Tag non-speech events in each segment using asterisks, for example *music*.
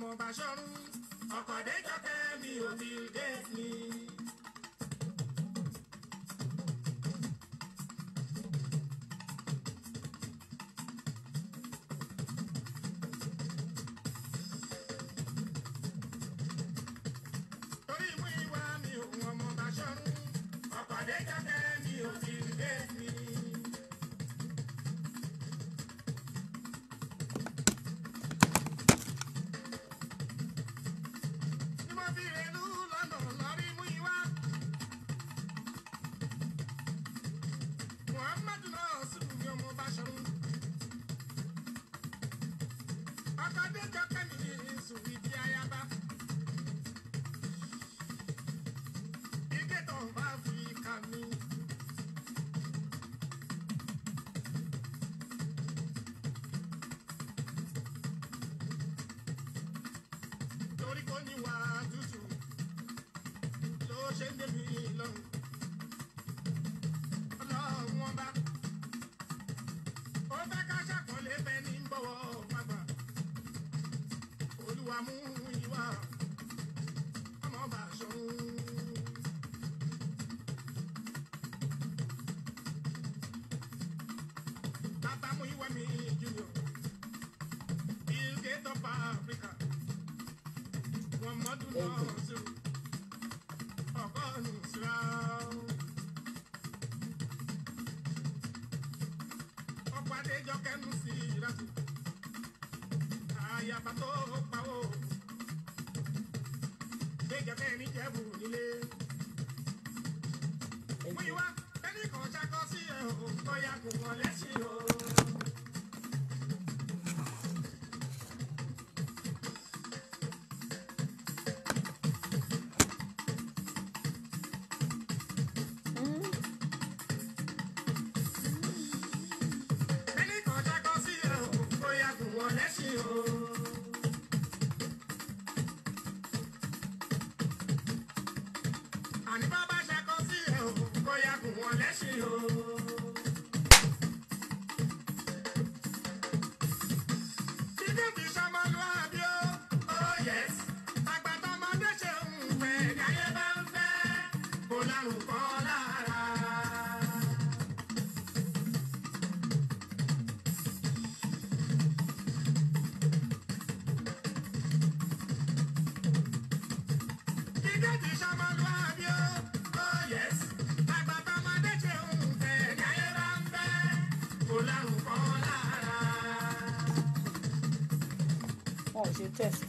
mo bá ṣọ́run ọkọ̀ dé jọ́kẹ́ mi ò ti dé mi. àlejò kẹnu sí ìrẹsì àyàbà tó. sí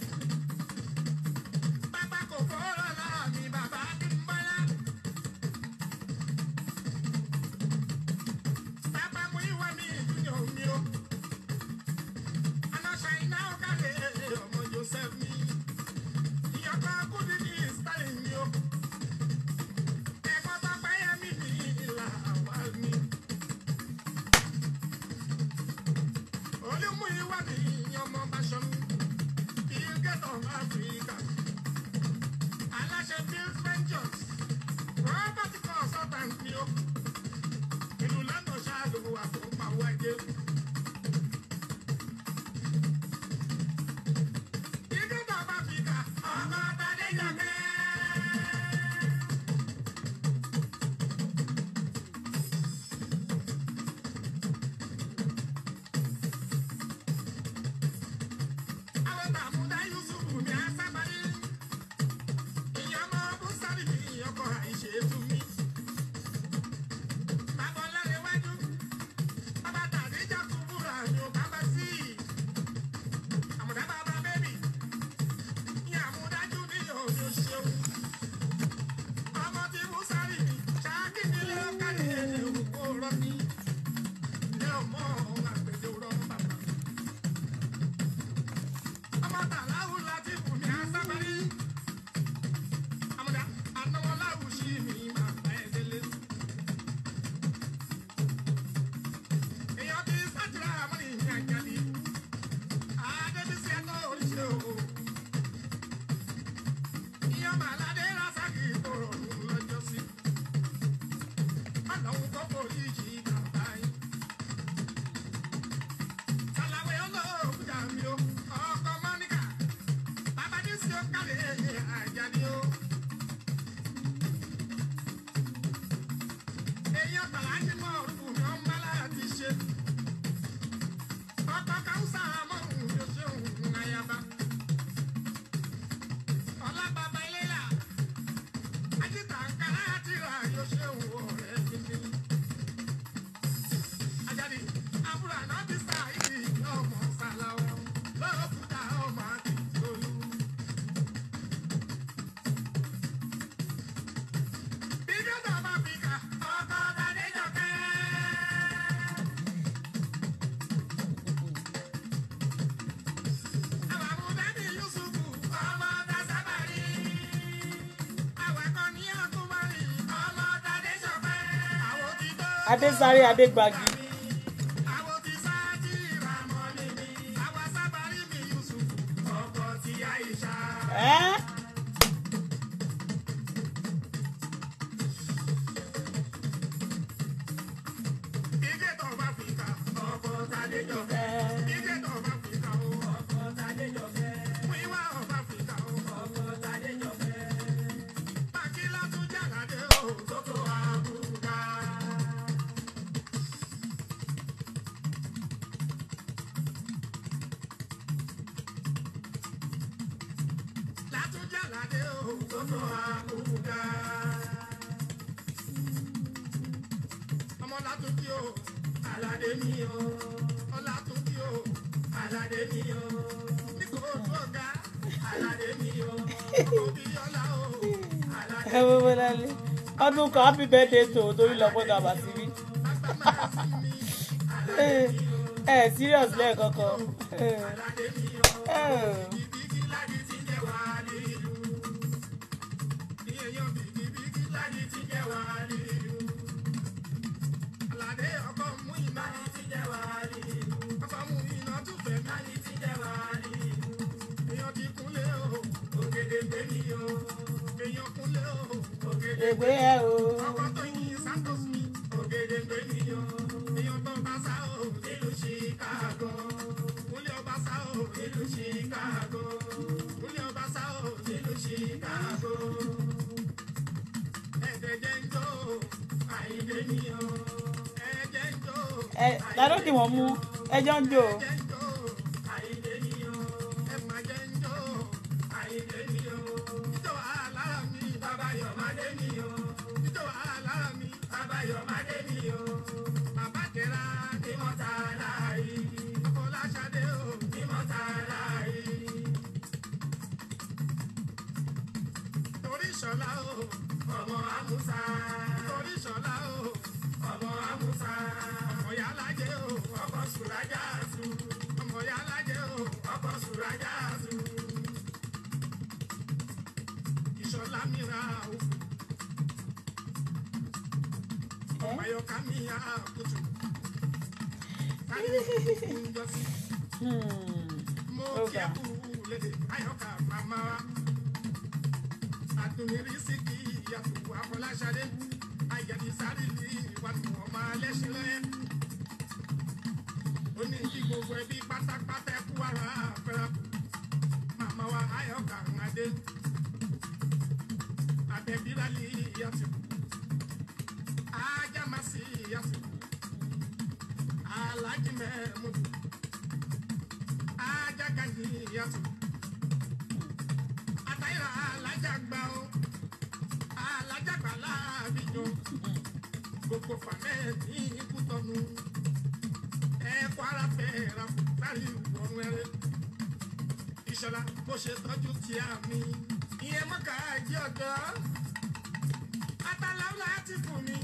Adésáré Adégbagi. ọdún kan happy birthday to torí lọ́pọ̀ gàbà sí mi ẹ serious lẹ́ẹ̀kọ̀ọ̀kan. Eh, eh. dé àbẹ̀bírálì yàtìkù ajámasì yàtìkù alájìmẹ̀ mọ́tò ajákanì yàtìkù àtàyèrè alájàgbà ó alájàgbà láàbíjọ gbogbo fàmẹ́ ní ikú tọ́nu ẹ̀kọ́ ara fẹ́ẹ́ ra fún sáré ìwọ̀n ẹ̀rẹ́. Bísọ́lá bó ṣe tọ́jú tíá mi ìyẹn mọ́kà àjí ọ̀dọ́ ataláwọ̀ àti fún mi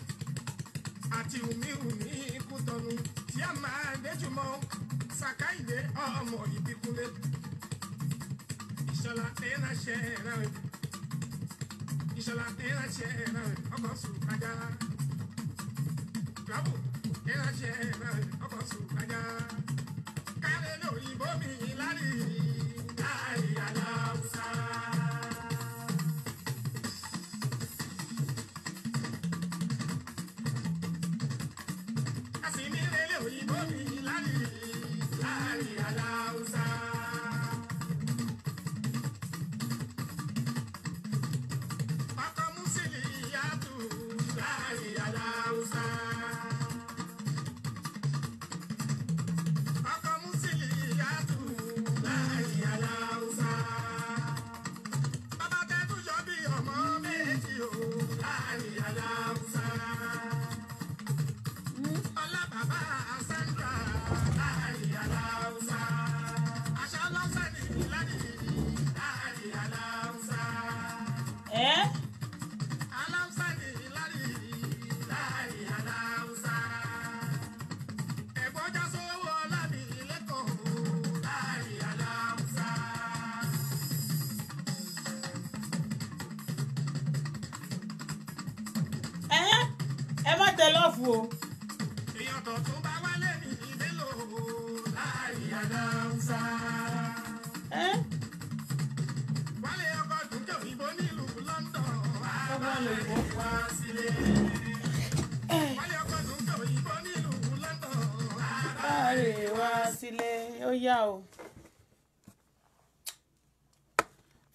àti wùmíwùmí kútọ́nu tí a máa déjúmọ́ sàkáìdé ọmọ ìbíkúlé Bísọ́lá tẹ́lá ṣe rẹ̀ Bísọ́lá tẹ́lá ṣe rẹ̀ ọkọ̀ sùn kájà gbàbù tẹ́lá ṣe rẹ̀ ọkọ̀ sùn kájà kárẹ́ lóyìnbó mi lárí. ay, ay.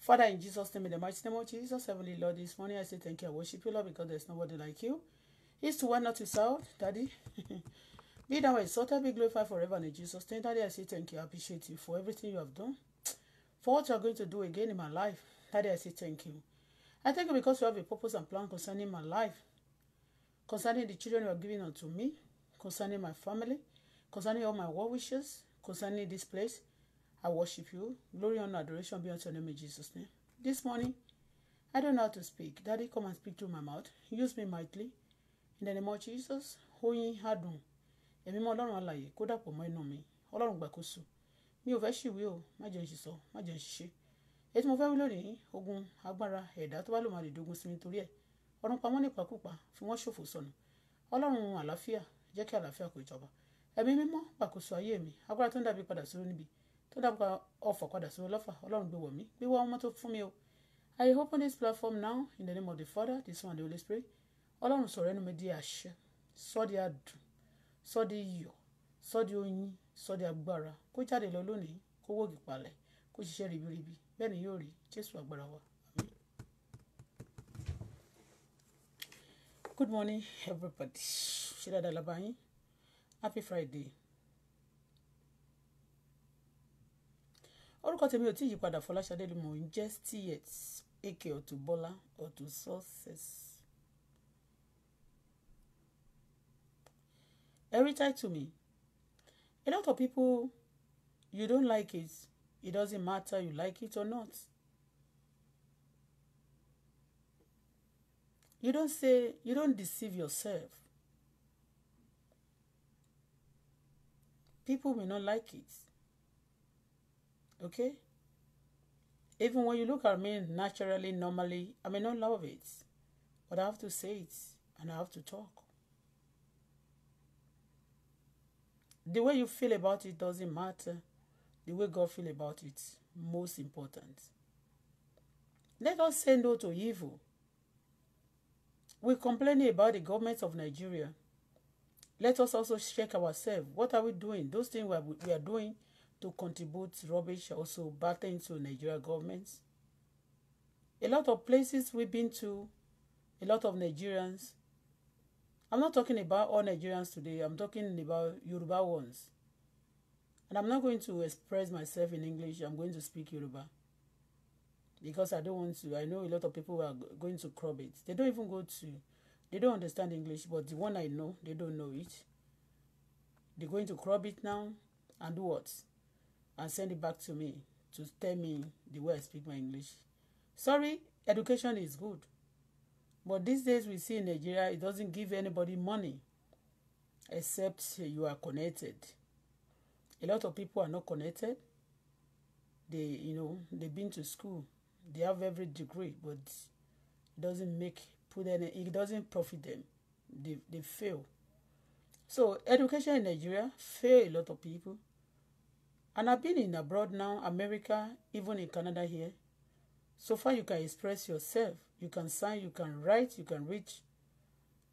Father, in Jesus' name, in the mighty name of Jesus, Heavenly Lord, this morning I say thank you. I worship you, Lord, because there's nobody like you. He's to one, not to south, Daddy. *laughs* be thou exalted, be glorified forever in Jesus' name. Daddy, I say thank you. I appreciate you for everything you have done, for what you are going to do again in my life. Daddy, I say thank you. I thank you because you have a purpose and plan concerning my life, concerning the children you are giving unto me, concerning my family, concerning all my well wishes, concerning this place, I worship you. Glory, and adoration be unto your name in Jesus' name. This morning, I don't know how to speak. Daddy, come and speak through my mouth. Use me mightily. In the name of Jesus, oyin adùn. Ẹ̀mí mọ́ ọlọ́run alààyè kó dàpọ̀ mọ́ inú mi. Ọlọ́run gbàkóso. Mi ò fẹ́ ṣìwé o, má jẹ́ ìṣìṣọ́, má jẹ́ ìṣiṣẹ́. Èyí tí mo fẹ́ wí lónìí, ogun agbara ẹ̀dá tó bá lò máa lè dogun sí mi torí ẹ̀. Ọ̀run pa wọ́n nípakúpa, fi wọ́n ṣòfò sọnù. Ọlọ́run àlàáfíà, jẹ́ kí àlàáfíà kó ìjọba. Ẹ̀mí mímọ́ gbàkóso ayé mi, agbára tó ń dàbí padà sórí tó dàgbà ọ̀fọ̀ padà sí ọlọ́fà ọlọ́run gbé wọ̀ mí gbé wọ́ ọmọ tó fún mi o I open this platform now in the name of the Father the Son and the Holy Spirit ọlọ́run sọ̀rọ̀ ẹnu mi di àṣẹ sọ́ di adùn sọ́ di iyọ̀ sọ́ di oyin sọ́ di agbára kó jáde lọ lónìí kó wọ́ọ̀gì palẹ̀ kó ṣiṣẹ́ ribiribi bẹ́ẹ̀ ni yóò rí Jésù agbára wa. Good morning everybody ṣe dáadáa lábàá yín happy Friday. orúkọ tèmi ò tí ì yípadà Fọláṣadé ni mò ń jẹ́ stiet aka Auto Bola Auto every time to me a lot of people you don't like it it doesn't matter you like it or not you don't say you don't deceive yourself people may not like it Okay? Even when you look at me naturally, normally, I may not love it, but I have to say it and I have to talk. The way you feel about it doesn't matter. The way God feel about it, most important. Let us say no to evil. We complain about the government of Nigeria. Let us also check ourselves. What are we doing? Those things we are, we are doing, to contribute rubbish also back into Nigeria governments. A lot of places we've been to, a lot of Nigerians. I'm not talking about all Nigerians today. I'm talking about Yoruba ones. And I'm not going to express myself in English. I'm going to speak Yoruba. Because I don't want to. I know a lot of people are going to crop it. They don't even go to. They don't understand English. But the one I know, they don't know it. They're going to crop it now and do what? and send it back to me to tell me the way I speak my English. Sorry, education is good. But these days we see in Nigeria, it doesn't give anybody money except you are connected. A lot of people are not connected. They, you know, they've been to school. They have every degree, but it doesn't make put any. It doesn't profit them. They they fail. So education in Nigeria fail a lot of people. And I've been in abroad now, America, even in Canada here. So far, you can express yourself. You can sign, you can write, you can reach.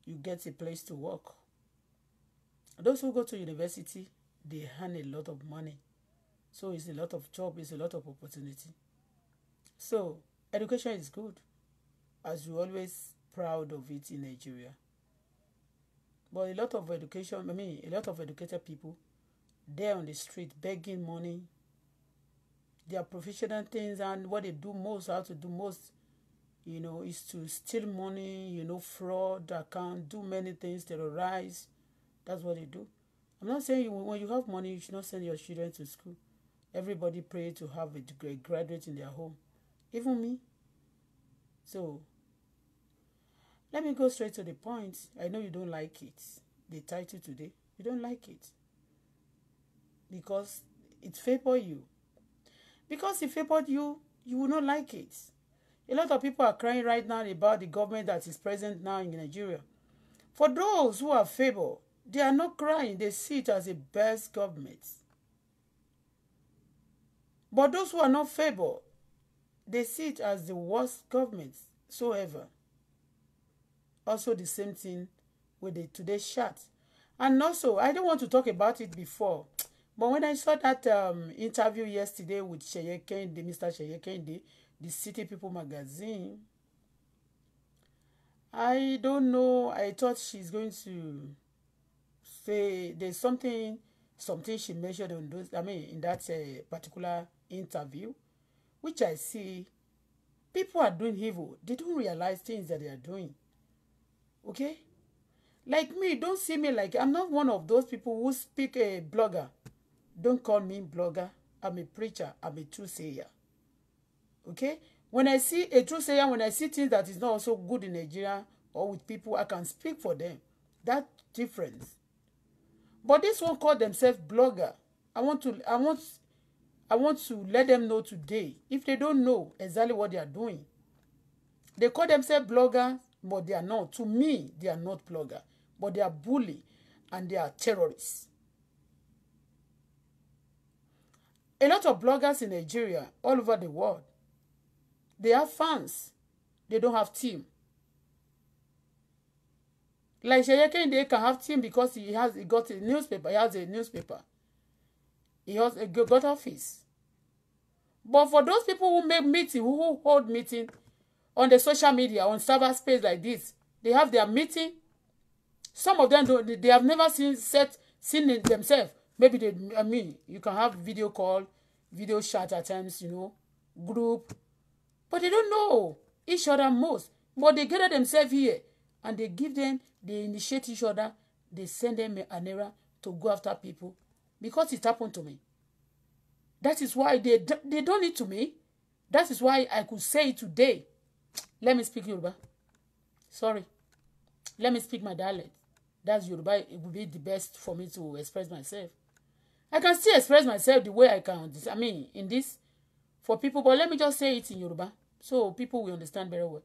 You get a place to work. Those who go to university, they earn a lot of money. So it's a lot of job, it's a lot of opportunity. So education is good, as we always proud of it in Nigeria. But a lot of education, I mean, a lot of educated people there on the street begging money. Their professional things and what they do most, how to do most, you know, is to steal money, you know, fraud, account, do many things, terrorize. That's what they do. I'm not saying you, when you have money, you should not send your children to school. Everybody pray to have a degree, graduate in their home, even me. So, let me go straight to the point. I know you don't like it. The title today, you don't like it because it favor you. Because it favored you, you will not like it. A lot of people are crying right now about the government that is present now in Nigeria. For those who are favored, they are not crying. They see it as the best government. But those who are not favored, they see it as the worst government so ever. Also the same thing with the today's chat. And also, I don't want to talk about it before. But when I saw that um, interview yesterday with Sheye Kende, Mr. Sheye Kende, the City People magazine, I don't know. I thought she's going to say there's something something she mentioned on those. I mean, in that uh, particular interview, which I see people are doing evil. They don't realize things that they are doing. Okay, like me, don't see me like I'm not one of those people who speak a blogger Don't call me blogger. I'm a preacher. I'm a truth sayer. Okay? When I see a truth sayer, when I see things that is not also good in Nigeria or with people, I can speak for them. That difference. But this one call themselves blogger. I want to I want I want to let them know today if they don't know exactly what they are doing. They call themselves bloggers, but they are not. To me, they are not blogger, but they are bully and they are terrorists. A lot of bloggers in Nigeria, all over the world, they have fans. They don't have team. Like Sheye they can have team because he has he got a newspaper. He has a newspaper. He has a got office. But for those people who make meeting, who hold meeting on the social media, on server space like this, they have their meeting. Some of them don't, they have never seen set seen themselves maybe they i mean you can have video call video chat at times you know group but they don't know each other most but they gather themselves here and they give them they initiate each other they send them an error to go after people because it happened to me that is why they they don't need to me that is why i could say it today let me speak Yoruba sorry let me speak my dialect that's Yoruba it would be the best for me to express myself I can still express myself the way I can, I mean, in this for people, but let me just say it in Yoruba so people will understand very well.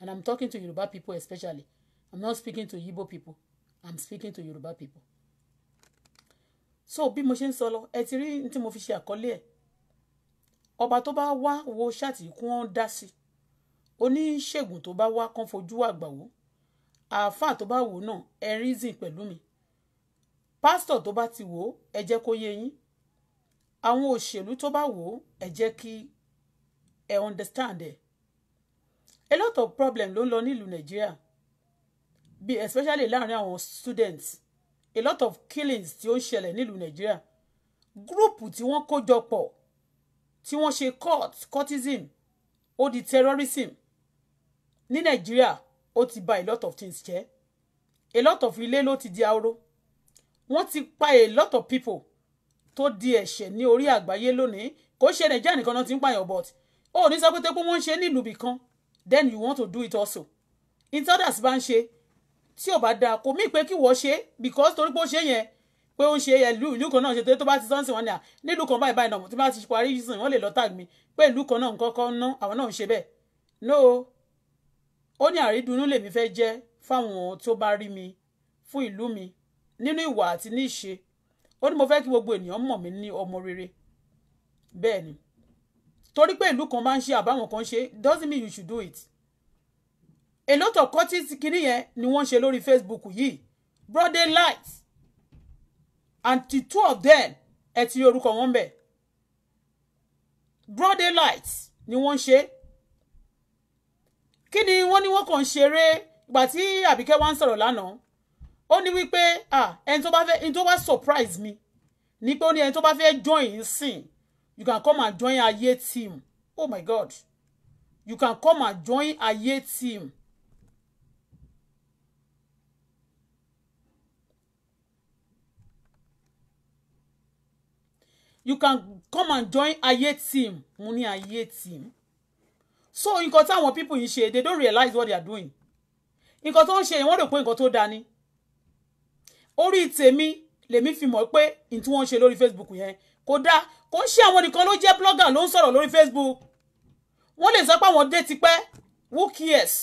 And I'm talking to Yoruba people especially. I'm not speaking to Igbo people. I'm speaking to Yoruba people. So bí motion solo etiri nti lọ, ẹ ti rí tí mo fi ṣe àkọlé ẹ̀. Ọba tó bá wá wo ṣáàtì kí wọ́n dá sí. Oníṣègùn tó bá wá kán fojú àgbà wò. Àáfàá tó bá wò náà, ẹ̀rín mi pásítọ̀ tó bá ti wò ó ẹ jẹ́ kó yé yín àwọn òṣèlú tó bá wò ó ẹ jẹ́ kí ẹ understand ẹ a lot of problem ló ń lọ nílùú nàìjíríà bí especially láàrin àwọn students a lot of killings tí ó ń ṣẹlẹ̀ nílùú nàìjíríà gúrùpù tí wọ́n kó jọ pọ̀ tí wọ́n ṣe court courtism ó di terrorism ní nàìjíríà ó ti bà a lot of things jẹ́ a lot of ilé ló ti di ahoro wọ́n ti pa a lot of people tó di ẹ̀ṣẹ̀ ní orí àgbáyé lónìí kò ṣe nàìjíríà nìkan náà ti ń pààyàn but ó ní sọ pé tẹ́pẹ́ wọ́n ń ṣe nílùú bìkan then you want to do it also intodas bá ń ṣe tí ò bá da kò mí pé kí wọ́n ṣe because torí pé ó ṣe yẹn pé ó ń ṣe ìlú ìlú kan náà ṣe tó bá ti sọ́nsìn wọn ni à nílùú kan báyìí báyìí náà tí bá ti parí sìn wọ́n lè lọ tag mi pé ìlú kan náà nǹkan ná àwọn náà ń ṣe bẹ́ẹ̀ no ó ní àrídùnnú lèmi fẹ́ jẹ́ fáwọn tó bá rí mi fún ìlú mi nínú ìwà àti ní ìṣe ó ní mo fẹ́ kí gbogbo ènìyàn mọ̀ mí ní ọmọ rere bẹ́ẹ̀ ni torí pé ìlú kan máa ń ṣe àbáwọn kan ṣe doesn't mean you should do it a lot of cultist kìíní yẹn ni wọ́n ṣe lórí Facebook yìí broad daylight and the two of them ẹ ti rí orúkọ wọn bẹ̀ broad daylight ni wọ́n ṣe kí ni wọ́n ní wọ́n kàn ń ṣeré ìgbà tí Àbíkẹ́ wá ń sọ̀rọ̀ lánàá ó ní wípé ẹni tó bá fẹ́ ẹni tó bá surprise mi ní pé ó ní ẹni tó bá fẹ́ join in sìn you can come and join ayé team oh my god you can come and join ayé team you can come and join ayé team mo ní ayé team so nǹkan táwọn people yìí ṣe they don't realize what they are doing nǹkan tó ń ṣe wọ́n rò pé nǹkan tó dáa ni orí tèmi lèmi fi mọ̀ pé n tí wọ́n ṣe lórí Facebook yẹn kò dáa kò ń ṣe àwọn nìkan ló jẹ́ blogger ló ń sọ̀rọ̀ lórí Facebook wọ́n lè sọ pé àwọn dé tipẹ́ who cares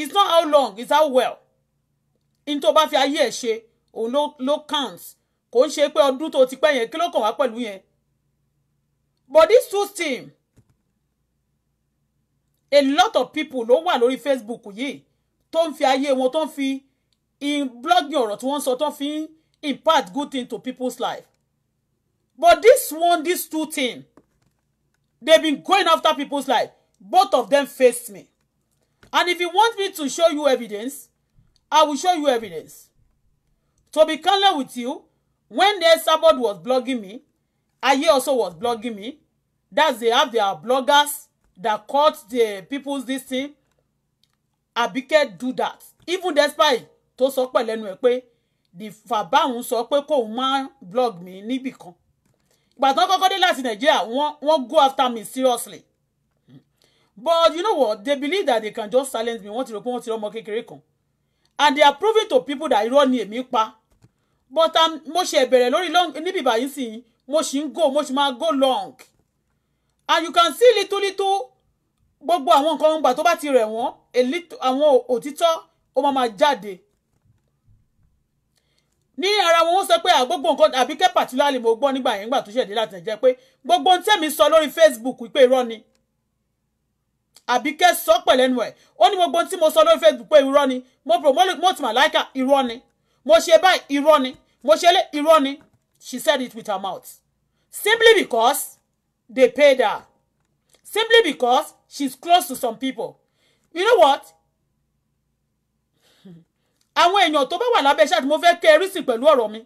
it's not how long it's how well n tó bá fi ayé ẹ̀ ṣe òun ló count kò ń ṣe pé ọdún tó ti pẹ́ yẹn kí ló kàn wá pẹ̀lú yẹn but this two team a lot of people ló wà lórí Facebook yìí tó ń fi ayé wọn tó ń fi in blogging ọ̀rọ̀ tí wọ́n sọ tó fi impart good thing to people's life but this one these two thing they been going after people's life both of them face me and if you want me to show you evidence I will show you evidence to be clear with you when the sabod was blogging me Aye also was blogging me that's they have their bloggers that caught the people's this thing Abike do that even despite tó sọ pẹ̀lẹ́nu ẹ̀ pé fàbáhùn sọ pé kóun máa blog mi níbì kan ìgbà tán kọ́kọ́ dé láti nàìjíríà wọ́n go after me seriously but you know what they believe that they can just silence me wọ́n ti rò pé wọ́n ti rọ́ ọmọ kékeré kan and they are proving to people that irọ́ ni èmi pa but um, mo ṣe bẹ̀rẹ̀ lórí níbi ìbàyí sí mo ṣì ń go mo ṣì máa go long and you can see little little gbogbo àwọn nǹkan ọgbà tó bá ti rẹ̀ wọ́n àwọn òtítọ́ ó máa máa jáde ní ara wọn wọ́n sọ pé àgbógbò nǹkan Àbíkẹ́ pàtíláàlì mo gbọ́ nígbà yẹn nígbà tó ṣẹ̀dé láti Nàìjíríà pé gbogbo ohun tẹ̀mí sọ lórí Facebook pé irọ́ ni Àbíkẹ́ sọ pẹ̀lẹ́nu ẹ̀ ó ní gbogbo ohun tí mo sọ lórí Facebook pé irọ́ ni mo promote my liker irọ́ ni mo ṣe báyìí irọ́ ni mo ṣe lé irọ́ ni she said it with her mouth simply because they paid her simply because she's close to some people you know what àwọn èèyàn tó bá wà lábẹ́ iṣẹ́ àti mo fẹ́ kẹ́ ẹ rí sí pẹ̀lú ọ̀rọ̀ mi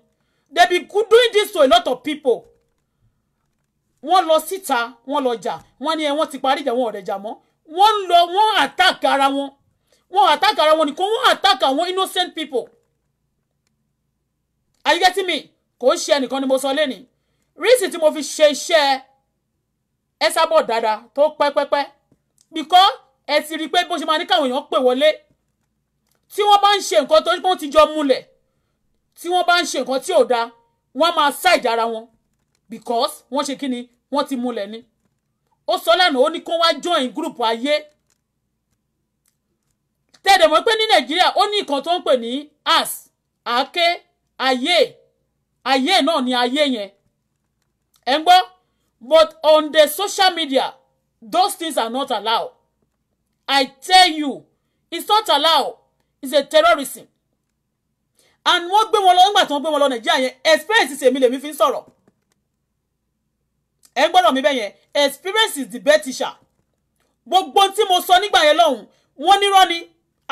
they be doing this to a lot of people wọ́n lọ síta wọ́n lọ jà wọ́n ní ẹ wọ́n ti parí ìjà wọn ọ̀rẹ́ jà mọ́ wọ́n ń lọ wọ́n attack ara wọn wọ́n attack ara wọn nìkan wọ́n attack àwọn innocent people are you getting me kò ń ṣe ẹnìkan ni mo sọ lẹ́nìí reason tí mo fi ṣe iṣẹ́ ẹ sábọ̀ dáadáa tó pẹ́pẹ́pẹ́ because ẹ ti rí i pé bó ṣe máa ní káwọn èèyàn pè wọlé tí wọ́n bá ń ṣe nǹkan tó wọ́n ti jọ múlẹ̀ tí wọ́n bá ń ṣe nǹkan tí ò da wọ́n á máa ṣáìdì ara wọn because wọ́n ṣe kí ni wọ́n ti múlẹ̀ ni ó sọ lẹ́nu ó ní kó wá join group ayé tẹ́lẹ̀ mọ́ pé ní nàìjíríà ó ní nǹkan tó ń pè ní as àáké ayé ayé náà ni ayé yẹn ẹ̀ ń gbọ́ but on the social media those things are not allowed i tell you it's not allowed is a terrorism and wọ́n gbé wọn lọ nígbà tí wọ́n gbé wọn lọ nàìjíríà yẹn experience tèmi lèmi fi ń sọ̀rọ̀ ẹ ń gbọ́dọ̀ mi bẹ́ẹ̀ yẹn experience is the best teacher gbogbo tí mo sọ nígbà yẹn lọ́hùn wọ́n nírọ́ ni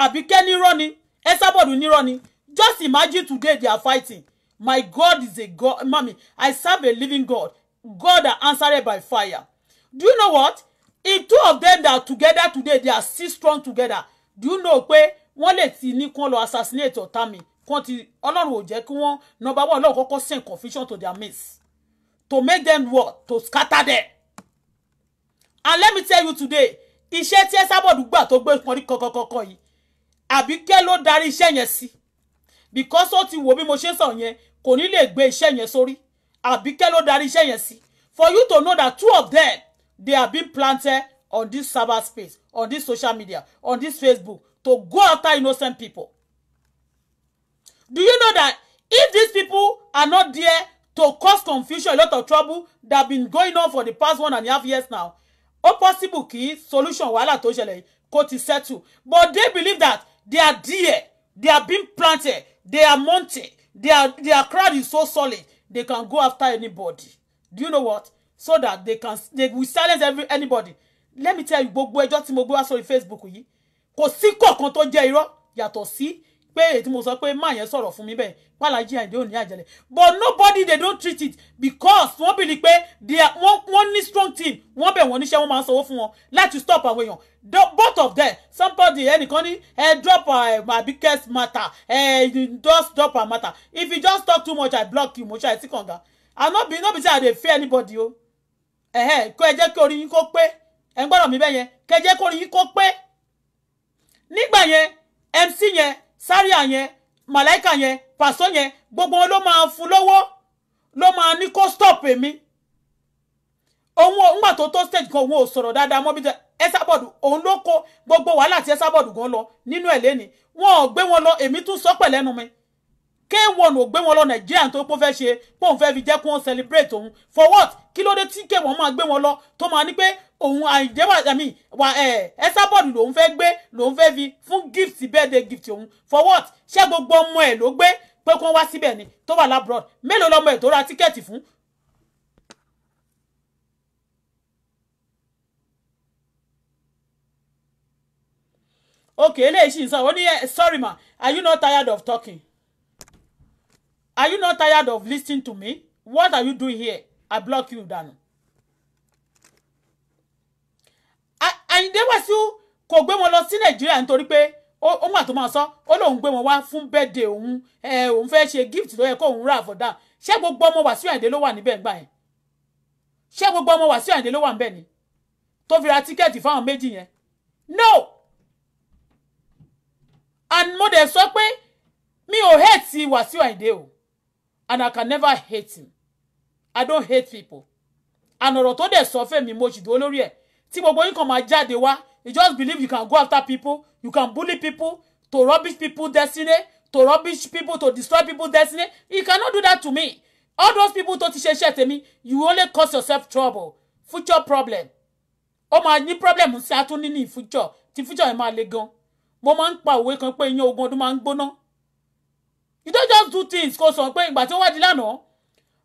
àbíkẹ́ nírọ́ ni ẹ̀sábọ̀dù nírọ́ ni just imagine today they are fighting my God is a God mami I serve a living God God that answered by fire do you know what if two of them that are together today they are still strong together do you know pé wọ́n lè ti ní kán lọ assassinate ọ̀tá mi kán ti ọlọ́run ò jẹ́ kí wọ́n number one ọlọ́run kọ́kọ́ send confusion to their midst to make them what to scatter them and let me tell you today iṣẹ́ tí ẹ sábọ̀dù gbà tó gbé pọ́n kọ́kọ́kọ́ yìí Àbíkẹ́ ló darí iṣẹ́ yẹn sí because ó ti wò bí mo ṣe sọ yẹn kò ní lè gbé iṣẹ́ yẹn sórí Àbíkẹ́ ló darí iṣẹ́ yẹn sí for you to know that two of them they have been planted on this cyber space on this social media on this Facebook to go after innocent people. Do you know that if these people are not there to cause confusion, a lot of trouble that have been going on for the past one and a half years now, ó possible key solution wàhálà tó ṣẹlẹ̀ kó ti settle. But they believe that they are there, they are being planted, they are mounted, They are. their crowd is so solid, they can go after anybody. Do you know what? So that they can they will silence every anybody. Let me tell you, gbogbo just tí mo gbé wá sórí Facebook yìí, kò sí kọ̀ọ̀kan tó jẹ́ irọ́ yàtọ̀ sí pé èyí tí mo sọ pé máa yẹn sọ̀rọ̀ fún mi bẹ́ẹ̀ pálájí àìdè ò àjẹlẹ̀ but nobody they don't treat it because wọ́n bìlí pé wọ́n ní strong team wọ́n bẹ̀ wọ́n níṣẹ́ wọ́n máa ń sanwó fún wọn láti stop àwọn èèyàn both of them somebody ẹnìkan ní ẹ drop my um, biggest matter ẹ just drop my matter if you just talk too much I block you mo ṣe àìsí kànga and no be no be say I dey fear anybody o ẹ̀hẹ́ kó ẹ jẹ́ kí orí yín kó pé ẹ̀ ń gbọ́dọ̀ mi bẹ́ẹ̀ yẹn kẹ́ jẹ́ kó orí yín kó pé nígbà yẹn mc yẹn sáríà yẹn màláìkà yẹn pàṣọ yẹn gbogbo wọn ló máa fún lọ́wọ́ ló máa ní kó stop èmi òun ò ńgbà tó tó stage kan òun ò sọ̀rọ̀ dáadáa mọ́ bí ẹsàbọ̀dù òun ló kó gbogbo wàhálà tí ẹsàbọ̀dù gan lọ nínú ẹ̀ lẹ́ni wọn ò gbé wọn lọ èmi tún sọ pẹ̀lẹ́nu mi k1 ò gbé wọn lọ nàìjíríà tó pọ́ fẹ́ ṣe pé òun fẹ́ fi jẹ́ kí wọ́n celebrate òun for what kí ló dé tí k1 máa gbé wọn lọ tó máa ní pé òun àìjẹ́wà àmì wà ẹ̀ ẹ́sàbọ̀dù lòun fẹ́ gbé lòun fẹ́ fi fún gift birthday gift òun for what ṣé gbogbo ọmọ ẹ̀ ló gbé pé kí wá síbẹ̀ ni tó wà labroad mélòó lọmọ ẹ̀ tó ra tíkẹ́ẹ̀tì fún okay eléyìí sì ń sọ ọ ní sorry ma are you not tired of talking are you not tired of listening to me what are you doing here i block you dànù. Àyìndé Wasiu kò gbé wọn lọ sí nàìjíríà nítorí pé ó mà tó máa sọ ó lóun gbé wọn wá fún bẹ́ẹ̀dẹ̀ òun òun fẹ́ ṣe gift ló yẹ kó òun rà fọ̀dà ṣé gbogbo ọmọ Wasiu Àyìndé ló wà níbẹ̀ ńgbà yẹn ṣé gbogbo ọmọ Wasiu Àyìndé ló wà níbẹ̀ ni tó fi ra tíkẹ́ẹ̀tì fáwọn méjì yẹn no and mo dẹ̀ sọ pé mi ò hate Wasiu Àyìndé o and I can never hate him I don't hate people and ọ̀rọ̀ tó dẹ̀ sọ fẹ́mi mo ṣì dúró lórí ẹ̀ tí gbogbo yín kàn máa jáde wá you just believe you can go after people you can bully people to rubbish people destiny to rubbish people to destroy people destiny you cannot do that to me all those people tó ti ṣe iṣẹ́ tèmi you only cause yourself trouble future problem ó máa ní problem sí atún níní future tí future yẹn máa le gan mo máa ń pa òwe kan pé iyán ogún ọdún máa ń gbóná you don't just do things kó sọ pé ìgbà tí ó wá di lánàá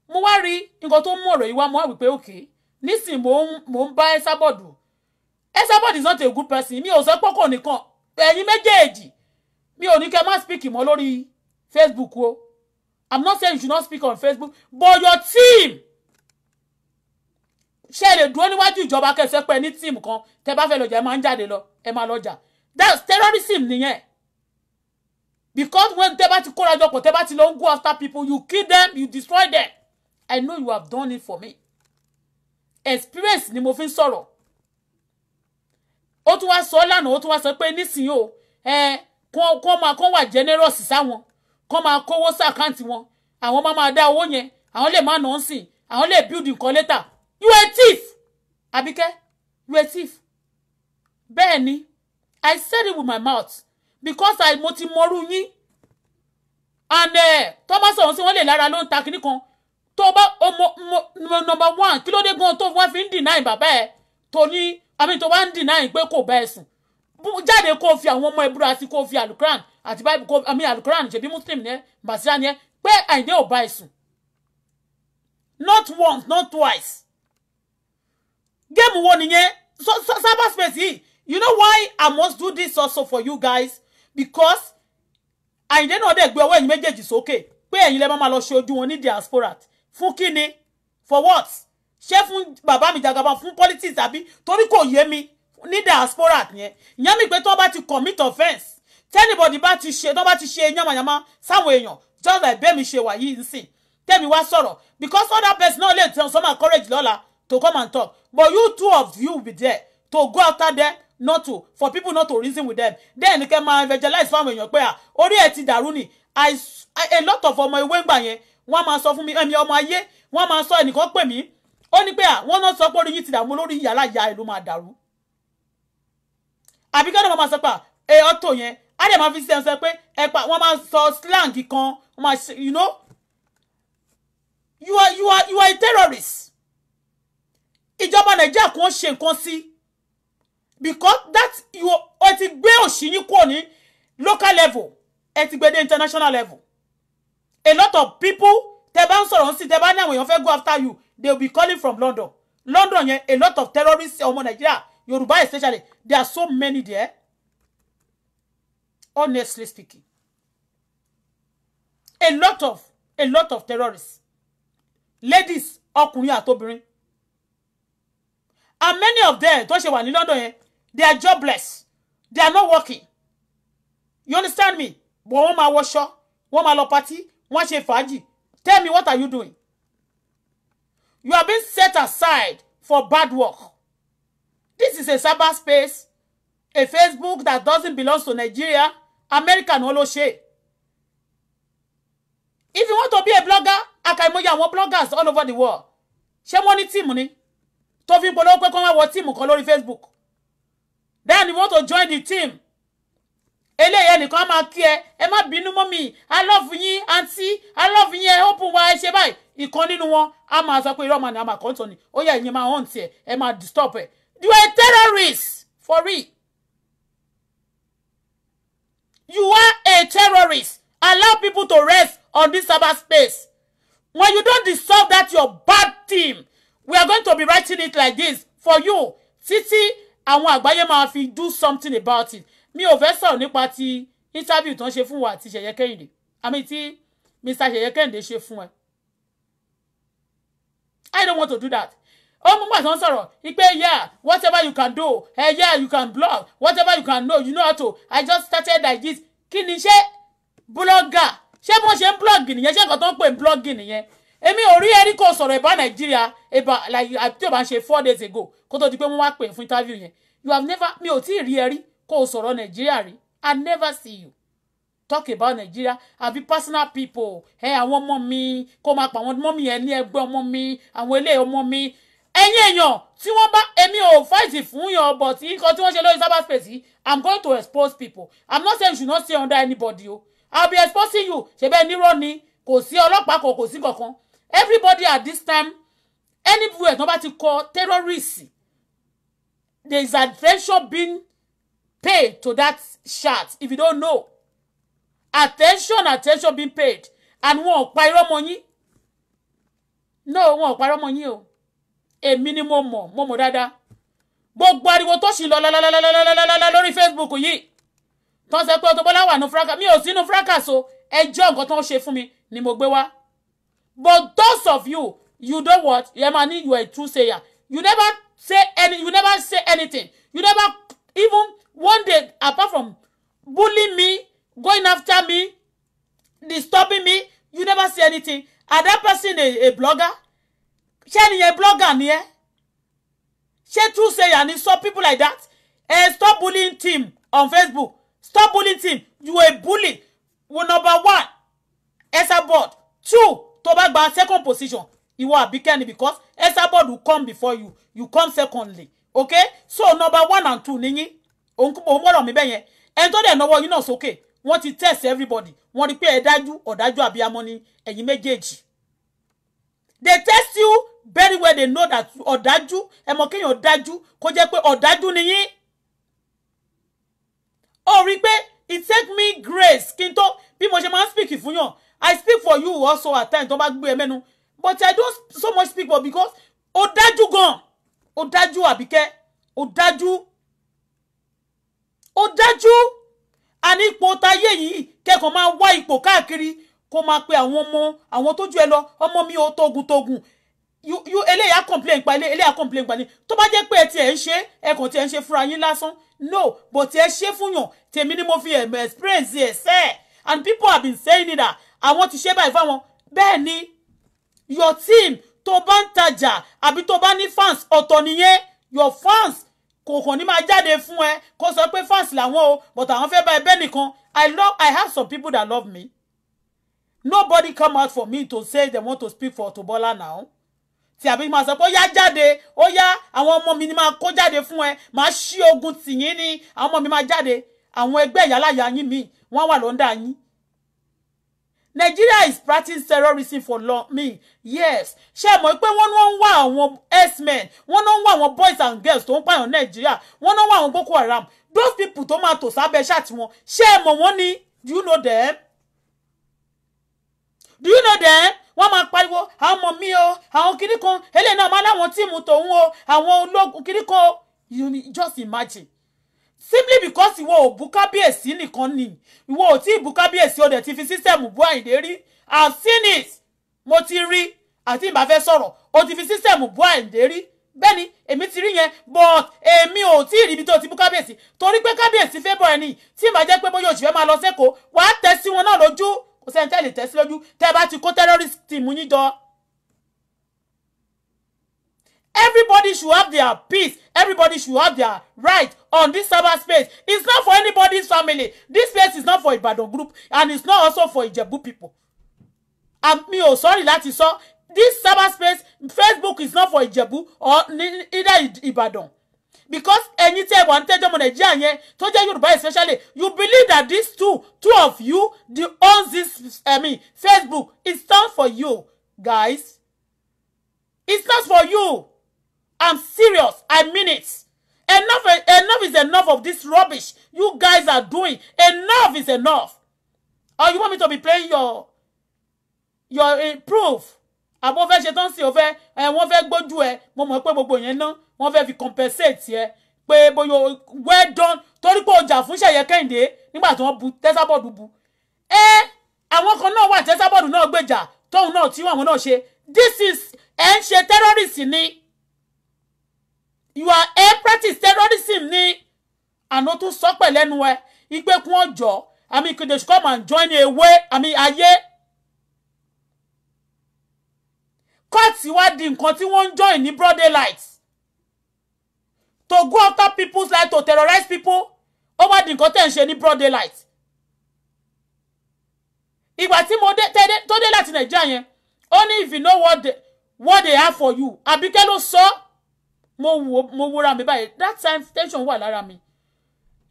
mo wá rí nǹkan tó ń mú ọ̀rọ̀ yìí wá mo wá wí pé òkè nísìnyí mo ń bá Esabod Esabod is not a good person mi ò sọ pé kò nìkan ẹ̀yin méjèèjì mi ò ní kẹ́ má speak mọ́ lórí Facebook o I'm not saying you should not speak on Facebook but your team ṣe lè dúró níwájú ìjọba kẹsẹ pé ní tíìmù kan tẹ bá fẹ́ lọ jà ẹ máa ń jáde lọ ẹ máa that's terrorism nìyẹn because when tẹ́ bá ti kóra jọ pọ̀ tẹ́ bá ti lọ go after people you kill them you destroy them I know you have done it for me experience ni mo fi ń sọ̀rọ̀ ó tún wá sọ lánàá ó tún wá sọ pé nísìnyí o ẹ máa kó wà generous sáwọn kó máa kówó sàkáǹtì wọn àwọn máa máa dá owó yẹn àwọn lè má nà án sìn àwọn lè build nǹkan later you a thief Abike you a thief bẹ́ẹ̀ ni I said it with my mouth because I mo ti mọrú yín and eh, tó bá sọ̀rọ̀ sí wọ́n lè lára ló ń ta kinní kan tó bá ọmọ number one kí ló dé gan tó wọ́n fi ń deny bàbá ẹ̀ tó ní àmì tó bá ń deny pé kò bá ẹ̀ sùn jáde kó fi àwọn ọmọ ẹbúra àti kó fi alukuran àti báyìí kó àmì alukuran ṣèbí muslim ní basira ní ẹ pé àìdé ò bá ẹ̀ sùn not once not twice géèmù wo nìyẹn cyberspace yìí you know why I must do this also for you guys because àyìndé náà dẹ̀ gbé ọwọ́ ẹ̀yin méjèèjì sókè pé ẹ̀yin lẹ́ máa lọ ṣe ojú wọn ní diaspora fún kíni for what ṣé fún bàbá mi jagaba fún politics tàbí torí kò yé mi ní diaspora yẹn ìyẹn mi pé tó bá ti commit offence tẹ́nibọ̀dì bá ti ṣe tó bá ti ṣe yánmayánmá sáwọn èèyàn just like bẹ́ẹ̀ mi ṣe wà yìí nsìn tẹ́mi wá sọ̀rọ̀ because other person náà lè tẹ̀ some encourage lọ́la to come and talk but you two of you be there to go after there not to for people not to reason with them then kẹ́ máa evangelize fáwọn èèyàn pé à orí ẹ̀ ti dàrú ni a lot of ọmọ ewé ń gbà yẹn wọ́n máa sọ fún mi ẹ̀mí ọmọ ayé wọ́n máa sọ ẹnìkan pè mí ó ní pé à wọ́n náà sọ pé orí yìí ti dààmú lórí yàrá ìyá ẹ̀ ló máa dàrú àbí kẹ́ni wọ́n máa sọ pé à ẹ ọ́tò yẹn á dẹ̀ máa fi sí ẹ pé ẹ pa wọ́n máa sọ slang kan wọ́n máa ṣe you know you are you are you are a terrorist ìjọba nàìjíríà kò ń ṣe nǹkan sí because that you ẹ ti gbé òṣì kúrò ní local level ẹ ti gbé dé international level a lot of people tẹ bá ń sọ̀rọ̀ sí tẹ bá ní àwọn èèyàn fẹ́ go after you they will be calling from London London yẹn a lot of terrorists ọmọ Nàìjíríà Yorùbá especially there are so many there honestly speaking a lot of a lot of terrorists ladies ọkùnrin àtobìnrin and many of them tó ṣe wà ní London yẹn They are jobless. They are not working. You understand me? But wọ́n máa wọṣọ, wọ́n máa lọ party, one ṣe fàájì. Tell me what are you doing? You are being set aside for bad work. This is a cyber space, a Facebook that doesn't belong to Nigeria. America ni wọ́n ṣe. If you want to be a blogger, àkàìmọye àwọn bloggers all over the world. Ṣé wọ́n ní tíìmù ni? Tó fi ń polówó pé kí wọ́n wá wọ tíìmù kan lórí Facebook then you want to join the team eléyìí ẹnìkan máa kí ẹ ẹ má bínú mọ́ mi i love yín àǹtí i love yín ẹ open wa ẹ ṣe báyìí ìkan nínú wọn a máa sọ pé irọ́ màá ní a máa kọ́ nítorí ó yẹ ìyẹn máa hàn tiẹ̀ ẹ máa disturb ẹ you are a terrorist for real you are a terrorist allow people to rest on this space. when you don dissolve that your bad team we are going to be writing it like this for you titi àwọn àgbáyé máa fi do something about it mi ò fẹ́ sọ̀rọ̀ nípa ti interview tó ń ṣe fún wa àti ṣẹ̀yẹ kẹ́hìndé àmì tí mr ṣẹ̀yẹ kẹ́hìndé ṣe fún ẹ i don't want to do that ó mú gbàtàn sọ̀rọ̀ ipe yeah whatever you can do eh, yeah you can blog whatever you can know you know how to i just started like this kí ni ṣé blogger ṣé bó ṣe ń blog nìyẹn ṣé nǹkan tó ń pè ń blog nìyẹn èmi ò rí ẹni kò sọ̀rọ̀ ìbá nàìjíríà ìbá tí o bá ń ṣe four days ago kó tó di pé wọ́n wá pè fún interview yẹn you have never mi ò tí ì rí ẹrí kó sọ̀rọ̀ nàìjíríà rí i never see you talk about Nigeria. àbí personal people ẹ àwọn ọmọ mi kó máa pa àwọn ọmọ mi yẹn ní ẹgbẹ́ ọmọ mi àwọn ilé ọmọ mi ẹ̀yin èèyàn tí wọ́n bá èmi ò fáìtì fún yàn but nǹkan tí wọ́n ṣe lórí cyberspace yìí i'm going to expose people i'm not saying you should not say under anybody o i'll be exposing you ṣe bẹ́ẹ̀ nírọ̀ ni kò sí ọlọ́pàá kan kò sí kankan everybody at this time anywhere nobody wọ́n bá ti kọ terrorists there is attention being paid to that chat if you don't know attention attention being paid and wọn ò pa irọ́ mọ́ yín no wọn ò pa irọ́ mọ́ yín o èmi ni mo mọ̀ mo mọ̀ dáadáa gbogbo ariwo tó sì lọ lọ́lọ́lọ́lọ́lọ́lọ́lọ́ lórí Facebook yìí tó ń sẹ́ pé Auto Bola wà ní fracas mi ò sínú fracas o ẹjọ́ nǹkan tó ń ṣe fún mi ni mo gbé wá but those of you you don't what yemani you are a true sayer you never say any you never say anything you never even one day apart from bullying me going after me disturbing me you never say anything are that person a, a blogger She ni yẹn blogger ni ẹ ṣé true sayer ni some people like that eh, stop bullying team on facebook stop bullying team you a bully well, number one as a board two tó bá gba second position ìwọ àbíkẹ́ni because Esabod come before you you come secondly okay so number one and two nìyí òun gbọ́dọ̀ mi bẹ́yẹn ẹni tó dẹ̀ náwó yín náà sókè wọ́n ti test everybody wọ́n rí pé ẹ dájú ọ̀dájú àbíyamọ ni ẹ̀yin méjèèjì they test you very well they know that ọ̀dájú ẹ̀mọ kéèyàn dájú kó jẹ́ pé ọ̀dájú nìyí ó rí pé it take me grace kí n tó bí mo ṣe máa ń speak fún yàn I speak for you also at times tó bá gbé ẹ but I don't so much speak for because ó dájú gan ó dájú Àbíkẹ́ ó dájú ó dájú àní ipò táyé yìí kẹ́kọ̀ọ́ máa wá ipò káàkiri kó máa pe àwọn ọmọ àwọn tójú ẹ lọ ọmọ mi ò togun togun you you eléyà complain pa eléyà complain pa ni tó bá jẹ́ pé ẹ tiẹ̀ ń ṣe ẹ kàn tiẹ̀ ń ṣe fúnra yín no but ẹ ṣe fún yàn tèmi ni mo fi experience ẹ̀ sẹ́ẹ̀ and people have been saying it that àwọn ti ṣe báyìí fáwọn bẹ́ẹ̀ ni your team tó bá ń tajà àbí tó bá ní fans ọ̀tọ̀ nìyẹn your fans kò kàn ní máa jáde fún ẹ kó sọ pé fans làwọn o but àwọn fẹ́ bá ẹ bẹ́ẹ̀ nìkan I love I have some people that love me nobody come out for me to say they want to speak for Auto now tí àbí máa sọ pé ó yá jáde ó yá àwọn ọmọ mi ni máa kó jáde fún ẹ máa ṣí ogun tìyín ni àwọn ọmọ mi máa jáde àwọn ẹgbẹ́ ìyáláyà yín mi wọ́n wà lọ́ndà yín Nigeria is practicing terrorism for long me yes ṣé mọ̀ pé wọ́n náà ń wá àwọn x-men wọ́n náà ń wá àwọn boys and girls tó ń pààyàn Nigeria wọ́n náà ń wá àwọn Boko Haram those people tó máa tò sábẹ́ ṣáàtì wọn ṣé mọ̀ wọ́n ni do you know them do you know them wọ́n máa pariwo àwọn ọmọ mi o àwọn kiri kan eléyìí náà máa láwọn tíìmù tòun o àwọn ológun kiri kan you just imagine simply because ìwọ ò bú kábíyèsí nìkan ni ìwọ ò tí ì bú kábíyèsí o dẹ̀ ti fi sísẹ̀mù bú àyìndé rí i've seen it mo ti rí àti ìbá fẹ́ sọ̀rọ̀ o ti fi sísẹ̀mù bú àyìndé rí bẹ́ẹ̀ni èmi ti rí yẹn but èmi ò tí ì rí ibi tó ti bú kábíyèsí torí pé kábíyèsí fẹ́ bọ̀ ẹni tí ìbá jẹ́ pé bóyá òṣìfẹ́ máa lọ sẹ́kọ̀ọ́ wàá tẹ̀ sí wọn náà lójú kò sẹ́ni tẹ́ lè tẹ̀ sí lójú tẹ́ bá ti kó terrorist team yín jọ Everybody should have their peace. Everybody should have their right on this cyber space. It's not for anybody's family. This space is not for Ibadan group and it's not also for Ijebu people. And me, oh, sorry, that láti sọ. This cyber space, Facebook is not for Ijebu or either Ibadan. Because anything tẹ́ wà ń tẹ́jọ́ ọmọ Nàìjíríà yẹn tó jẹ́ Yorùbá especially you believe that these two two of you the own this I mean, Facebook it's not for you guys it's not for you I'm serious. I mean it. Enough, enough is enough of this rubbish you guys are doing. Enough is enough. Or you want me to be playing your your uh, proof? Àbọ̀ fẹ́ ṣe tán sí o fẹ́ ẹ wọ́n fẹ́ gbójú ẹ mo mọ̀ pé gbogbo yẹn ná wọ́n fẹ́ fi compensate ẹ pé bóyá well done torí pé ọjà fún ṣẹ̀yẹ kẹ́hìndé nígbà tí wọ́n bu tẹ́sábọ̀dù bu. Ẹ àwọn kan náà wà tẹ́sábọ̀dù náà gbèjà tóun náà tí àwọn náà ṣe this is ẹ̀ ń terrorist ni you are a practice terrorism ni àná tún sọ pẹ̀ lẹ́nu ẹ ìgbé kún ọjọ́ I mean could they come and join a way I mean ayé kọ́ọ̀tì wá di nǹkan tí wọ́n ń join ní broad daylight to go after people's life to terrorize people ó wá di nǹkan tẹ̀ ń ṣe ní broad daylight ìgbà tí mo tó dé láti nàìjíríà yẹn ó ní if you know what they, what they have for you àbíkẹ́ ló sọ so, mo wo mo wora mi báyìí that time tension wà lára mi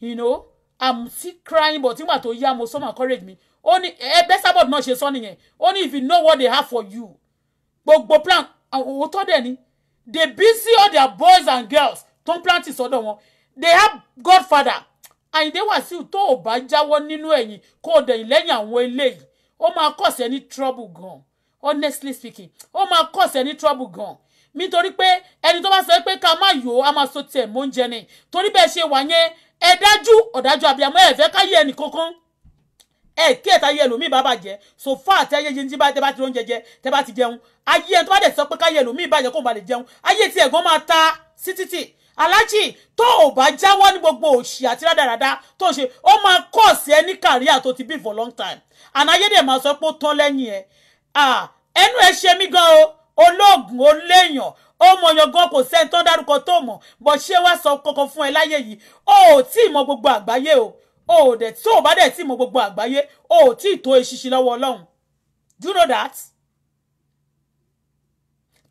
you know i'm still crying but nígbà tó yá mo sọ́mà courage mi ó ní ẹgbẹ́ eh, sábọ̀dù náà ṣe sọ nìyẹn ó ní if you know what they have for you gbogbo plan òótọ́ dẹ̀ ni they busy all their boys and girls tó ń plant sọ́dọ̀ wọn they have godfather àyìndé wàsíù tó ò bá jáwọ́ nínú ẹ̀yìn kó o dẹ̀yìn lẹ́yìn àwọn eléyìí ó máa cause any trouble gan honestly speaking ó máa cause any trouble gan nítorí pé ẹni tó bá sọ pé ká má yòó a máa so tiẹ̀ mọ́ oúnjẹ ni torí bẹ́ẹ̀ ṣe wà yẹn ẹ dájú ọ̀dájú abiyamọ ẹ fẹ́ káyé ẹnì kankan ẹ kí ẹ táyé ẹlòmíì bá bàjẹ́ so far àti ayé yìí bá tẹ bá ti lóúnjẹ jẹ tẹ bá ti jẹun ayé ẹni tó bá dẹ̀ sọ pé káyé ẹlòmíì bàjẹ́ kó ba lè jẹun ayé tí ẹ̀gbọ́n máa ta sí títì aláàjì tó ò bá jáwọ́ ní gbogbo òṣì àti rádaràda tó ṣe ó máa kọ̀ sí ẹ ní kàríà tó ti bí for long time àná ayé dẹ̀ máa sọ pé ó tán lẹ́yìn ẹ ẹnu ẹ ṣe mí gan o olóògùn oléèyàn ó mọ yangan kò sẹ́ni tó ń dárúkọ tó mọ̀ bọ́ ṣé wàá sọ kankan fún ẹ láyé yìí o tí ì mọ gbogbo àgbáyé o o ò dẹ̀ tí ò bá dẹ̀ tí ì mọ gbogbo àgbáyé o ò tí ì tó eṣinṣin lọ́wọ́ ọlọ́run do you know that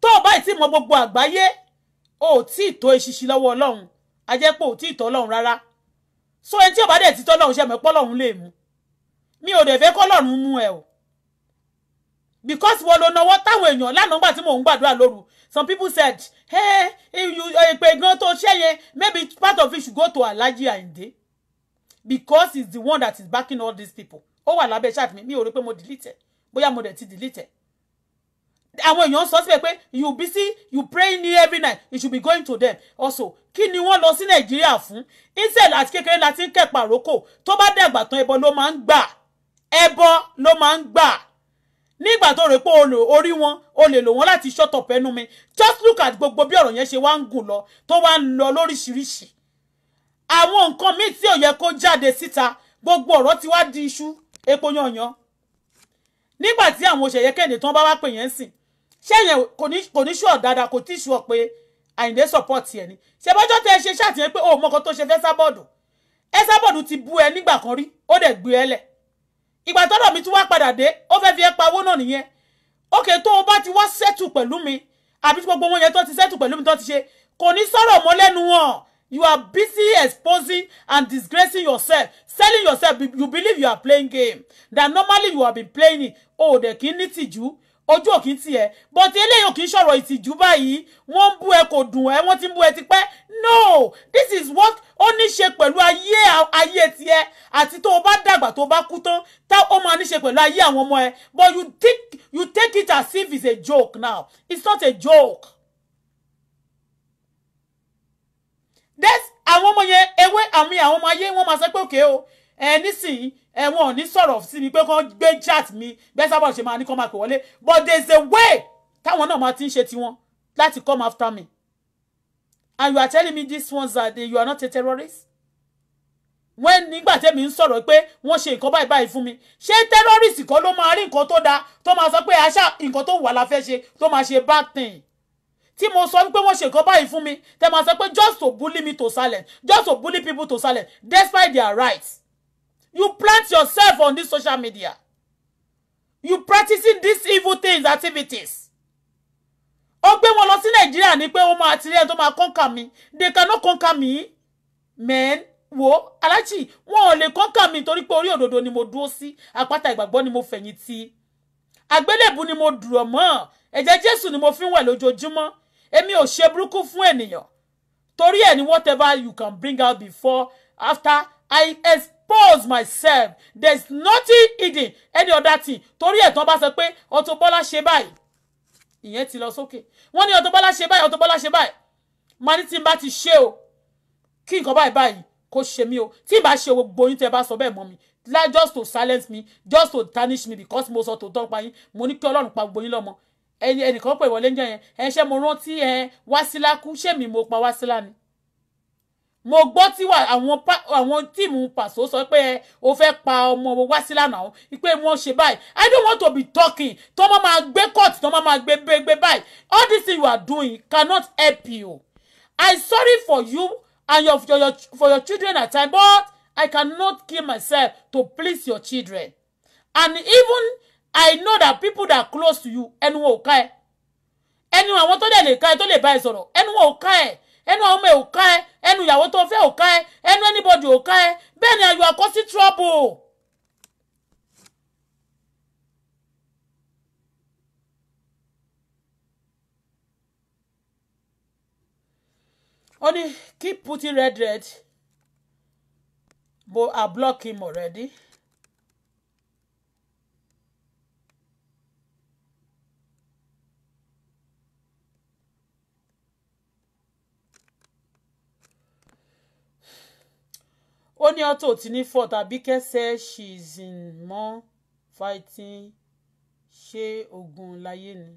tó o bá ì tí ì mọ gbogbo àgbáyé o ò tí ì tó eṣinṣin lọ́wọ́ ọlọ́run a jẹ́ pé o tí ì tọ́ ọlọ́run rárá so ẹni tí ò bá dẹ̀ ti tọ́ ọlọ́run ṣe mọ̀ pé ọlọ́run lè mú mi ò dẹ̀ fẹ́ kọ́ ọlọ́run mú ẹ o because wọ́n lọ náwó táwọn èèyàn lánàá gbà tí mò ń gbàdúrà lóru some people said hey èpè gan tó ṣe yẹn maybe part of it should go to Alhaji Ayinde because he's the one that is backing all these people ó wà lábẹ́ chat mi mi ò rí pé mo delete ẹ̀ bóyá mo dẹ̀ ti delete ẹ̀ àwọn èèyàn sọ síbẹ̀ pé you busy you praying here every night you should be going to them also kí ni wọ́n lọ sí nàìjíríà fún israel àti kékeré la ti ń kẹ̀pà àrókò tó bá dẹ̀gbà tán ẹbọ ló máa ń gbà ẹbọ ló máa ń gbà nígbà tó rè pé o rí wọn o lè lò wọn láti shut up ẹnu mi just look at gbogbo bí ọ̀rọ̀ yẹn ṣe wá ń gùn lọ tó wá ń lọ lóríṣiríṣi àwọn nǹkan míì tí ò yẹ kó jáde síta gbogbo ọ̀rọ̀ ti wá di iṣu epo yanyan nígbà tí àwọn òṣèré kéde tán bá wá pè yẹn sìn ṣé yẹn kò ní ṣùọ̀ dáadáa kò tí ì ṣùọ̀ pé àyìndé support yẹn ni ṣe bọ́jọ́ tẹ ẹ ṣe ṣàtìyẹn pé o mọ kan tó ṣe fẹ́ sábọ̀dù ẹ sábọ̀dù ti bú ẹ nígbà kan rí ó dẹ̀ gbé ẹ lẹ̀ ìgbà tọ́dọ̀ mi tún wá padà dé ó fẹ́ fi ẹ pa owó náà nìyẹn ókè tó o bá ti wá sẹ́tù pẹ̀lú mi àbí tí gbogbo wọn yẹn tó ti sẹ́tù pẹ̀lú mi tó ti ṣe kò ní sọ̀rọ̀ mọ́ lẹ́nu wọn you are busy exposing and disgracing yourself selling yourself you believe you are playing game that normally you have been playing it o ò dẹ̀ kí ní tìjú ojú òkì ń tiẹ̀ but eléyìí òkì ń sọ̀rọ̀ ìtìjú báyìí wọ́n ń bú ẹ kò dùn ẹ wọ́n ti ń bú ẹ tipẹ́ no this is what ó ní ṣe pẹ̀lú ayé ayé tiẹ̀ àti tó o bá dàgbà tó o bá kú tán tá ó máa ní ṣe pẹ̀lú ayé àwọn ọmọ ẹ but you take, you take it as if it's a joke now it's not a joke. that's àwọn ọmọ yẹn ewé àmì àwọn ọmọ ayé wọ́n máa sọ pé òkè o. Okay, ẹ nísìnyí ẹ wọn ò ní sọ̀rọ̀ sí mi pé kán gbé chat mi bẹ́ẹ̀ sábà ṣe máa ní kán máa pè wọlé but there is a way táwọn náà máa ti ń ṣe tiwọn láti come after me and you are telling me this one are you are not a terrorist wọ́n nígbà tẹ́mi ń sọ̀rọ̀ pé wọ́n ṣe nǹkan báyìí báyìí fún mi ṣé terrorist kan ló máa rí nǹkan tó dáa tó máa sọ pé àṣà nǹkan tó wà la fẹ́ ṣe tó máa ṣe bad thing tí mo sọ pé wọ́n ṣe nǹkan báyìí fún mi tẹ́ máa sọ pé just to bully me to silence just to bully people to silence despite their rights You plant yourself on this social media. You practicing these evil things activities. Ó gbé wọn lọ sí Nàìjíríà ní pé ó máa ti rí ẹni tó máa kọ́ńkà They cannot conquer me. Men wo aláàjì wọn ò lè kọ́ńkà tori torí pé orí ni mo dúró sí. Àpáta ìgbàgbọ́ ni mo fẹ̀yìn tì. Àgbélébù ni mo dùrọ̀ mọ́. Ẹ̀jẹ̀ Jésù ni mo fi ń wẹ̀ lójoojúmọ́. Èmi ò ṣe burúkú fún Tori Torí ni whatever you can bring out before after I Pause myself there is nothing hidden any other thing torí ẹ̀ tán bá sọ pé Auto Bola ṣe báyìí ìyẹn ti lọ sókè wọ́n ní Auto Bola ṣe báyìí Auto Bola ṣe báyìí màá ní tí bá ti ṣe o kí nǹkan báyìí báyìí kò ṣe mí o tí n ṣe gbogbo yín tẹ́ bá sọ bẹ́ẹ̀ mọ́ mi like just to silence me just to tarnish me because mo sọ tòótọ́ pa yín mo ní kí Ọlọ́run pa gbogbo yín lọ́mọ ẹnìkan pè wọlé ń jẹ yẹn ẹ ṣe mo rántí ẹ Wasila kú ṣé mi mo pa Wasila ni mo gbọ́ tí àwọn tíìmù pàṣẹ sọ pé o fẹ́ pa ọmọ wá sí lánàá pé wọ́n ṣe báyìí i don't want to be talking tó máa máa gbé court tó máa máa gbé gbé báyìí all this thing you are doing cannot help you i sorry for you and your, your, your for your children at time but i cannot kill myself to please your children and even i know that people that close to you ẹnu wọn ò ká ẹ ẹnu àwọn tó dẹ̀ lè ká ẹ tó lè bá ẹ sọ̀rọ̀ ẹnu wọn ò ká ẹ ẹnu ọmọ ẹ̀ ò ká ẹ ẹnu ìyàwó tó fẹ́ ò ká ẹ ẹnu anybody ò ká ẹ bẹ́ẹ̀ ni ayọ̀ àkọsí trouble. only keep putting red red but i block him already ó ní auto ti ní fort Abike says she is in more fighting ṣé ogun láyé ni.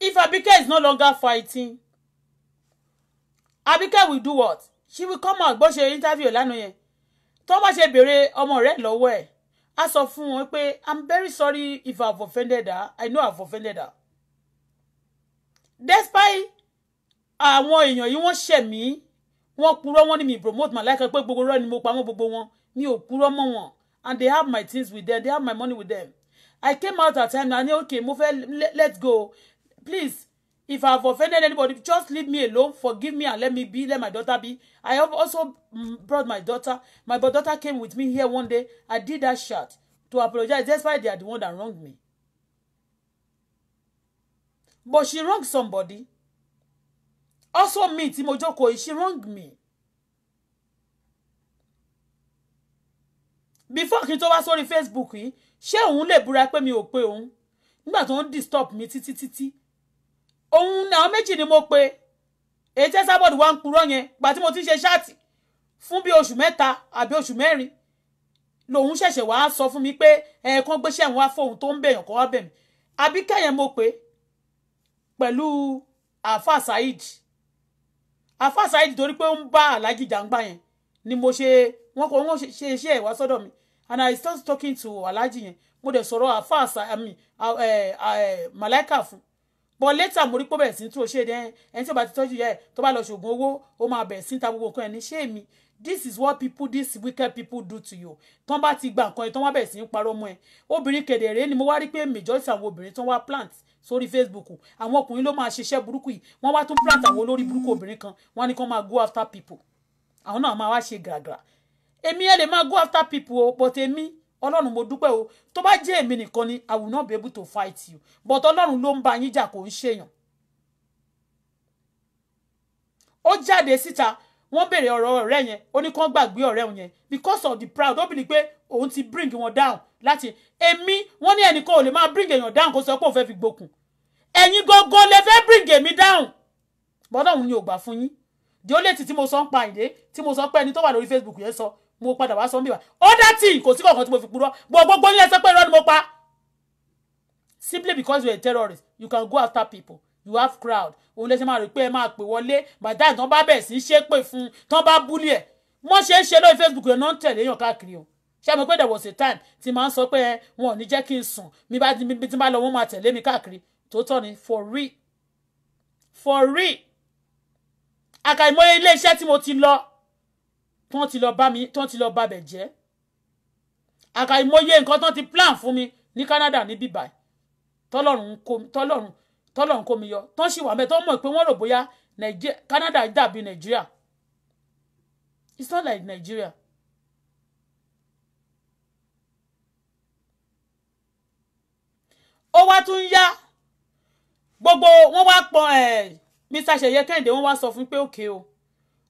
If Abike is no longer fighting, Abike will do what? She will come out bó ṣe interview lánàá yẹn. Tó bá ṣe béèrè ọmọ rẹ̀ lọ́wọ́ ẹ̀, á sọ fún wọn pé I'm very sorry if I've offended her. I know I've offended her despite àwọn èèyàn yìí wọ́n ṣẹ̀ mí wọ́n purọ́ wọ́n ní mi promote my life pé gbogbo rẹ ni mo pa wọ́n gbogbo wọn mi ò purọ́ mọ́ wọn and they have my things with them they have my money with them I came out at time and I say okay mo fẹ́ let's go please if I have offended anybody just leave me alone forgive me and let me be let my daughter be I have also brought my daughter my daughter came with me here one day I did that shot to apologize despite they are the one that wronged me but she wrong somebody also me tí she wrong me before kí n tó Facebook yìí ṣé òun lè búra pé mi ò pe òun nígbà tó ń disturb mi títí títí òun náà méjì ni mo pe èyí tẹ́ sábọ̀dù wá ń purọ́ yẹn gbà tí mo ti ń ṣe ṣáàtì fún bí oṣù mẹ́ta àbí oṣù mẹ́rin lòun ṣẹ̀ṣẹ̀ wá sọ fún mi pé ẹ̀ẹ̀kan gbéṣẹ́ òun wá fóun tó ń bẹ̀yàn kó wá bẹ̀ mí àbí kẹ́yẹ̀ mo pé pẹ̀lú àfa saheed àfa saheed torí pé ó ń bá aláàjì jàǹgbà yẹn ni mo ṣe wọ́n kò wọ́n ṣe iṣẹ́ ìwá sọ́dọ̀ mi and i start talking to aláàjì yẹn mo dẹ̀ sọ̀rọ̀ àfa àmì màláìkà fún bọ́ létà mo rí pé bẹ̀rẹ̀ sí tó ṣe dẹ́ ẹni tí ó bá ti tọ́jú yẹ tó bá lọ ṣògùn owó ó máa bẹ̀rẹ̀ sí ta gbogbo nǹkan ẹni ṣé èmi this is what people this wicked people do to you tán bá ti gba nǹkan ẹ tán wá bẹ̀rẹ̀ sí ní parọ́ mọ́ ẹ obìnrin kedere ni mo wá rí pé majority àwọn obìnrin tán wá plant sórí facebook àwọn ọkùnrin ló máa ṣiṣẹ́ burúkú yìí wọ́n wá tún plant àwọn olórí burúkú obìnrin kan wọ́n ní kán máa go after people àwọn náà máa wá ṣe gàgà èmi ẹ lè máa go after people o but èmi ọlọ́run mo dúpẹ́ o tó bá jẹ́ èmi nìkan ni i will not be able to fight you but ọlọ́run ló ń bá yín jà kò ń ṣèyàn ó jáde síta wọ́n béèrè ọ̀rọ̀ ọ̀rẹ́ yẹn ó ní kán gbàgbé ọ̀rẹ́ yẹn because of the proud ó bìlí pé òun ti bring wọn down láti èmi wọ́n ní ẹnìkan ò lè máa bring èèyàn down kó sọ pé òun fẹ́ fi gbókun ẹ̀yin gangan lè fẹ́ bring èmi down bọ́dọ̀ òun ni ò gbà fún yín di ó lè ti tí mo sọ ń pa ìdè tí mo sọ pé ẹni tó wà lórí Facebook yẹn sọ mo padà wá sọ ń bíbà ọ̀dà tí kò sí kankan tí mo fi purọ́ gbogbogbò ní ẹsẹ̀ pé irọ́ ni mo pa simply because you are a terrorist you can go after people you have crowd òun lè ṣe máa rí pé ẹ máa pè wọlé bàtà tán bá bẹ̀ sí ṣépè fún tán bá búlì ẹ̀ wọ́n ṣe é ṣe lórí Facebook yẹn náà ń tẹ̀lé èèyàn káàkiri o ṣé mo pé there was a time tí màá sọ pé wọn ò ní jẹ́ kí n sùn mi bá ti bá lọ wọ́n máa tẹ̀lé mi káàkiri tó tọ́ ni for real for real àkàìmọye ilé iṣẹ́ tí mo ti lọ tí wọ́n ti lọ bá mi tí wọ́n ti lọ bá bẹ̀ jẹ́ àkàìmọye nǹkan tí wọ́n ti plan fún mi ní Canada ní bíbáyìí tọ́lọ́run tọ́lọ́run tọ́lọ́run kò mi yọ tán sì wà mẹ́ tán mọ̀ pé wọ́n rò bóyá Canada dàbí Nàìjíríà it's not like Nigeria ó wá tún yá gbogbo wọ́n wá pọ̀ eh, Mr. Ṣèyẹ Kẹ́hìndé wọ́n wá sọ fún pé òkè o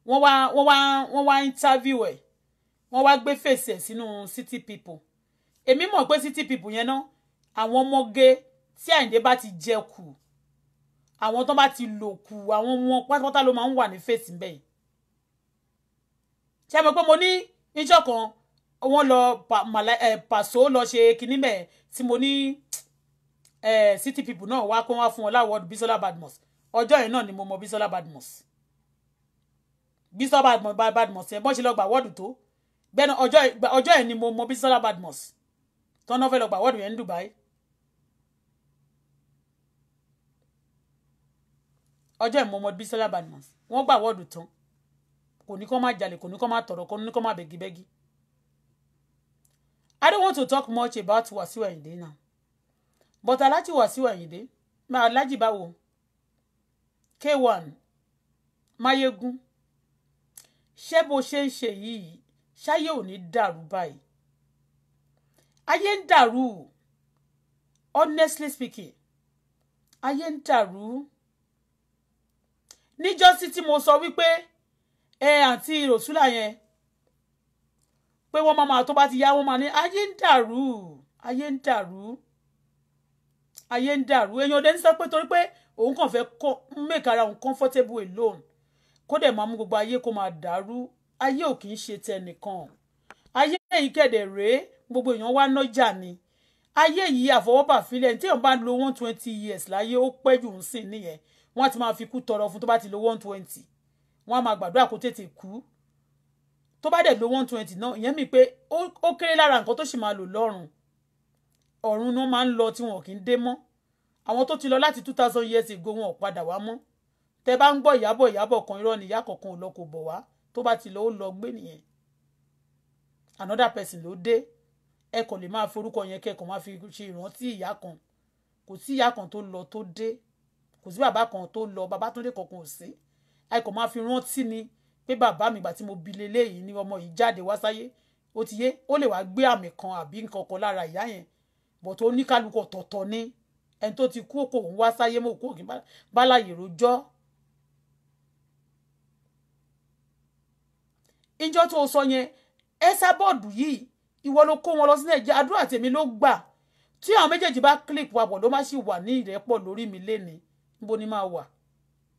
wọ́n wá wọ́n wá wọ́n wá interview ẹ̀ wọ́n wá gbé fèsì ẹ̀ sínú city people èmi mọ̀ pé city people yẹn náà àwọn ọmọge tí Àyìndé bá ti jẹ kù àwọn tó bá ti lò kù àwọn ọmọ pátápátá ló máa ń wà ní fèsì ń bẹ̀yìn ṣe mọ̀ pé mo ní níjọ́ kan wọ́n lọ pàṣọ eh, lọ ṣe kinní mẹ́ẹ̀ tí mo ní. Eh, city people náà wá kó wá fún wọn láwọ́dù Bisola Badmus ọjọ́ yẹn náà ni mo mọ Bisola Badmus Bisola Badmus Badmus yẹn bọ́n ṣe lọ wọ́ọ̀dù tó bẹ́ẹ̀ náà yẹn ni mo mọ Bisola Badmus tọ́nà fẹ́ lọ wọ́ọ̀dù yẹn ní Dubai. ọjọ́ yẹn mo mọ Bisola Badmus wọ́n gba wọ́ọ̀dù tán kò ní kó má jalè kò ní kó má tọ̀rọ̀ kò ní kó má bẹ́gibẹ́gi. I don't want to talk much about Wasiu Ayinde now but aláàjì Wàsíù Àyìndé máa aláàjì báwo k1 Máyégún ṣé bó ṣe ń ṣe yìí ṣáyé ò ní dàrú báyìí ayé ń dàrú honestly speaking ayé ń dàrú níjọ́sí tí mo sọ wípé ẹ àǹtí rosula yẹn pé wọ́n máa tó bá ti yá wọ́n máa ní ayé ń dàrú ayé ń dàrú ayé ń dàrú èèyàn ọdẹ ń sọ pé torí pé òun kàn fẹ́ make ara òun comfortable alone kó dẹ̀ máa mú gbogbo ayé kó máa dàrú ayé ò kì í ṣe tẹnìkan ayé yìí kẹ̀dẹ̀ rèé gbogbo èèyàn wá nájà ni ayé yìí àfọwọ́bà filẹ̀ tí èèyàn bá lo one twenty years láyé ó pẹ́ jù ń sìn nìyẹn wọ́n á ti máa fi kú tọrọ fún tó bá ti lo one twenty wọ́n á máa gbàdúrà kó tètè kú tó bá dẹ̀ lo one twenty náà ìyẹn mi pé ó kéré lára nǹkan tó sì máa lò lọ́rùn ọ̀run náà máa ń lọ tí wọn kì í dé mọ́ àwọn tó ti lọ láti two thousand years ago wọn ò padà wá mọ́ tẹ bá ń gbọ́ ìyábọ̀ ìyábọ̀ kan irọ́ ni ìyá kankan ò lọ kò bọ̀ wá tó bá ti lọ ó lọ gbé nìyẹn another person ló dé ẹ kàn lè máa forúkọ yẹn kẹkọọ máa fi ṣe ìrántí ìyá kan kò sí ìyá kan tó lọ tó dé kò sí bàbá kan tó lọ bàbá tó dé kankan ò sí ẹ kàn máa fi rántí ni pé bàbá mi ìgbà tí mo bi leléyìí ni ọmọ yìí jáde wá sáyé ó ti yé ó lè wá gbé àmì kan àbí nǹkan kan lára ìyá yẹn but oníkálukú ọ̀tọ̀ọ̀tọ̀ ni ẹni tó ti kú òkò òun wá sáyé mọ́ òkú òkín báláyé rojọ́. ìjọ tó sọ yẹn ẹsà bọ́ọ̀dù yìí ìwọ ló kó wọn lọ sí nàìjíríà àdúrà tèmi ló gbà tí àwọn méjèèjì bá clip papọ̀ ló má sì wà ní ìrẹ́pọ̀ lórí mi lénìí níbo ni máa wà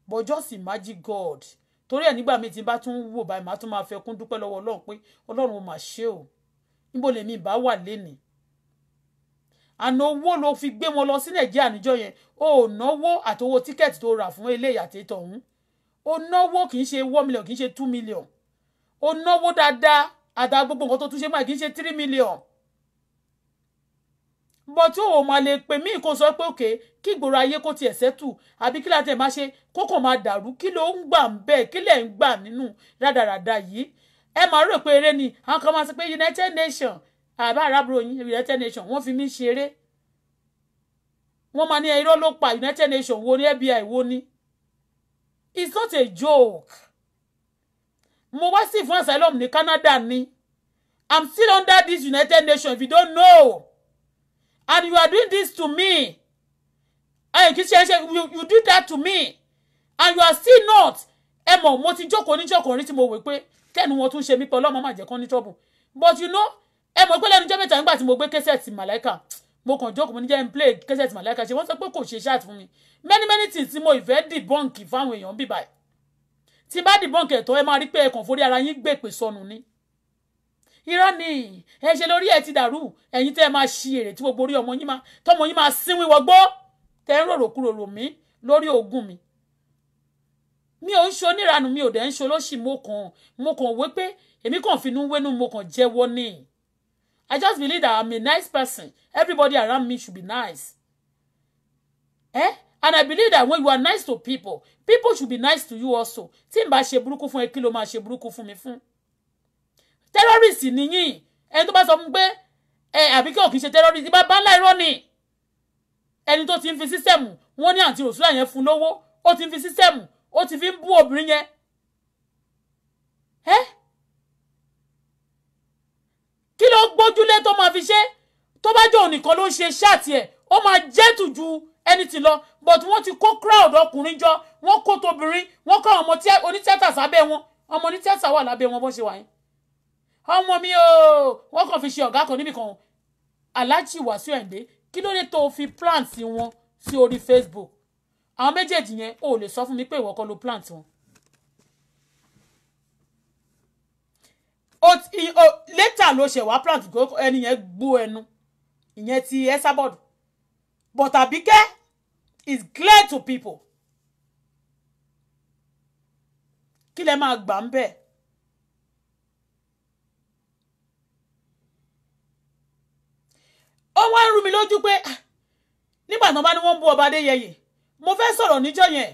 but just imagine God torí ẹ̀ nígbà mi ti bá tún wò báyìí màá tún máa fẹ́ kún dúpẹ́ lọ́wọ́ pé ọlọ́run ò mà ṣe o níbo lèmi ìbá wà lénìí àna owó ló fi gbé wọn lọ sí nàìjíríà níjọ yẹn o ò náwó àtowó tíkẹ́ẹ̀tì tó rà fún eléyà tètò ọ̀hún o náwó kì í ṣe one million kì í ṣe two million o náwó dáadáa àtà gbogbo nǹkan tó tún ṣe máa kì í ṣe three million bọ́ tí òun máa lè pè mí kó sọ pé òkè kí ìgboro ayé kó tiẹ̀ sẹ́tù àbí kí láti ẹ̀ máa ṣe kókò máa dàrú kí ló ń gbà ń bẹ́ẹ̀ kí lẹ̀ ń gbà nínú rádaràda yìí ẹ máa rò pé eré ni àwọn kan máa sọ pé United Nations àbá arábúrò yín united nations wọ́n fi mí ṣeré wọ́n máa ní irọ́ ló pa united nations wo ni FBI wo ni it's not a joke mo wá sí fún asylum ní Canada ni i'm still under this united nations if you don't know and you are doing this to me and you ṣe ṣe you do that to me and you are still not ẹ mọ̀ mo ti jókòó níjókòó rí tí mo wò pé kẹ́nu wọn tún ṣe mí pé ọlọ́mọ má jẹ́ kán ní trouble but you know ẹ mọ̀ pé lẹ́nu jẹ́ mẹ́ta nígbà tí mo gbé kẹ́sẹ̀tì màláìkà mo kàn jókòó mo ní jẹ́ n play kẹ́sẹ̀tì màláìkà ṣe wọ́n sọ pé kò ṣe ṣáàt fún mi many many things tí mo ìfẹ́ dìbọ́ǹkì fáwọn èèyàn bíbá ẹ̀ tí bá dìbọ́ǹkì ẹ̀tọ́ ẹ máa rí pé ẹ̀kàn forí ara yín gbèpè sọnù ni irọ́ ni ẹ ṣe lórí ẹ ti dàrú ẹ̀yin tẹ́ ẹ máa ṣi èrè tí gbogbo orí ọmọ yín máa tọmọ yín máa sín wíwọ gbọ́ tẹ́ ń rorò kúrò rò mí lórí òògùn mi mi ò ń ṣe oníranù mi ò dẹ̀ ń ṣe olóṣì mo kàn mo kàn wé pé èmi kàn finú wénú mo kàn jẹ́wọ́ níyì I just believe that I'm a nice person. Everybody around me should be nice. Eh? And I believe that when you are nice to people, people should be nice to you also. Tí n bá ṣe burúkú fún ẹ kí ló máa ṣe mi fún. Terrorist nìyí. Ẹni tó bá sọ fún pé ẹ àbí kí òkì ṣe terrorist bá bá ńlá ni. Ẹni tó ti ń fi sísẹ̀mù wọ́n ní àǹtí Rosula yẹn fún lówó. Ó ti ń fi sísẹ̀mù ó ti fi ń bú obìnrin yẹn. Eh? kí ló gbójúlé tó máa fi ṣe tó bá jẹ́ ònìkan ló ń ṣe ṣáàtì ẹ̀ ó máa jẹ́tù ju anything lọ but wọ́n ti kó crowd ọkùnrin jọ wọ́n kó tobìnrin wọ́n kọ́ ọmọ onítẹ́tà sábẹ́ wọn ọmọ onítẹ́tà wà lábẹ́ wọn bó ṣe wà yẹn ọmọ mi ooo wọ́n kàn fi ṣe ọ̀gá kan níbìkan aláàjì wàsíù ẹ̀ǹdẹ́ kí ló dé tó fi plant wọn sí orí Facebook àwọn méjèèjì yẹn ò lè sọ fún mi pé ìwọ kọ́ ló plant wọn later ló ṣe wá plant kó ẹni yẹn gbó ẹnu ìyẹn ti Esabod but Àbíkẹ́ is clear to people kí lẹ máa gbà ń bẹ̀. ó wá ń rú mi lójú pé ah, nígbà tán bá ní wọ́n ń bú ọba Adéyẹyè mo fẹ́ sọ̀rọ̀ níjọ́ yẹn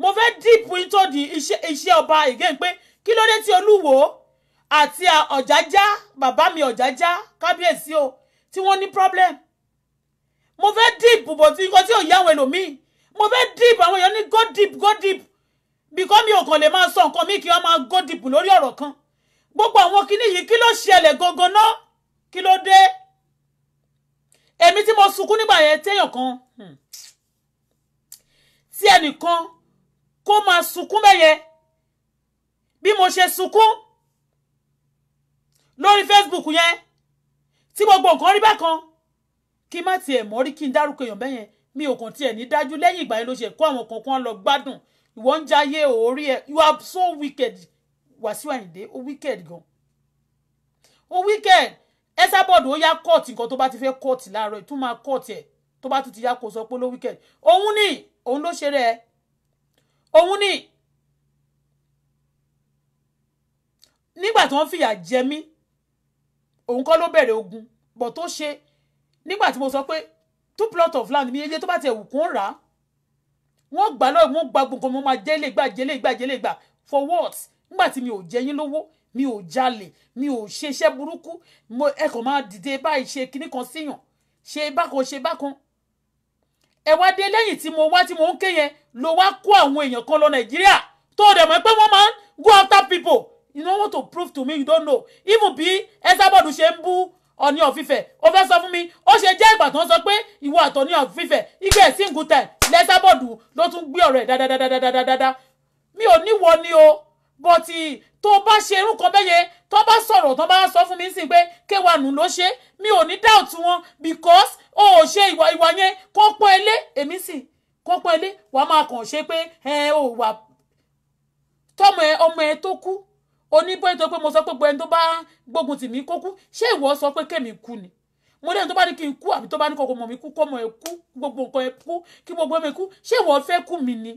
mo fẹ́ deep into the iṣẹ́ ọba again pé kí ló dé tí Olúwo àti ọ̀jájá bàbá mi ọ̀jájá kábíyèsí o tí wọ́n ní problem mo fẹ́ deep bò tí nǹkan tí ò yá àwọn ẹlòmíì mo fẹ́ deep àwọn èèyàn ní go deep go deep bìkọ́ mi ò kàn lè máa sọ nǹkan mi kí wọ́n máa go deep lórí ọ̀rọ̀ kan gbogbo àwọn kinní yìí kí ló ṣẹlẹ̀ gangan náà kí ló dé èmi tí mo sunkún nígbà yẹn téèyàn kan hmm, tí ẹnìkan kó máa sunkún bẹ́yẹ bí mo ṣe sunkún lórí Facebook yẹn tí gbogbo nǹkan rí bákan kí má tiẹ̀ mọ́ rí kí n dárúkọ èèyàn bẹ́yẹn mi ò kàn tiẹ̀ ní dájú lẹ́yìn ìgbà yẹn ló ṣe kó àwọn kankan lọ gbádùn ìwọ ń jayé orí ẹ you are so wicked Wàsíù Àyìndé O wicked gan O wicked Esabod ó yá kọ́ọ̀tì nǹkan tó bá ti fẹ́ kọ́ọ̀tì láàárọ̀ ìtún máa kọ́ọ̀tì ẹ̀ tó bá tún ti yá kó sọ pé ló wicked òun ni òun ló ṣe rẹ òun ni nígbà tí wọ́n fìyà jẹ mí òun kọ́ ló bẹ̀rẹ̀ ogun bọ̀ tó ṣe nígbà tí mo sọ pé two plot of land mi iye tó bá ti ẹ̀wù kún rà á wọ́n gbà lọ́ọ̀ wọ́n gba gbogbo mo máa jẹ́ lè gbà jẹ́ for what nígbà tí mi ò jẹ yín lówó mi ò jalè mi ò ṣe iṣẹ́ burúkú mo ẹ kàn máa dìde báyìí ṣe kinní kan síyàn ṣe bákan ṣe bákan ẹ wá dé lẹ́yìn tí mo wá tí mo ń ké yẹn ló wá kó àwọn èèyàn kan lọ nàìjíríà tó dẹ̀ mọ́ pé wọ́n máa ń go after people you don't want to prove to me you don't know even bí Esabod ṣe ń bú Ọọ̀ni of Ifẹ̀ ó fẹ́ sọ fún mi ó ṣe jẹ́ ìgbà tó ń sọ pé ìwọ àtọ̀ni of Ifẹ̀ igbe single time lẹ́sàbọ̀dù ló tún gbé ọ̀rọ̀ ẹ̀ Da mi ò níwọ ni o but tó bá ṣe irú kan bẹ́yẹ tó bá sọ̀rọ̀ tó bá sọ fún mi sí pé kéwàá nù ló ṣe mi ò ní doubt wọn because o ò ṣe ìwà ìwà yẹn kó pọ́n ilé èmi sì kó pọ́n ilé wàá máa kàn ṣe pé ẹ ò wà tọmọ ẹ ọmọ ẹ tó kú oníbóyè tó pé mo sọ pé gbogbo ẹni tó bá gbógun tì mí kó kú ṣé ìwọ sọ pé kémi kú ni mo lẹ́yìn tó bá ní kí n kú àbí tó bá ní kọ̀ọ̀kan mọ̀ mí kú kọ́mọ ẹ̀ kú gbogbo nǹkan ẹ̀ kú kí gbogbo mi kú ṣé ìwọ fẹ́ kú mi ni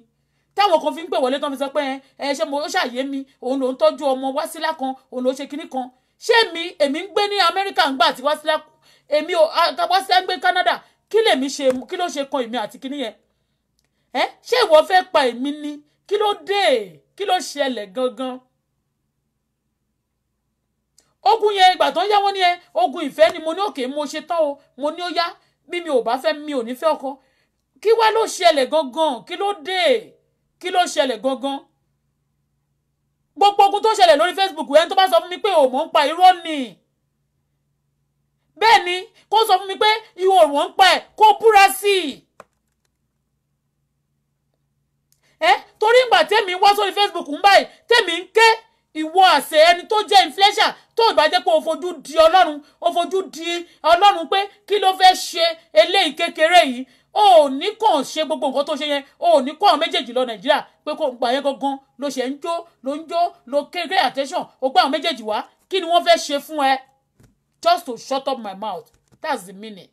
táwọn kan fi ń pè wọlé tán fi sọ pé ẹ ṣe mo ṣàyé mi òun ló ń tọ́jú ọmọ wásílà kan òun ló ṣe kinní kan ṣé mi èmi ń gbé ní Amẹ́ríkà ń gbà àti wásílà èmi ò Canada kí lèmi ṣe kí ló ṣe kan èmi àti kinní yẹn ẹ ṣé ìwọ fẹ́ pa èmi ni kí ló dé kí ló ṣẹlẹ̀ gangan ogun yẹn ìgbà tó ń yá wọ́n ní ẹ ogun ìfẹ́ ni mo ní òkè mo ṣe tán o mo ní ó yá bí mi ò bá fẹ́ mi ò ní fẹ́ ọkọ kí wá ló ṣẹlẹ̀ gangan kí ló dé kí ló ṣẹlẹ̀ gangan gbogbo ogun tó ṣẹlẹ̀ lórí Facebook ẹni tó bá sọ fún mi pé ò mọ̀ ń pa irọ́ ni bẹ́ẹ̀ ni kó sọ fún mi pé ìwọ ò mọ̀ ń pa ẹ̀ kó búra sí i ẹ torí ìgbà tèmi wá sórí Facebook ń báyìí tèmi ń ké ìwọ àṣẹ ẹni tó jẹ́ influencer tó ìbá jẹ́ pé o fojú di ọlọ́run o fojú di ọlọ́run pé kí ló fẹ́ ṣe eléyìí kékeré yìí o ò ní kàn ṣe gbogbo nǹkan tó ṣe yẹn o ò ní kọ́ àwọn méjèèjì lọ nàìjíríà pé kò gbà yẹn gangan ló ṣe ń jó ló ń jó ló kéré attention o gbà àwọn méjèèjì wá kí ni wọ́n fẹ́ ṣe fún ẹ just to shut up my mouth that's the meaning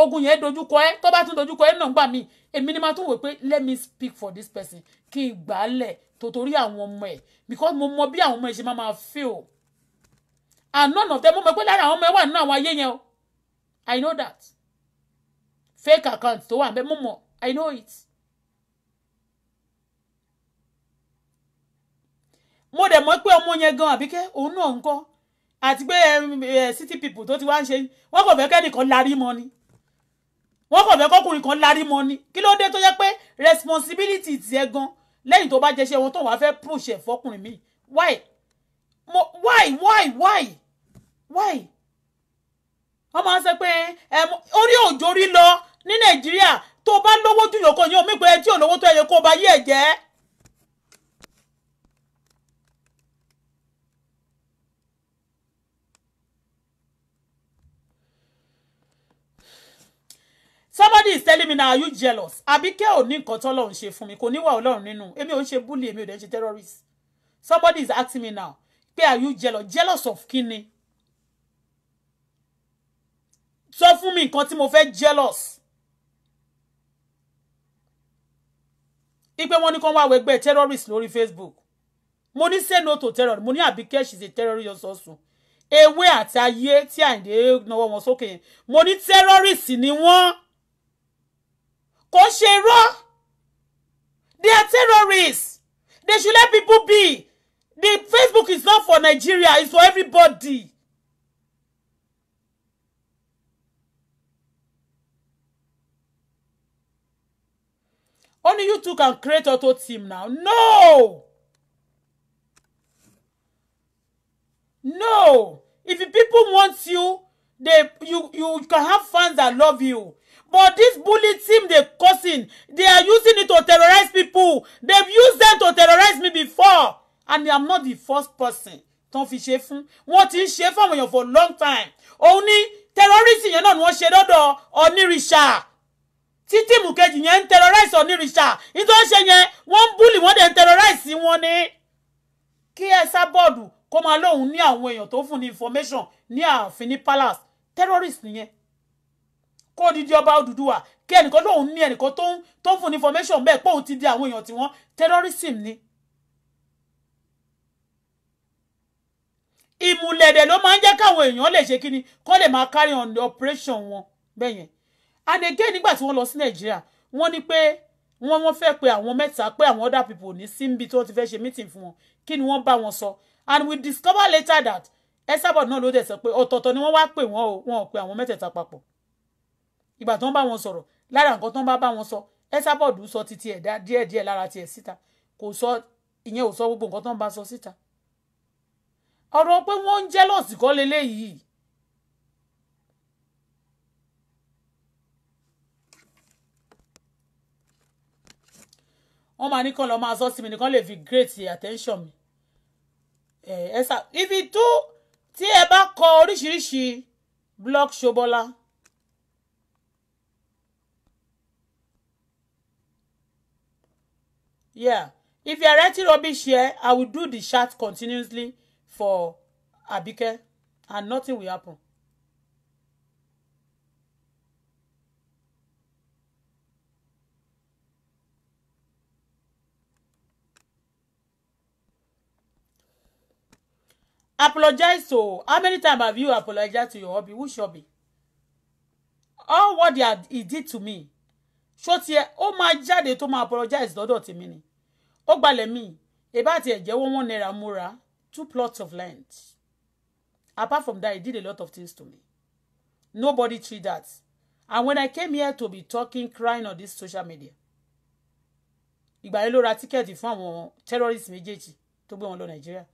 ogun yẹn dojúkọ ẹ tó bá tún dojúkọ ẹ náà gbà mí èmi ni máa tún wò pé let me speak for this person kí n gbà á lẹ̀ tòtórí àwọn ọmọ ẹ̀ because mo mọ bí àwọn ọmọ ẹ ṣe máa máa fail and none of them mo mọ pé lára àwọn ọmọ ẹ wà nínú àwọn ayé yẹn o i know that fake account tó wà bẹ́ẹ̀ mo mọ i know it. mo dẹ̀ mọ̀ pé ọmọ yẹn gan àbíkẹ́ òun náà ń kọ́ àti pé eh, eh, city people tó ti wá ń ṣe wọ́n kò fẹ́ kẹ́nìkan larí mọ́ ni wọ́n kò fẹ́ kọ́kùnrin kan larí mọ́ ni kí ló dé tó yẹ pé responsibility tiẹ̀ gan lẹ́yìn tó bá jẹ́ ṣe wọn tó wàá fẹ́ push ẹ̀ fọkùnrin mi why mo why why why why wọ́n máa ń sọ pé ẹ orí òjò rí lọ ní nàìjíríà tó bá lówó jù yòókò yín omi pé tí ò lówó tó yẹ kó o bá yí ẹ̀ jẹ́ somebody is telling me now are you jealous Àbíkẹ́ ò ní nǹkan tọ́lọ́run ṣe fún mi kò níwà ọlọ́run nínú èmi ò ń ṣe bully emi ò dẹ̀ ń terrorist somebody is asking me now pé are you jealous jealous of kí So sọ fún mi nǹkan tí mo fẹ́ jealous ipe wọn ní kàn wá wẹgbẹ́ terrorist Lori Facebook mo ni say no to terror mo ní Àbíkẹ́ she is a terrorist also ewé àti ayé tí àyìndé náwó wọn sókè yẹn mo ni terrorist ni wọ́n. For Shero, they are terrorists they should let people be the Facebook is not for Nigeria it's for everybody. Only you two can create auto team now. No! No! If people want you, they you you can have fans that love you but this bully team dey causing they are using it to terrorize people they've used them to terrorize me before and i'm not the first person tán fi ṣe fún wọn ti ń ṣe fáwọn èèyàn for long time òun ni terrorism yẹn náà ni wọ́n ṣe lọ́dọ̀ onírìṣà tí tíìmù kejì yẹn ń terrorize onírìṣà nítorí ṣe yẹn wọ́n ń bully wọ́n dẹ̀ terrorize wọn ni kí ẹ sá bọ́ọ̀dù kó máa lóun ní àwọn èèyàn tó fún ní information ní ààfin ní palace terrorist nìyẹn kó di di ọba Odùduwà kí ẹnìkan lóun ní ẹnìkan tó ń tó ń fún ní information bẹ́ẹ̀ pé òun ti di àwọn èèyàn tí terrorism ni. ìmùlẹ̀dẹ̀ ló máa ń jẹ́ káwọn èèyàn lè ṣe kíni kó lè máa carry on the operation wọn bẹ́ẹ̀ yẹn and again nígbà tí wọ́n lọ sí Nàìjíríà wọ́n ní pé wọ́n wọ́n fẹ́ pe àwọn mẹ́ta pé àwọn other people ní síbi tí wọ́n ti fẹ́ ṣe meeting fún wọn kí ni wọ́n bá wọn sọ and we discover later that Esabod náà ló dẹ̀ sọ pé ọ̀tọ̀ọ̀tọ̀ ni wọ́n wá pè wọ́n o wọn ò pe àwọn mẹ́tẹ̀ẹ̀ta papọ̀ ìgbà tó ń bá wọn sọ̀rọ̀ lára nǹkan tó ń bá bá wọn sọ Ẹ́sàbọ̀dù sọ títí ẹ̀dá díẹ̀díẹ̀ lára tiẹ̀ síta kò sọ ìyẹn ò sọ gbogbo nǹkan tó ń bá sọ síta ọ̀rọ̀ pé wọ́n ń jẹ́lọ̀sì kọ́ leléyìí wọ́n máa ní kàn lọ́ọ́ máa sọ sí mi nìkan lè fi great attention mi ẹ̀ ẹ̀ sà ibi tó tí ẹ bá kọ oríṣiríṣi block ṣobola. yeah if you are writing rubbish here i will do the chat continuously for Abike and nothing will happen. apologize to how many times have you apologized to your hubby which be? all what they are, he did to me ṣó tiẹ̀ ó máa jáde tó máa apologize lọ́dọ̀ tèmi ni ó gbalẹ̀ mi ìbá àti ẹ̀jẹ̀ owó one naira mo two plots of land apart from that he did a lot of things to me nobody treat that and when I came here to be talking crying on this social media ìgbà yẹn ló ra tíkẹ́ẹ̀tì fún àwọn terrorist méjèèjì tó gbé wọn lọ Nàìjíríà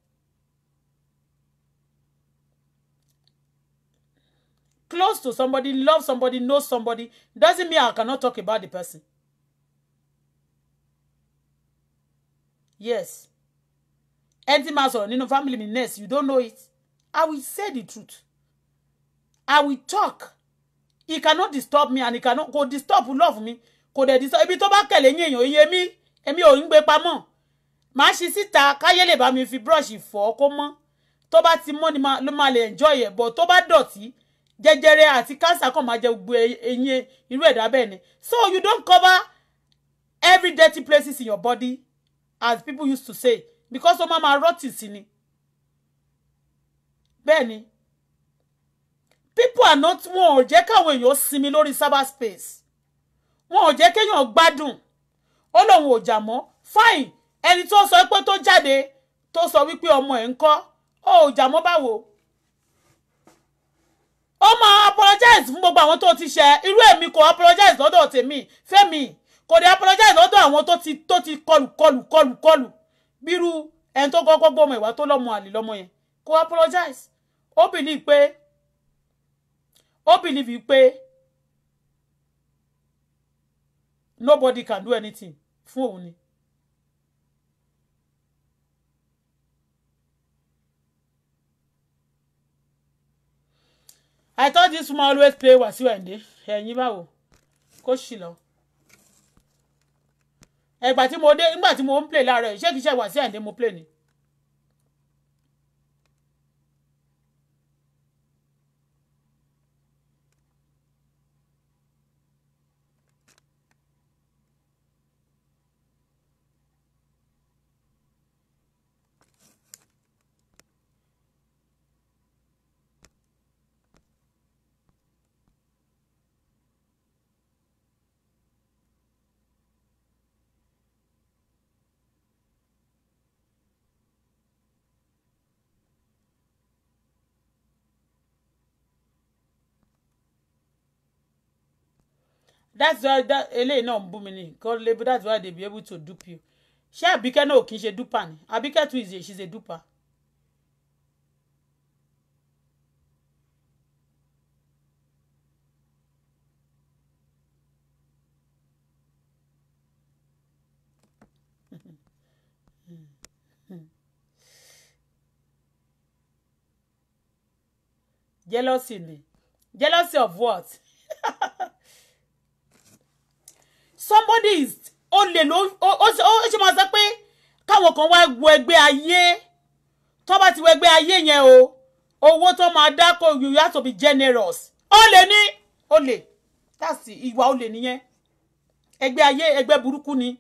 close to somebody love somebody know somebody doesn't mean I cannot talk about the person yes ẹni tí máa sọ̀rọ̀ family mi next you don't know it I will say the truth I will talk he cannot disturb me and he cannot go disturb who love me kò dẹ̀ disturb ibi tó bá kẹ̀lé yín èèyàn iye mi o ò ń gbé pamọ́ màá ṣe síta káyé lè bá mi fi brush fọ̀ kó mọ́ tó bá ti mọ́ ni ló máa lè enjoy ẹ̀ but tó bá dọ̀tí jẹjẹrẹ àti cancer kan máa jẹ gbogbo eyín irú ẹ̀dá bẹ́ẹ̀ ni so you don't cover every dirty places in your body as people used to say because ó ma máa rọ́tì sí ni bẹ́ẹ̀ people are not wọn ò jẹ́ káwọn èèyàn sinmi lórí cyber space wọn ò jẹ́ kéèyàn gbádùn ó lóun ò jà mọ́ fine ẹni tó sọ pé tó jáde tó sọ wípé ọmọ ẹ̀ ń kọ́ ó ò jà mọ́ báwo ó máa apologize fún gbogbo àwọn tó ti ṣe irú èmi kò apologize lọ́dọ̀ tèmi fẹ́mi kò dé apologize lọ́dọ̀ àwọn tó ti tó ti kọlù kọlù kọlù kọlù bírú ẹni tó kọ́kọ́ gbọ́mọ ìwà tó lọ́mọ àlè lọ́mọ yẹn kò apologize ó bìlí pé ó bìlí pé nobody can do anything fún òun ni. I thought this woman always play wasiwa Ayinde ẹ̀yin báwo kó ṣì lọ ẹgbà tí mo dé nígbà tí mo ń play láàárọ̀ ṣé kì í ṣe Wasiu mo play ni that's why that eléyìí náà ń bú mi ni god labour that's why they be able to dupe you ṣé àbíkẹ́ náà kì í ṣe duper ni àbíkẹ́ too is a she is a duper. *laughs* jealousy ni jealousy of what somebody is ó lè ló ó ṣe máa sọ pé káwọn kan wá wọ ẹgbẹ́ ayé tó bá ti wọ ẹgbẹ́ ayé yẹn o owó tó máa dá kó you have to be generous ó lè ní ó lè tàṣì ìwà ó lè nìyẹn ẹgbẹ́ ayé ẹgbẹ́ burúkú ni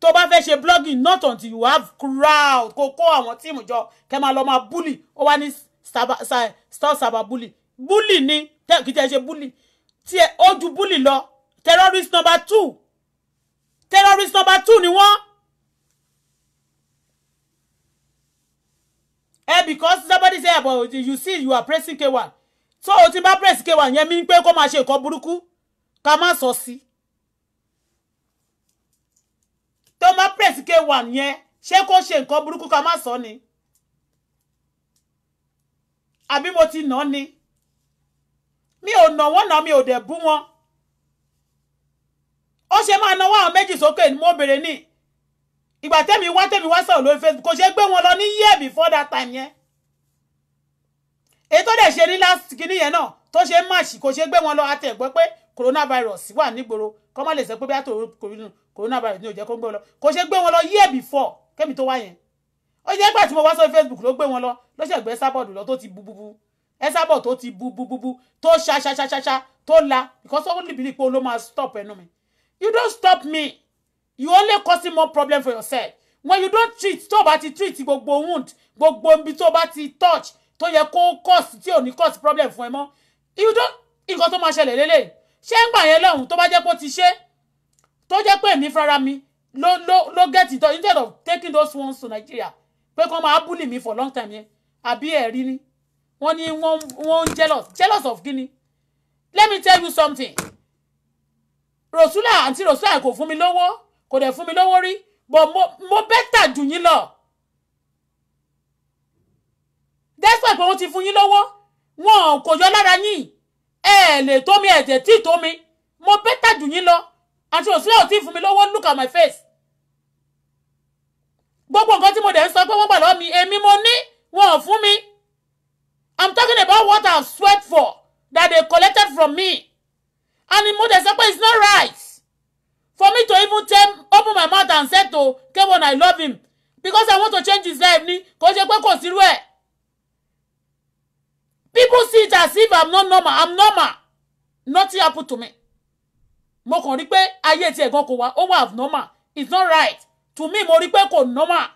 tó bá fẹ́ ṣe blogging not until you have crowd kó kó team, tíìmù jọ kẹ́ máa lọ máa bully ó wá ní stop sababully bully ni kìí tẹ́ ṣe bully tí ẹ ó ju bully lọ terrorist number two terrorist number two ni wọ́n. ẹ eh, because somebody say about you see you are pressing k one, so o ti bá press k one. yẹn mi pé kó máa ṣe nǹkan burúkú ká má sọ sí. tó má press k one. yẹn ṣé kó ṣe nǹkan burúkú ká má sọ ni àbí mo ti nà ni mi ò nà wọ́n nà mi ò dẹ̀ bú wọn ó ṣe máa náwó àwọn méjì sókè ni mo béèrè ní ìgbà tẹ́mi wá tẹ́mi wá sọ̀rọ̀ lórí Facebook kò ṣe gbé wọn lọ ní year before that time yẹn èyí tó dẹ̀ ṣe ní last kìíní yẹn náà tó ṣe march kò ṣe gbé wọn lọ àti ẹ̀gbọ́ pé coronavirus wà nígboro kọ́ má lè sọ pé bí àtò coronavirus ní ò jẹ́ kó gbé wọn lọ kò ṣe gbé wọn lọ year before kẹ́mi tó wá yẹn ó jẹ́ ìgbà tí mo wá sórí Facebook ló gbé wọn lọ ló ṣe gbé sábọ̀dù lọ tó ti bububu ẹ sábọ̀ tó ti bububu tó ṣaṣaṣaṣa tó la because ó lè bí pé ó ló máa stop ẹnu mi you don't stop me you only causing more problem for yourself when you don't treat tó o bá ti go gbogbo wound go ibi tó o bá ti touch to your kó cause tí ò cause problem for him. you don't you tó to my shell, ṣé ń gbà yẹn lọ́hùn tó bá jẹ́ pé ó ti ṣe tó jẹ́ no no no get it instead of taking those ones to Nigeria pé kí wọ́n máa bully mi for long time yẹn àbí ẹ̀rí ni wọ́n ní one one jealous jealous of Guinea. let me tell you something rosula àǹtí rosula kò fún mi lówó kò dẹ̀ fún mi lówó rí bọ̀ mo bẹ́tà jù yín lọ. despite pé wọ́n ti fún yín lówó wọn kò yọ lára yín ẹ lè tó mi ẹ̀jẹ̀ tí tó mi mo bẹ́tà jù yín lọ àǹtí rosula ò tí fún mi lówó look at my face. gbogbo nǹkan tí mo dẹ̀ ń sọ pé wọ́n gbà lọ́wọ́ mi èmi mo ní wọn ò fún mi. I'm talking about what I've sweat for that they collected from me and mo dẹ̀ sọ it's not right for me to even tell open my mouth and say to Kevin, I love him because I want to change his life ni kò ṣe pé kò sírú ẹ̀ people see it as if I'm not normal I'm normal nothing happen to me mo kàn rí pé ayé tiẹ̀ gan kò wá ó wà abnormal it's not right to me mo rí pé k'o normal.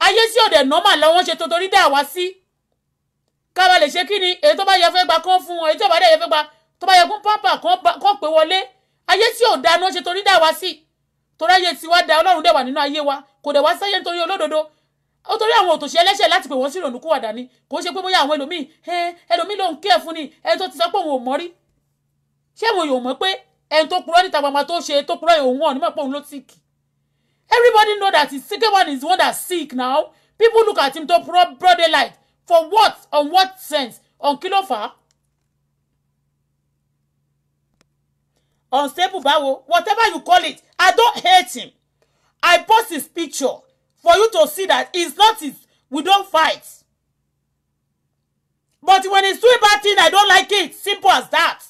ayé tí ò dẹ̀ normal làwọn ṣe totorí dá wa sí. Si ká ba ṣe kí èyí tó bá yẹ fẹ́ gba kán fún wọn èyí tó bá dẹ̀ yẹ fẹ́ gba tó bá yẹ kún pápá kán pé wọlé ayé tí ò da náà ṣe torí dá wa sí torí ayé tí wá da ọlọ́run dẹ̀ wà nínú ayé wa kò dẹ̀ wá sáyé nítorí olódodo ó torí àwọn òtòṣì ẹlẹ́ṣẹ̀ láti pè wọ́n sí ìrònú kó wàdà ni kò ṣe pé bóyá àwọn ẹlòmíì ẹlòmíì ló ń kí ẹ̀ fún ni ẹni tó ti sọ pé òun ò mọ́ rí ṣé àwọn èèyàn mọ̀ pé ẹni tó purọ́ níta gbangba tó ṣe tó purọ́ òun hàn nímọ̀ pé òun ló sick everybody know that the sick one is one that sick now people look at him tó purọ́ broad daylight for what on what sense on kí ló fà á. unstable báwo whatever you call it I don't hate him I post his picture for you to see that it's not his we don't fight but when he's doing bad thing I don't like it simple as that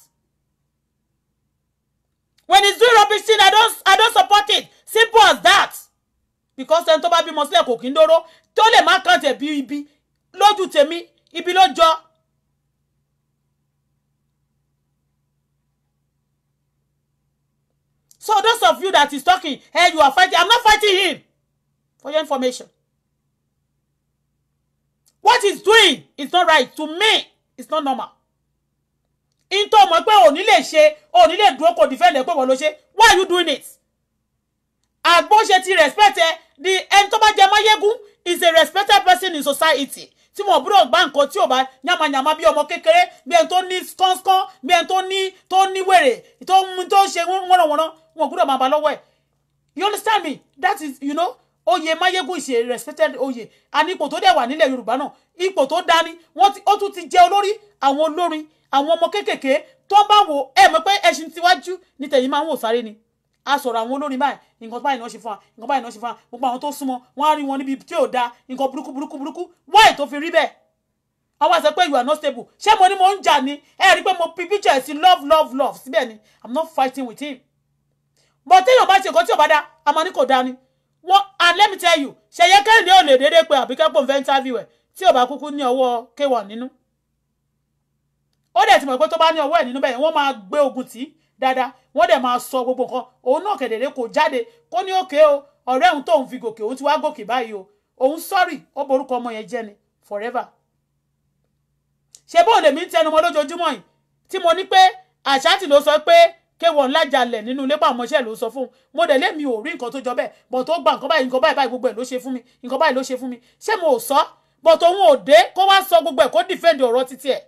when he's doing rubbish thing I don't I don't support it simple as that because ẹni tó bá bímọ sílẹ̀ kò kí ń dóró tó lè lójú tèmi ibi ló jọ. So those of you that is talking, hey, you are fighting. I'm not fighting him. For your information. What he's doing is not right. To me, it's not normal. In tó mọ̀ pé òní lè ṣe, òní lè dúró kò defend ẹ̀ pé wọ́n ló ṣe. Why are you doing it? Àgbóṣe ti respect ẹ, the ẹni tó bá jẹ máyégún is a respected person in society tí mo búrò gbá nǹkan tí ò bá yàmàyàmà bí ọmọ kékeré bí ẹni tó ní kọ́ńkọ́n bí ẹni tó ní tó ní wèrè tó ń tó ṣe wọ́nrọ̀wọ́nrọ̀ wọn gbúdọ̀ máa bá lọ́wọ́ ẹ̀ you understand me that is you know oyè mayegun is a respected oyè àní ipò tó dẹ̀ wà nílẹ̀ yorùbá náà ipò tó dání wọ́n ti ó tún ti jẹ́ olórí àwọn olórin àwọn ọmọ kékèké tó bá wò ẹ̀ mọ̀ pé ẹṣin tiwájú ni tẹ̀yìn máa ń wò sáré ni a sọ̀rọ̀ àwọn olórin báyìí nǹkan báyìí náà ṣe fún wa nǹkan báyìí náà ṣe fún wa gbogbo àwọn tó súnmọ́ wọn á rí wọn níbi tí ò da nǹkan burúkú burúkú burúkú wáì tó fi rí bẹ́ẹ̀ àwọn àṣẹ pé you are not stable ṣé mo ní mo ń jà ni ẹ rí i pé mo pi picture sí love love love síbẹ̀ ni i'm not fighting with him but téèyàn bá ṣe nǹkan tí ò bá da a máa ní kò da ni wọ́n and let me tell you ṣèyẹ kẹ́hìndé ò lè déédéé pé àbíkẹ́ pò ń fẹ́ interview ẹ̀ tí ò bá kúkú ní ọwọ́ k1 nínú ó dẹ̀ ti mọ̀ pé tó bá ní ọwọ́ ẹ̀ nínú bẹ́ẹ̀ wọ́n máa gbé ogun dáadáa wọ́n dẹ̀ máa sọ gbogbo nǹkan òun náà kẹ̀dẹ̀rẹ́ kò jáde kó ní òkè o ọ̀rẹ́ òun tóun fi gòkè òun ti wá gòkè báyìí o òun sọ́rì ó borúkọ ọmọ yẹn jẹ́ ni forever. ṣé bóun lèmi ń tẹnu mọ́ lójoojúmọ́ yìí tí mo ní pé àṣàtì ló sọ pé kéwọ̀n ńlá jalè nínú ilé pàmò iṣẹ́ ló sọ fún un mo dẹ̀ lémi ò rí nǹkan tó jọ bẹ́ẹ̀ bọ̀ tó gba nǹkan báyìí nǹkan báyìí báyìí gbogbo ẹ̀ ló ṣe fún mi nǹkan báyìí ló ṣe fún mi ṣé mo ò sọ bọ̀ tó ń òde kó wá sọ gbogbo ẹ̀ kó dìfẹ́ǹdì ọ̀rọ̀ títí ẹ̀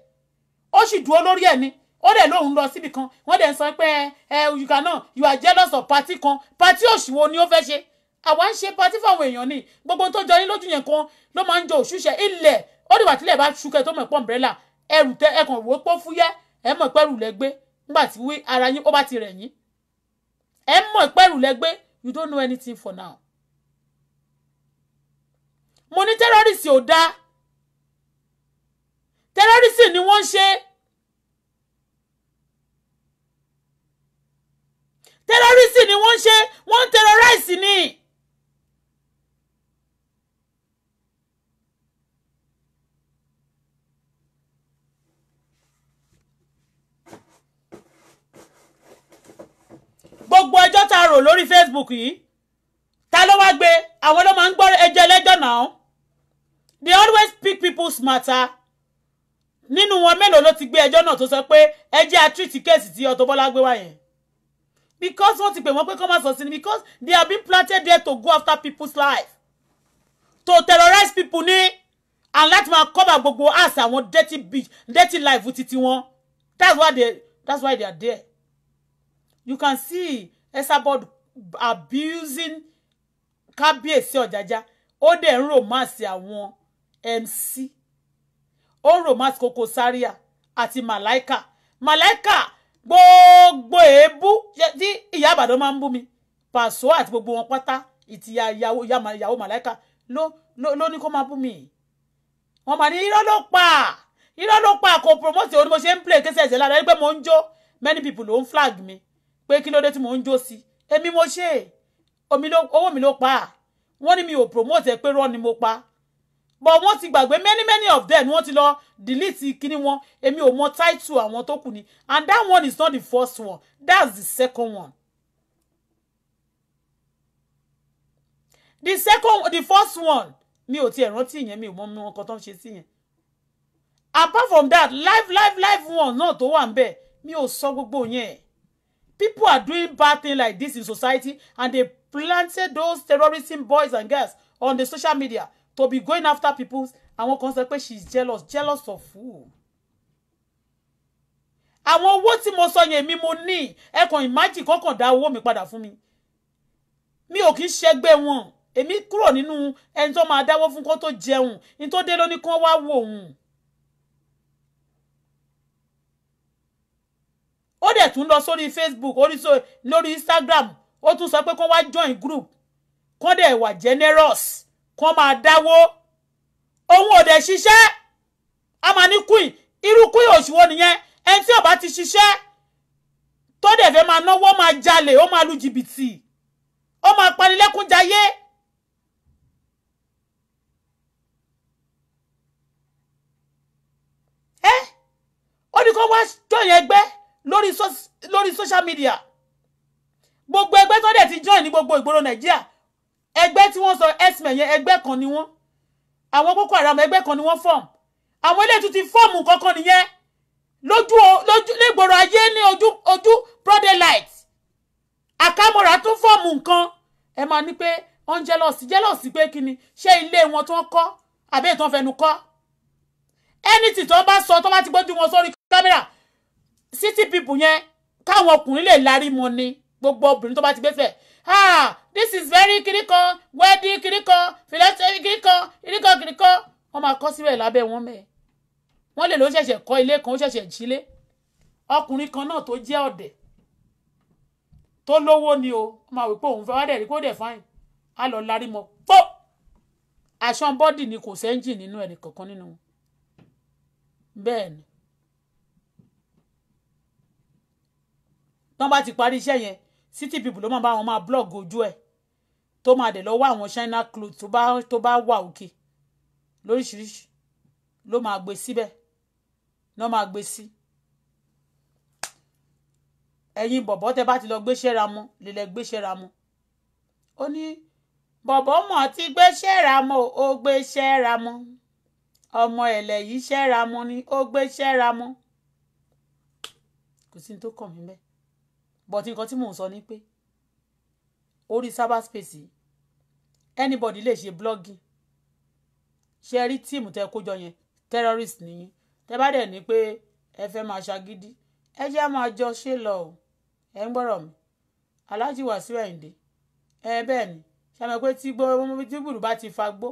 ó sì dúró lórí ẹ̀ ni ó dẹ̀ lóun lọ síbi kan wọ́n dẹ̀ sọ pé ẹ yùkà náà you are jealous of party kan party òṣùwò ni ó fẹ́ ṣe àwa ń ṣe party fáwọn èèyàn ni gbogbo tó jọ yín lójú yẹn kan ló máa ń jọ òṣùṣẹ́ ilẹ̀ ó dìgbà tílẹ̀ bá ṣúkẹ́ tó mọ̀ pọ̀ umbrella ẹrù tẹ ẹkàn wò ó pọ́ fúyẹ́ ẹ mọ̀ pẹ́rù lẹ nígbà tí wí ara yín ó bá ti rẹ̀ yín ẹ mọ̀ pẹ́rù lẹ you don't know anything for now. mo ní tẹ́rọ́rìsì ò dáa tẹ́rọ́rìsì ni wọ́n ń ṣe terrorism ni wọ́n ń ṣe wọ́n ń terrorize ni. gbogbo ẹjọ́ tá a rò lórí Facebook yìí ta ló wá gbé àwọn ló máa ń gbọ́ ẹjọ́ ẹlẹ́jọ́ náà they always pick people's matter nínú wọn mélòó ló ti gbé ẹjọ́ náà tó sọ pé ẹ jẹ́ àtúntì kéèsì tí Auto gbé wá because wọ́n ti pè wọ́n pé kọ́ máa sọ sí because they have been planted there to go after people's life to terrorize people ni and láti máa cover gbogbo ass àwọn dirty beach dirty life titi wọn that's why they that's why they are there you can see Esabod abusing kábíyèsí ọ̀jájá ó dẹ̀ ń romance àwọn MC ó ń romance Koko Zaria àti Malaika Malaika gbogbo èébú tí ìyá àbàdàn máa ń bú mi pàṣọ àti gbogbo wọn pátá ìtìyà ìyàwó màláìka ló ní kó máa bú mi wọn máa ní irọ́ ló pa irọ́ ló pa kò promote o ni mo ṣe ń play kéṣẹ́ ẹ̀ṣẹ̀ lára ẹgbẹ́ mo ń jó many people ló ń flag mi pé kí ló dé tí mo ń jó sí èmi mo ṣe owó mi ló pa wọ́n ní mi ò promote ẹ pé rọ́ ni mo pa but wọ́n ti gbàgbé many many of them wọ́n ti lọ delete kíní wọn èmi ò mọ title àwọn tó kù ni and that one is not the first one that's the second one. the second the first one mi ò tiẹ̀ rántí ìyẹn mi ò mọ wọn kan tó ń ṣe sí yẹn apart from that live live live one náà tó wà ń bẹ̀ mi ò sọ gbogbo yẹn people are doing bad things like this in society and they planted those terrorism boys and girls on the social media to be going after people àwọn kan sọ pé she is jealous jealous of who àwọn owó tí mo sọ yẹn mi mo ní ẹ kàn imagine kọ́kàn dá owó mi padà fún mi mi ò kì í ṣẹgbẹ́ wọn èmi kúrò nínú ẹni tó máa dáwọ́ fún kó tó jẹun ní tó dé lóní kán wá wò òun. ó dẹ̀ tún lọ sórí Facebook lórí Instagram ó tún sọ pé kán wá join group kán dẹ̀ wà generous kán máa dáwó òun ò dẹ̀ ṣiṣẹ́ a máa ní queen irú queen òṣùwọ̀n nìyẹn ẹni tí ó bá ti ṣiṣẹ́ tó dẹ̀ fẹ́ máa náwó máa jalè ó máa lu jìbìtì ó máa panilẹ́kúnjayé. ẹ ó ní kó wá join ẹgbẹ́ lórí social media gbogbo ẹgbẹ́ tó dẹ̀ ti join ní gbogbo ìgboro nàìjíríà ẹgbẹ́ tí wọ́n sọ x-men yẹn ẹgbẹ́ kan ni wọ́n àwọn boko haram ẹgbẹ́ kan ni wọ́n fọ́ọ̀mù àwọn eléyìí tún ti fọ́ọ̀mù kankan nìyẹn lójú lójú nígboro ayé ní ojú ojú broad light àkàmọ̀ra tún fọ́ọ̀mù nǹkan ẹ máa ní pé wọ́n ń jẹ́lọ́ọ̀sì jẹ́lọ́ọ̀sì pé kí ni ṣé ilé wọn tó ń kọ́ àbí ètò ìfẹnu kọ́ anything tó bá sọ tó bá ti gbójú wọn sórí kámẹ́rà city people yẹn káwọn ọkùnrin lè larí mọ ni gbogbo obìnrin tó bá ti gbé fẹ́ ah this is very kirikan wedding kirikan philosophy kirikan kirikan kirikan wọ́n máa kọ́ síbẹ̀ lábẹ́ wọn mẹ́ẹ̀ wọ́n lè ló ṣẹ̀ṣẹ̀ kọ́ ilé kan ó ṣẹ̀ṣẹ̀ jílé ọkùnrin kan náà tó jẹ́ ọ̀dẹ̀ tó lówó ni o máa wípé òun fẹ́ wá dẹ̀ rí kó dẹ̀ fáìn á lọ larí mọ́ pọ́ àṣàn bọ́dì ni kò sẹ́ńjì nínú ẹ̀rì kankan nínú wọn bẹ́ẹ̀ ni tán bá ti parí iṣẹ́ yẹn city people ló máa bá wọn máa blog ojú ẹ̀ tó máa dẹ̀ lọ wá àwọn china cloth tó bá tó bá wà òkè lóríṣiríṣi ló máa gbé síbẹ̀ ló máa gbé sí. ẹ̀yin bọ̀bọ̀ tẹ bá ti lọ gbéṣẹ́ ra mọ́ lè lẹ gbéṣẹ́ ra mọ́ ó ní bọ̀bọ̀ mọ̀ ti gbéṣẹ́ ra mọ́ ó gbéṣẹ́ ra mọ́ ọmọ ẹ̀lẹ̀ yìí ṣẹ́ mọ́ ni ó gbéṣẹ́ ra mọ́ kò sí ní tó kàn mí bẹ́ẹ̀ but nǹkan tí mò ń sọ ni pé orí cyber space yìí anybody lè ṣe blogging ṣe rí tíìmù tẹ kójọ yẹn terrorist nìyí tẹ bá dẹ̀ ní pé ẹ fẹ́ máa ṣagídí ẹ jẹ́ máa jọ ṣe lọ o ẹ ń gbọ́rọ̀ mi aláàjì Wàsíù Àyìndé ẹ bẹ́ẹ̀ ni ṣàmì pé tí gbòòrò bá ti fa gbó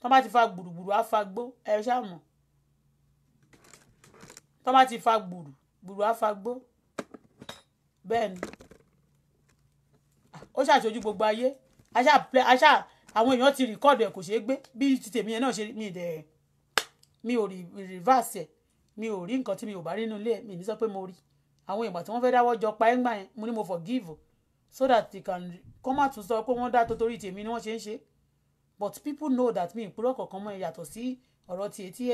tó bá ti fa gbùrùgbùrù á fa gbó ẹ ṣàmọ̀ tó bá ti fa gbùrùgbùrù á fa gbó bẹ́ẹ̀ ni ó ṣàṣojú gbogbo ayé aṣá aṣá àwọn èèyàn ti rìkọ́ọ̀dù ẹ̀ kò ṣeé gbé bí ti tèmi yẹn náà ṣe mi dẹ̀ mi ò rìvásì ẹ̀ mi ò rí nǹkan tí mi ò bá rí nínú ilé ẹ̀ mi ní sọ pé mo rí àwọn ìgbà tí wọ́n fẹ́ dáwọ́ jọ pa ẹ́ ńgbà yẹn mo ní mo forgive so that they can come out to sọ pé wọ́n dá tó torí tèmi ni wọ́n ṣe ń ṣe but people know that mi ìpúrọ̀ kọ̀ọ̀kan mọ́ ẹ yàtọ̀ sí ọ̀rọ̀ tiẹ̀ tí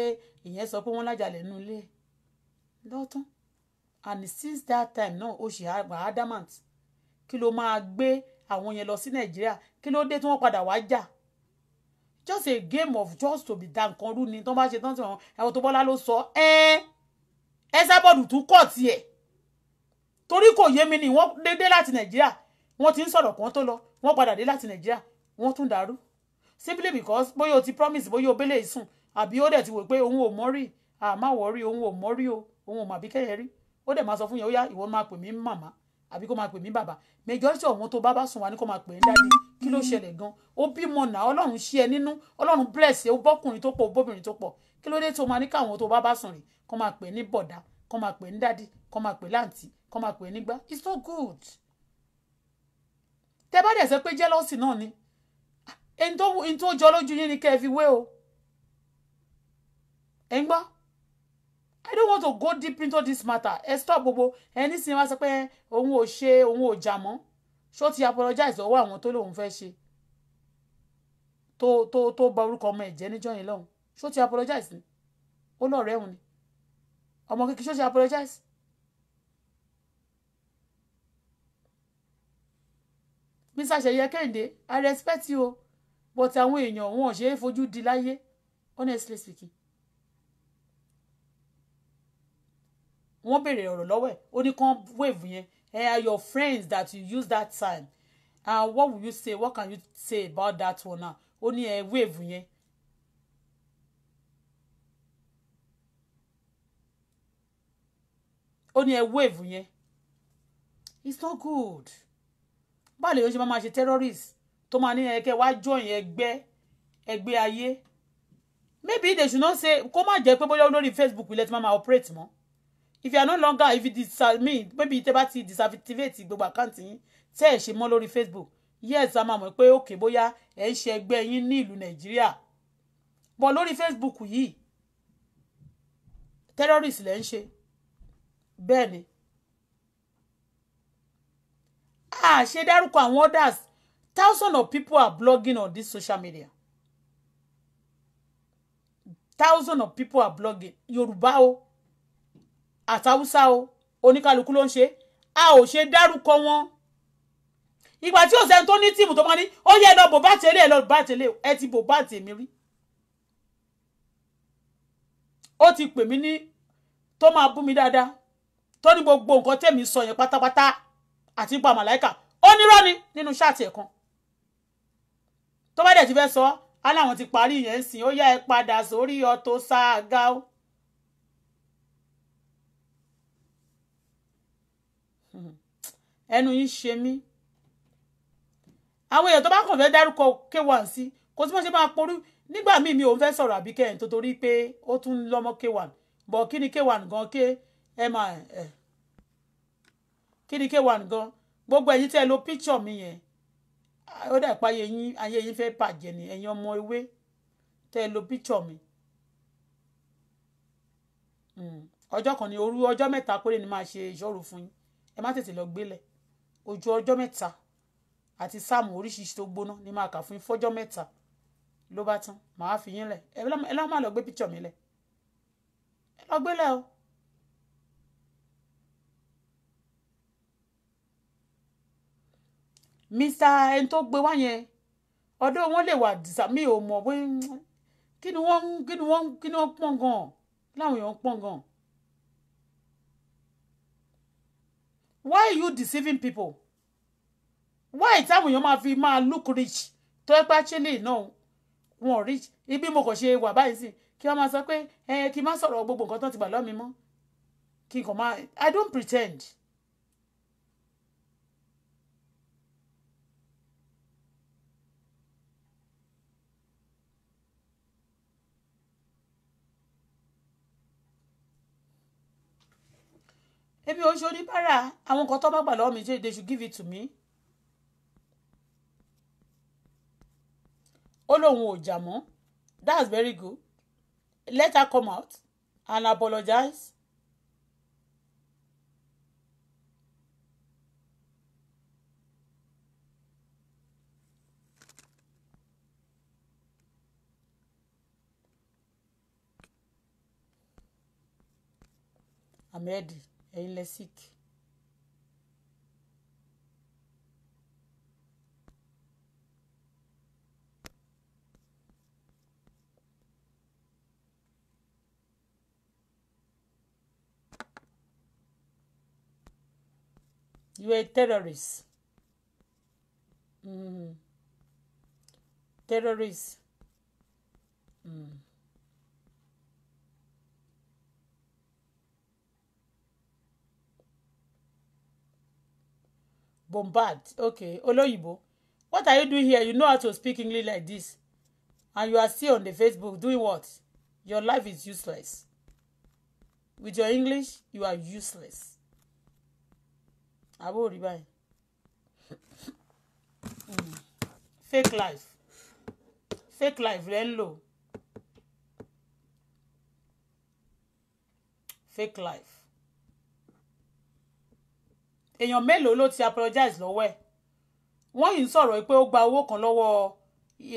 ìyẹn sọ pé wọ́n lájàlẹ̀ nínú ilé ẹ̀ lọ́tún and since that time náà ó ṣe àgbà adamant kí ló máa gbé àwọn yẹn lọ sí nàìjíríà kí ló dé tí wọ́n padà wá jà just a game of just to be dá nǹkan rú ni tó bá ṣe tán sí wọn ẹ̀wọ̀n tó bọ́lá ló sọ ẹ́ ẹ́ sábọ̀dù tún kọ̀ tiẹ̀ torí kò yé mi ni wọ́n dédé láti nàìjíríà wọ́n ti ń sọ̀rọ̀ kan tó lọ wọ́n padà dé láti nàìjíríà wọ́n tún dàrú simply because bóyá o ti promise bóyá o bẹ́lẹ̀ sùn àbí ó dẹ̀ ti wò pé òun ò mọ́rí àmàwọ̀ rí òun ò mọ́rí o òun ò mà bí kẹ́yẹ rí ó dẹ̀ máa sọ fún yẹn ó yá ìwọ máa pè mí màmá àbí kó máa pè mí bàbá majority ọ̀hún tó bá bá sùn wá ní kó máa pè é dáadé kí ló ṣẹlẹ̀ gan ó bímọ náà ọlọ́run ṣí ẹ nínú ọlọ́run bless ẹ ó bọ́kùnrin tó pọ̀ ó bóbìnrin tó pọ̀ kí ló dé tó máa ní káwọn tó bá bá sùn rè kó máa pè ní bọ̀dá kó máa pè ní dáadé kó máa pè láǹtì kó máa pè nígbà it's so good. tẹ bá dẹ̀ sẹ́ pé jealousy náà ni ẹni tó jọ lójú yín ni kẹ́ ẹ fi wé o ẹ̀ ń gbọ́ I don't want to go deep into this matter ẹ stop gbogbo ẹni sinimá sọ pé òun ò ṣe òun ò jà mọ́ ṣó ti apologize lọ́wọ́ àwọn tó lóun fẹ́ ṣe tó tó tó bà orúkọ ọmọ ẹ̀jẹ̀ níjọ́ yẹn lọ́hùn ṣó ti apologize ni ó lọ́ọ̀rẹ́ òun ni ọmọ kékeré ṣó ti apologize Mr. Ṣèyí Kẹ́hìndé I respect you o but àwọn èèyàn wọn ò ṣe é fojú di láyé honestly speaking wọ́n béèrè ọ̀rọ̀ lọ́wọ́ ẹ̀ ó ní kàn wave yẹn ẹ eh, are your friends that you use that time and what will you say what can you say about that one now ó ní ẹ eh, wave yẹn. ó ní ẹ eh, wave yẹn it's not good báwo lèyàn ṣe máa ma ṣe terrorist tó máa ní ẹkẹ wá join ẹgbẹ́ ẹgbẹ́ ayé maybe they should not say kó má jẹ́ pé bóyá olórí Facebook ilẹ̀ tí máa operate mọ́ if you are no longer if you disal me maybe tẹ́ bá ti disactivate gbogbo àkáǹtì yín tẹ́ ẹ̀ ṣe mọ́ lórí facebook yes a máa mọ̀ pé òkè bóyá ẹ̀ ń ṣe ẹgbẹ́ yín ní ìlú nàìjíríà bọ̀ lórí facebook yìí terrorist lẹ́ ń ṣe bẹ́ẹ̀ ni a ṣe dárúkọ àwọn others thousands of people are blogging on this social media thousands of people are blogging Yoruba. o. Oh àtàwùsá o oníkálukú ló ń ṣe a ò ṣe dárúkọ wọn ìgbà tí òsèǹ tó ní tíìmù tó máa ní ó yẹ lọ bò bá tẹ̀lé ẹ lọ bò bá tẹ̀lé ẹ ti bò bá tèmi rí ó ti pè mí ní tó máa bú mi dáadáa tó ní gbogbo nǹkan tèmi sọ yẹn pátápátá àti nípa màláìkà ó nírọ́ ni nínú ṣáàtì ẹ̀ kan tó bá dẹ̀ ti fẹ́ sọ á ti parí yẹn sìn ó yá ẹ padà sórí ọtọ sáà gáà. ẹnu yín ṣe mí àwọn èèyàn tó bá kàn fẹ́ dárúkọ kéwà sí kò sí mo ṣe máa porú nígbà míì mi ò fẹ́ sọ̀rọ̀ àbí kẹ́hìn tó torí pé ó tún lọ́mọ kéwà bọ̀ kí ni 1 gan K. ẹ máa ẹ̀ kí ni kéwà gan gbogbo ẹ̀yin tẹ́ lo píkṣọ̀ mi yẹn ó dà pa ayé yín fẹ́ bàjẹ́ ni ẹ̀yin ọmọ ewé tẹ́ lo píkṣọ̀ mi hmm, ọjọ́ kan ni òru ọjọ́ mẹ́ta péré ni máa ṣe ìṣòro fún yín ẹ má tètè lọ gbélẹ̀ ojú ọjọ́ mẹ́ta àti sáàmù oríṣiríṣi tó gbóná ni máa kà fún fọ́jọ́ mẹ́ta ló bá tán màá fi yín lẹ̀ ẹ lọ́ máa lọ gbé píkṣọ̀ mi lẹ̀ ẹ lọ gbé lẹ̀ o. mista ẹni tó gbé wá yẹn ọdọ wọn lè wà dìsà mi ò mọ̀ kí ni wọ́n kí ni wọ́n kí ni wọ́n pọ́n gan-an láwọn èèyàn pọ́n gan why are you deceiving people why táwọn èèyàn máa fi máa look rich tó ẹ pa chile náà wọn rich ibi mo kò ṣe wà báyìí sí kí wọn máa sọ pé ẹ eh, kí n má sọ̀rọ̀ gbogbo nǹkan tó ti gbà lọ́mi mọ́ kí n kàn máa i don't pretend èmi ò ń ṣe oníbàárà àwọn nǹkan tó bá gbà lọ́wọ́ mi ṣe they should give it to me. ó lóun ò jà mọ́ that's very good let her come out and apologize. I'm ready. You are a terrorist. Mm. Terrorist. Mm. Bombard. Okay. Olóyìnbó. What are you doing here? You know how to speak English like this. And you are still on the Facebook doing what? Your life is useless. With your English, you are useless. Àbó rí báyìí. Fake life. Fake life rẹ̀ ń lò. Fake life èèyàn mélòó ló ti apologize lọ́wọ́ ẹ̀ wọ́n yìí ń sọ̀rọ̀ pé ó gba owó kan lọ́wọ́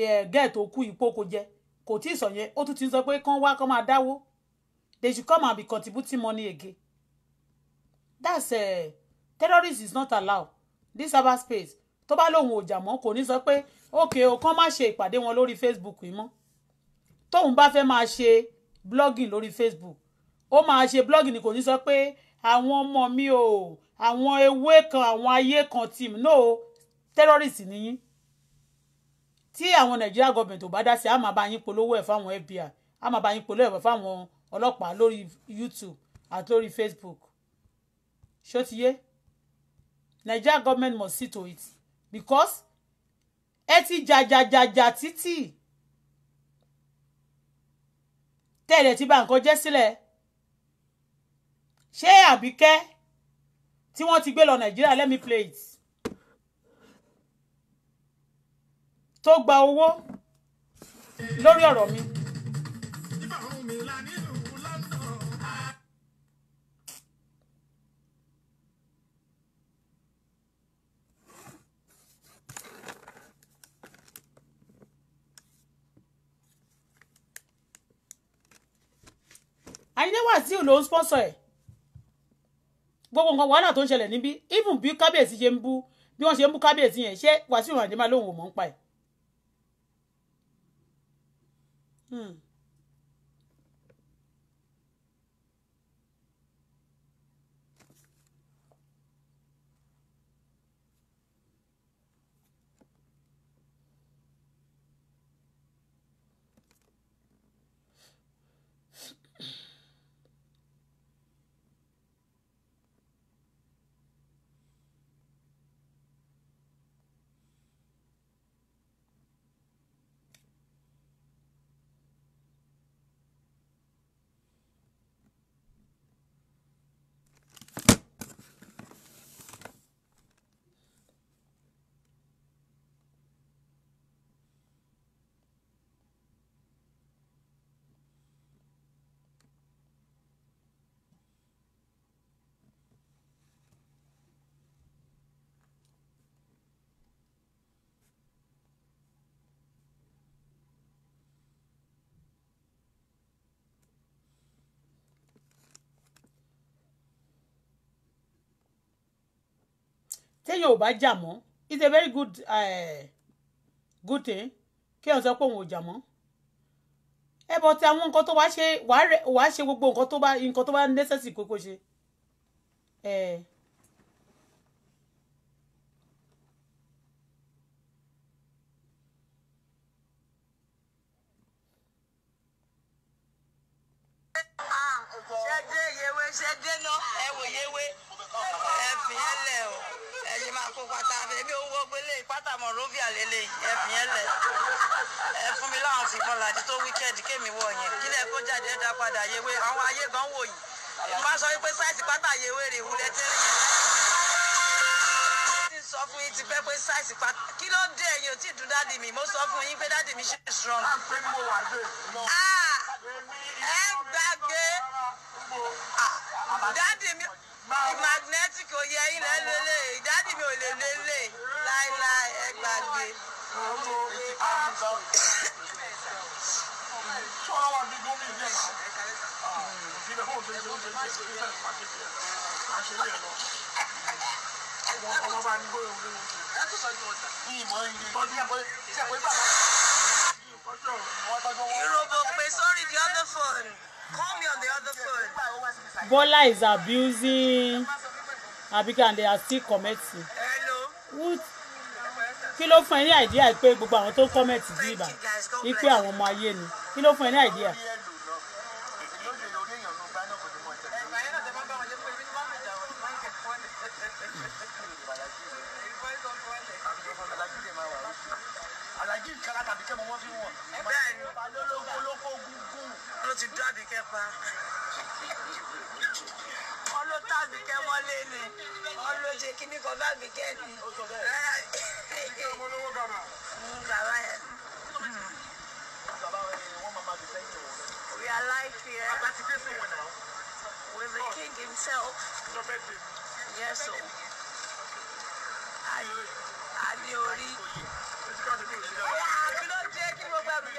eh, gẹ́ẹ̀ tó kú ìpó kò jẹ kò tí ì sọ yẹn ó tún ti sọ pé kán wá kán máa dáwó they should come and be contributing money again that's uh, eh, terrorism is not allowed this cyberspace tó bá lóun ò jà mọ́ kò ní sọ pé òkè o kán má ṣe ìpàdé wọn lórí Facebook yìí mọ́ tóun bá fẹ́ máa ṣe blogging lórí Facebook ó máa ṣe blogging ni kò ní sọ pé àwọn ọmọ mi ò àwọn ewé kan àwọn ayé kan team no terrorist ni yín tí àwọn Nigeria government ò bá dá sí i á máa bá yín polówó ẹ̀ fáwọn FBI á máa bá yín polówó ẹ̀ fáwọn ọlọ́pàá lórí YouTube àti lórí Facebook ṣó ti yé Nigeria government must see to it because ẹ ti jàjàjàjà títì tẹ́lẹ̀ tí bá nǹkan jẹ́ sílẹ̀ ṣé àbíkẹ́ tí wọ́n ti gbé lọ nàìjíríà let me play it tó gba owó lórí ọ̀rọ̀ mi. àyíndé wàsíù ló ń sponsor ẹ̀ gbogbo nǹkan wàhálà tó ń ṣẹlẹ̀ níbí even bí kábíyèsí ṣe ń bú bí wọ́n ṣe ń bú kábíyèsí yẹn ṣé Wàsíù Àyìndé máa lóun ò mọ̀ ń pa ẹ̀. Hmm. téèyàn ò bá jà mọ́ it's a very good uh, good thing kéèyàn sọ pé òun ò jà mọ́ ẹ bọ ti àwọn nǹkan tó wá ṣe wàá ṣe gbogbo nǹkan tó bá nǹkan tó bá necessary kókó ṣe ẹ. Eh, ah, ṣé dé náà ẹ wò yewe ẹ fi ẹ lẹ o ṣe máa kó pátá èmi ò wọ gbélé pátá mọ róbíà lélẹ̀ ẹ fi yẹn mi láwọn fìbọn làdí tó wíkẹ́ẹ̀dì kémi wọ̀ yẹn kílẹ̀ kó jáde ẹ padà yewé àwọn ayé gan wò yìí mo bá sọ wípé sáìsì pátá yewé rè wulẹ̀ tí yẹn. sọ fún yín ti pẹ́ pé sáìsì pátá kí ló dé ẹ̀yin ò dùn dáàdì mi mo sọ fún yín pé dáàdì mi ṣe strong. Ah! ẹ gbàgbé ah! dáàdì mi magnetic oyè yín lẹ́ ìdádì mi ò lè lé lé ẹ gbàgbé. Ìròbò pè sórí the other phone. Bola is abusing Abika and they are still committing. Hello. Kí ló fún ẹ ní àìdíà pé gbogbo àwọn tó comment dí ìbà wípé àwọn ọmọ ayé ni? Kí ló fún ẹ ní àìdíà? alájí ìkàlà tàbí kẹ́mọ̀ wọ́n fi wọ́ ló ti dá Àbíkẹ́ pa wọ́n ló tá Àbíkẹ́ mọ́lé ni wọ́n ló ṣe kíní kan bá Àbíkẹ́ ni. Hmm, bàbá yẹn. We are like here with the oh. king himself. Yes, so. Ani ori. Kí ló dé kí ló gbàgbé?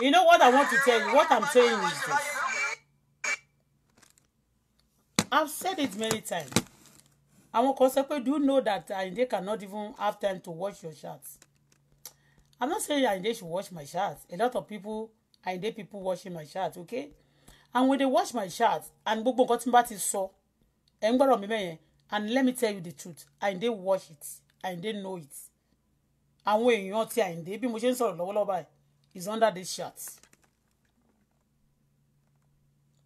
You know what I want to tell you? What I'm saying is this. I've said it many times. Àwọn kan sọ pé do you know that Ayinde cannot even have time to wash your shots? I'm not saying Ayinde should wash my shots. A lot of people, Ayinde people washing my shots, okay? And when they wash my shots, and gbogbo nǹkan tí n bá ti sọ, ẹ̀ ń gbọ́dọ̀ mi mẹ́yẹn. And let me tell you the truth, Ayinde wash it, Ayinde know it. Àwọn èèyàn ti Ayinde bí mo ṣe ń sọ̀rọ̀ lọ́wọ́lọ́wọ́ báyìí is under this shot.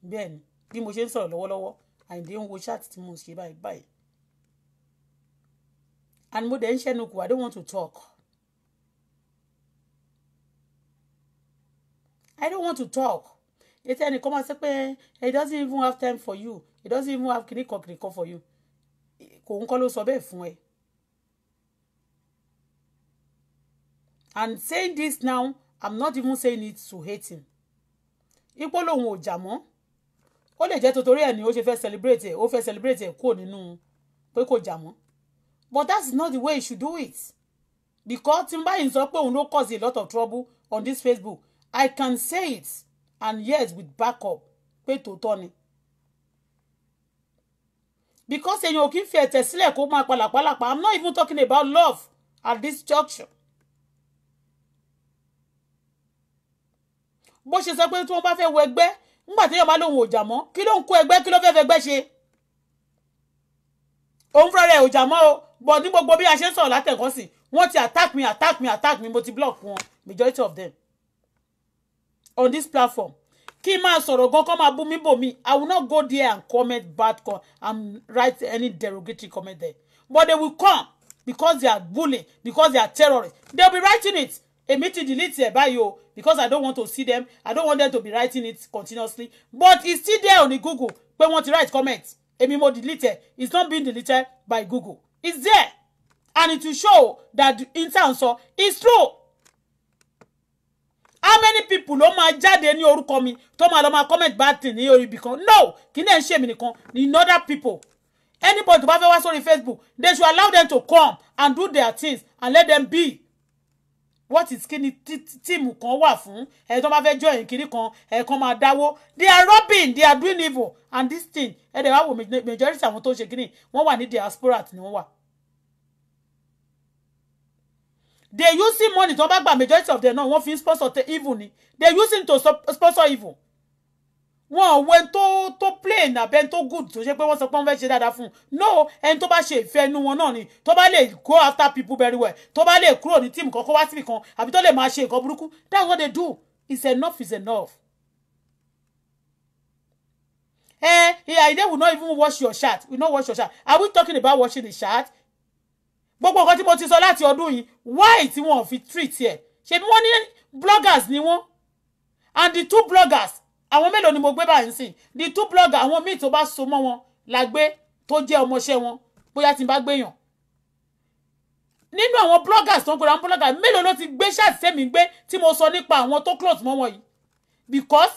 Bẹ́ẹ̀ni, bí mo ṣe ń sọ̀rọ̀ lọ́wọ́lọ́wọ́ àyìndé ń wo ṣáàtì tí mo ṣe báyìí báyìí and mo dẹ̀ ń ṣẹ́nu kù I don't want to talk I don't want to talk ètò ẹnìkan máa ṣe pé he doesn't even have time for you he doesn't even have kìnnìkan kìnnìkan for you kò ń kọ́ ló sọ bẹ́ẹ̀ fún ẹ. and saying this now i'm not even saying it to hate him ipò lòun ò jà mọ́ ó lè jẹ́ torí ẹ̀ ni ó ṣe fẹ́ celebrate ẹ̀ ó fẹ́ celebrate ẹ̀ kúrò nínú pé kò jà mọ́ but that's not the way you should do it because tí n bá yìí sọ pé òun ló cause a lot of trouble on this Facebook I can say it and yes with backup pé tòótọ́ ni because èèyàn ò kí ń fi ẹ̀tẹ̀ sílẹ̀ kó máa palàpalàpà I'm not even talking about love at this juncture. bó ṣe sọ pé tí wọ́n bá fẹ́ wọ nígbà tí yọ̀ọ́ bá lóun ò jà mọ́ kí ló ń kó ẹgbẹ́ kí ló fẹ́ fẹ́ gbẹ́ ṣe òun fúnra rẹ̀ ò jà mọ́ o bọ̀ ní gbogbo bí a ṣe ń sọ̀rọ̀ látẹ̀kọ́ sí wọ́n ti attack me attack me attack me mo ti block wọn majority of them on this platform kí n máa sọ̀rọ̀ gan kọ́ máa bú mi bò mí i will not go there and comment bad con and write any derogatory comment there but they will come because they are bullying because they are terrorists they will be writing it Emi, ti delete ẹ̀ báyìí o because i don't want to see them i don't want them to be writing it continuously but it's still there on the google pé wọ́n ti write comment Emi, mo delete ẹ̀ it's not being deleted by google it's there and it will show that intern sọ is true how many people ló máa jáde ní orúkọ mi tó máa lọ máa comment bad thing ní orí ibì kan no kí ní ẹ̀ ń ṣe mí nìkan in other people anybody tó bá fẹ́ wá sórí facebook they should allow them to come and do their things and let them be what is kí ni tíìmù kan wà fún ẹ tó bá fẹ́ join kiri kan ẹ kan máa dáwó they are robbing they are doing evil and this thing ẹ dẹ̀ wá wò majority àwọn tó ń ṣe kíní wọ́n wà ní diaspora ni wọ́n wà. they using money tó bá gba majority of them náà wọ́n fi sponsor evil ni they using to sponsor evil wọn ò wo ẹni tó tó plain àbẹ ẹni tó good tó ṣe pé wọ́n sọ pé wọ́n fẹ́ ṣe dáadáa fún un no ẹni tó bá ṣe ìfẹ́ inú wọn náà ni tó bá lè go after people very well tó bá lè kúrò ní tíìmù kan kó wá síbì kan àbí tó lè máa ṣe nǹkan burúkú that's what they do is enough is enough. ẹ ẹ àìdè will not even wash your shirt will not wash your shirt are we talking about washing the shirt gbogbo nǹkan tí mo ti sọ láti ọdún yìí why tí wọn ò fi treat ẹ ṣebí wọ́n ní bloggers ni wọ́n and the two bloggers àwọn mélòó ni mo gbé báyìí sìn the two blogger àwọn míì tó bá so mọ́ wọn la gbé tó jẹ́ ọmọọṣẹ́ wọn bóyá tí n bá gbéyàn nínú àwọn bloggers tó ń gbéra bloggers. mélòó ló ti gbé ṣàtìsẹ́ mi gbé tí mo sọ nípa àwọn tó close mọ́ wọn yìí because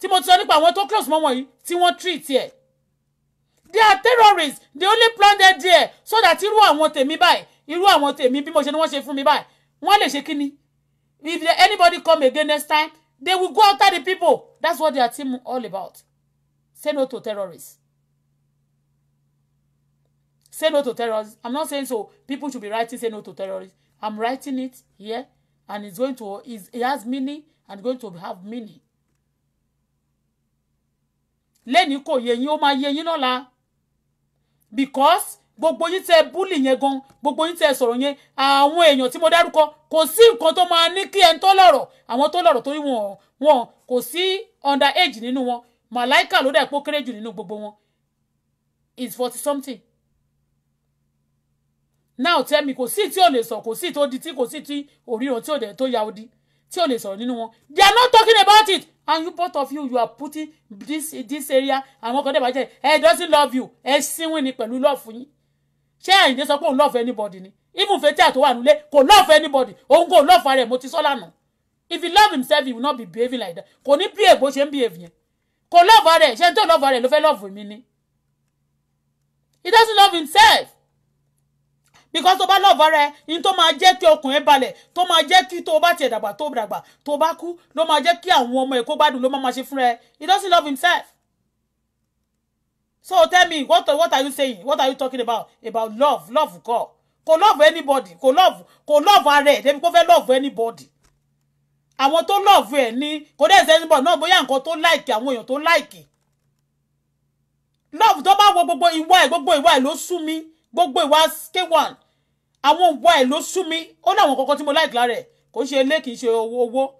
tí mo ti sọ nípa àwọn tó close mọ́ wọn yìí tí wọ́n treat ẹ̀ they are terrorists they only plan planted there so that irú àwọn tèmi báyìí irú àwọn tèmi bí mo ṣe ni wọ́n ṣe fún mi báyìí wọ́n lè ṣe kí ni if anybody come again next time They will go after the people. That's what their team all about. Say no to terrorists. Say no to terrorists. I'm not saying so people should be writing say no to terrorists. I'm writing it here and it's going to it's, it has meaning and going to have meaning. Lẹ́ni kò yẹ yín ó máa yẹ yín lọ́la because gbogbo yín tẹ búlì yẹn gan gbogbo yín tẹ sọ̀rọ̀ yẹn àwọn èèyàn tí mo dárúkọ kò sí nǹkan tó máa ní kí ẹni tó lọ́rọ̀ àwọn tó lọ́rọ̀ torí wọn wọn kò sí under age nínú wọn màláìkà ló dà pé kéré jù nínú gbogbo wọn is forty something now tell me kò sí tí ò lè sọ kò sí tó di tí kò sí tí òríran tí ò dẹ̀ tó ya odi tí ò lè sọ̀rọ̀ nínú wọn they are not talking about it and you both of you you are putting this this area àwọn kan dẹ̀ bá jẹ́ doesn't love you ẹ̀ sínwìn ni pẹ̀lú love fún yín ṣé àyìndé sọ pé òun love anybody ni even fetia tó wà nílé kò love anybody òun kò love ara ẹ̀ mo ti sọ lánàá if he love himself he will not be behaving like that kò ní behave bó ṣe ń behave yẹn kò love ara ṣé tó love ara ẹ̀ ló fẹ́ love mi ni he doesn't love himself because tó bá love ara ẹ̀ ní tó máa jẹ́ kí ọkàn ẹ̀ balẹ̀ tó máa jẹ́ kí tó bá tiẹ̀ dàgbà tó dàgbà tó bá kú ló máa jẹ́ kí àwọn ọmọ ẹ̀ kó gbádùn ló máa ma ṣe fúnra ẹ̀ he doesn't love himself so tell me what what are you saying what are you talking about about love love God kò love anybody kò love kò love ara ẹ̀ débi kó love anybody àwọn to love ẹ̀ ní kò dẹ̀ sẹ́ni bọ̀ náà bóyá nǹkan tó like àwọn èèyàn to like love tó bá wo gbogbo ìwà ẹ̀ gbogbo ìwà ẹ̀ ló sú mi gbogbo ìwà k1 àwọn ìwà ẹ̀ ló sú mi ó láwọn kankan tí mo like lára ẹ̀ kò ń ṣe ilé kì í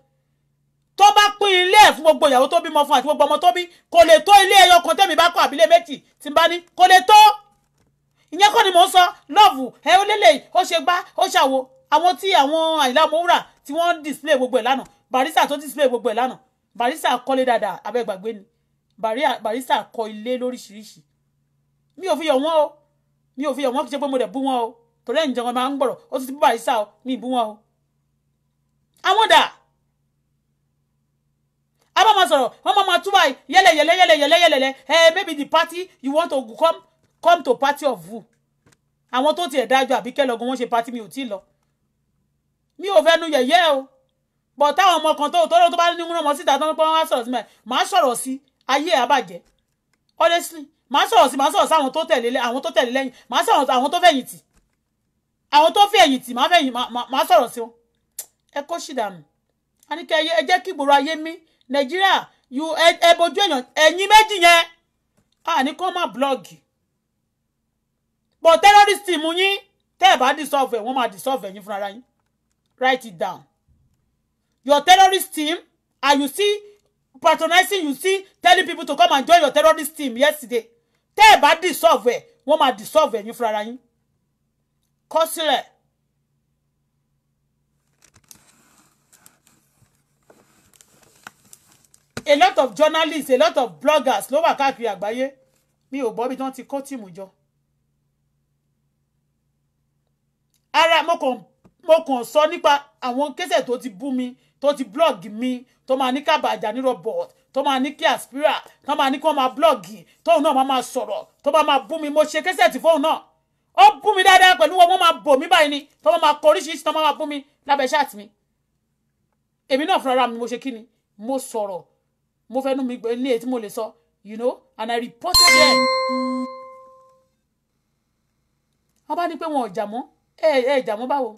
tó bá pín ilé ẹ̀ fún gbogbo ìyàwó tó bímọ fún àti gbogbo ọmọ tó bí kò lè tó ilé ẹyọ kan tẹ̀mí bá kọ́ àbílẹ̀ méjì tí n bá ní kò lè tó ìyẹn kọ́ ni mò ń sọ lọ́ọ̀fù ẹ ó lélẹ̀ ó ṣe gbá ó ṣàwo àwọn tí àwọn Àyìnlá Ọmọwúrà tí wọ́n display gbogbo ẹ̀ lánàá Barrister tó display gbogbo ẹ̀ lánàá Barrister kọ́lé dáadáa abẹ́gbàgbé ni Barrister kọ ilé lóríṣiríṣi mi ò fi yọ̀ wọ́n o mi ò fi yọ̀ wọ́n mo dẹ̀ bú wọn o torí ẹ̀ ń jẹun máa ń gbọ̀rọ̀ mi ì bú wọn wọ́n máa sọ̀rọ̀ wọ́n máa máa túbà yẹ́lẹ̀ yẹ́lẹ̀ yẹ́lẹ̀ yẹ́lẹ̀ yẹ́lẹ̀ ẹ eh, maybe the party you want to come come to party of who àwọn tó tiẹ̀ dájọ́ àbí kẹ́lọ́gùn wọ́n ṣe party mi ò tí ì lọ mi ò fẹ́ nu yẹ̀yẹ́ o bọ̀ táwọn ọmọ kan tó tọ́lọ́ tó bá ní wọ́n mọ̀ síta tán pé wọ́n á sọ̀rọ̀ sí màá sọ̀rọ̀ sí ayé àbàjẹ́ honestly màá sọ̀rọ̀ sí màá sọ̀rọ̀ sí àwọn tó tẹ̀lé àwọn tó tẹ̀lé lẹ́yìn màá sọ̀rọ̀ sí àwọn tó fẹ̀yìntì àwọn tó fẹ̀yìntì màá fẹ̀yìn màá sọ̀rọ̀ sí wọn ẹ kó ṣì dànù àníkẹ́ ẹ jẹ́ kí gbòòrò ayé mi nàìjíríà you ẹ bojú èèyàn ẹ̀yin méjì yẹn àní kó má blọ́ọ̀gì but terrorist mu yín tẹ́ ẹ̀ bá dissolve ẹ̀ wọ́n máa dissolve ẹ̀yin fúnra yín write it down your terrorist team are you see patronizing you see telling people to come and join your terrorist team yesterday tẹ́ ẹ̀ bá dissolve ẹ̀ wọ́n máa dissolve ẹ̀yin fúnra yín kọsílẹ̀ a lot of journalists a lot of bloggers ló wà káàkiri àgbáyé mi ò gbọ́ bí wọ́n ti kó tìmù jọ. ara mo kàn mo kàn sọ nípa àwọn kẹsẹ̀ tó ti bú mi tó ti blọ́ọ̀gì mi tó máa ní kábàjá ní robot tó máa ní kí aspira tó máa ní kí wọ́n máa blọ́ọ̀gì tóun náà máa máa sọ̀rọ̀ tó máa máa bú mi mo ṣe kẹsẹ̀ tí fóun náà ó bú mi dáadáa pẹ̀lú wọn wọ́n máa bò mí báyìí ni tó máa máa kọ oríṣiríṣi tó máa máa bú mi lábẹ́ ṣáàtì mi èmi náà fúnra mi mo ṣe kí ni mo sọ̀rọ̀ mo fẹ́ nu mi ní èyí mo lè sọ you know and I reported them. wọ́n bá ní pé wọn ò jà mọ́ ẹ ẹ jà mọ́ báwo.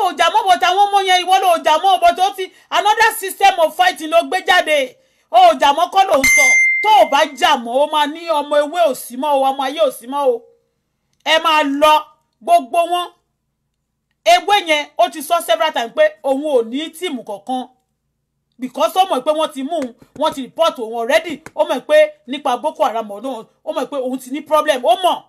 ó jà mọ́ bọ̀tà àwọn ọmọ yẹn ìwọ ló jà mọ́ bọ̀tà ó ti another system of fighting ló gbé jáde ó jà mọ́ kọ́ ló ń sọ tó o bá jà mọ́ ó máa ní ọmọ ewé òsì o ọmọ ayé òsì o ẹ máa lọ gbogbo wọn ewé yẹn ó ti sọ several times pé òun ò ní tíìmù kankan because ó mọ̀ pé wọ́n ti mú un wọ́n ti report òun already ó mọ̀ pé nípa Boko Haram ọ̀nà ó mọ̀ pé ti ní problem ó mọ̀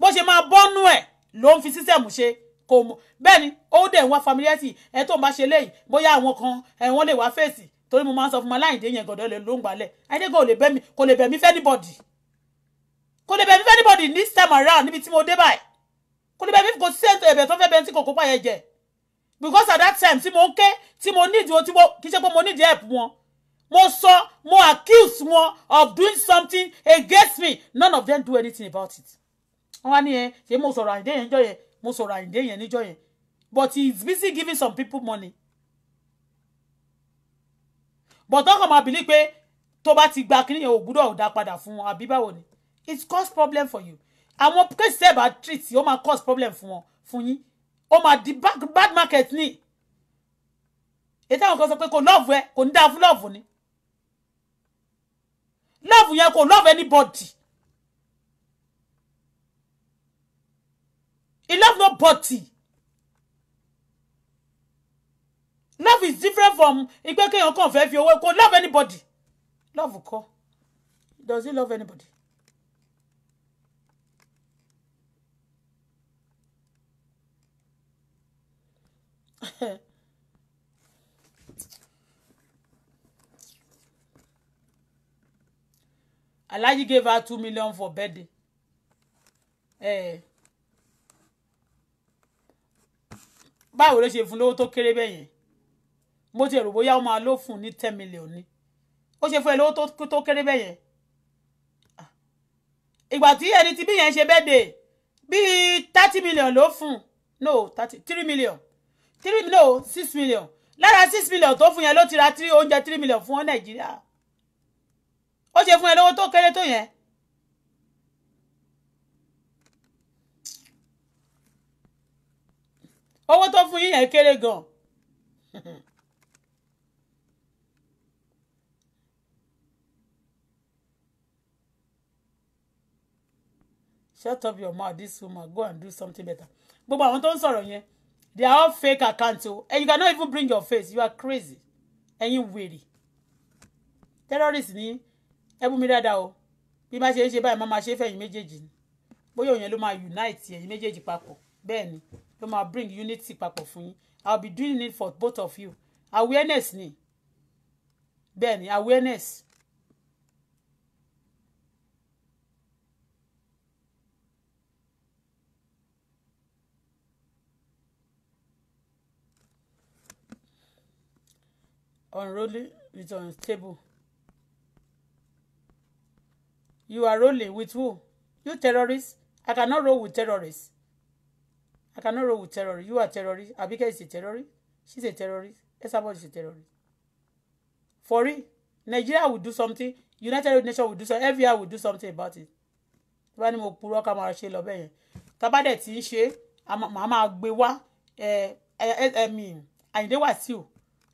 bó ṣe máa bọ́nú ẹ̀ ló ń fi sísẹ̀mù ṣe kò mọ̀ bẹ́ẹ̀ ni ó dẹ̀ ń wá familiarity ẹ tó ń bá ṣe léyìí bóyá àwọn kan ẹ wọ́n lè wá fèsì torí mo máa ń sọ fún ọmọ aláìndé yẹn gọ̀dọ̀ lè ló ń gbalẹ̀ adégò kò lè bẹ̀ mí kò lè bẹ̀ anybody kò lè bẹ̀ mí anybody this time around níbi tí mo dé báyìí kò ní bẹ́ẹ̀ kò sí ẹ̀bẹ̀ tó fẹ́ bẹ́ẹ̀ tí kò kópa yẹn jẹ because at that time tí mo ń ké tí mo need wọn tí mo kì í ṣe pé mo need help wọn mo sọ mo accuse wọn of doing something against me none of them do anything about it. wọ́n wá ní yẹn eh, mo sọ̀rọ̀ àyíndé yẹn níjọ́ yẹn mo sọ̀rọ̀ àyíndé yẹn níjọ́ yẹn but he is busy giving some people money. but ọkàn máa bìlí pé tó bá ti gba kí nìyẹn ò gbúdọ̀ dá padà fún wọn àbí báwo ni it cause problem for you àwọn kéèsì ẹ̀ bá treat ó máa cause problem fún wọn fún yín ó máa di bad market ní ètò àwọn kan sọ pé kò love ẹ kò ní dáa fún lọ́ọ̀fù ni lọ́ọ̀fù yẹn kò love anybody he love nobody love is different from ìgbẹ́kẹ̀yàn kan fẹ́ fi owó kó love anybody love kọ́ does he love anybody. *laughs* Alaji gave her two million for birthday. Eh. Báwo ló ṣe fún lówó tó kéré bẹ́ẹ̀ yẹn? Mo ti rò bóyá ó máa ló fún ní ten million ni. Ó ṣe fún ẹ lówó tó kéré bẹ́ẹ̀ yẹn. Ah. Ìgbà tí ẹni tí bí yẹn ṣe birthday bíi thirty million ló fún no thirty three million three million six million lára six million tó fún yẹn ló ti ra three oúnjẹ three million fún ọ nàìjíríà ó ṣe fún ẹ lówó tó kéré tó yẹn. owó tó fún yín kéré gan. *laughs* shut up your mouth this woman go and do something better gbogbo àwọn tó ń sọ̀rọ̀ yẹn they are all fake accounts oh. and you cannot even bring your face you are crazy ẹ̀yin wèrè terrorist ni ẹbú mi dáadáa o oh. bí má ṣe ń ṣe báyìí má má ṣe fẹ̀yìn méjèèjì ni bóyá òyìn ló máa unite ẹ̀yin méjèèjì papọ̀ bẹ́ẹ̀ ni ló máa bring unity papọ̀ fún yín I'll be doing it for both of you awareness ni bẹ́ẹ̀ ni awareness unruly with unstable. You are rolling with who? You terrorists? I cannot roll with terrorists. I cannot roll with terrorists. You are terrorists. Abika is a terrorist. She's a terrorist. Esabod is a terrorist. For real, Nigeria will do something. United Nations will do something. Every year will do something about it. Tí wọ́n ní mo purọ́ ká máa ṣe lọ bẹ́ẹ̀ yẹn. Tábàdẹ̀ tí ń ṣe, màá máa gbé wá. Àyìndé eh, eh, eh, Wàsíù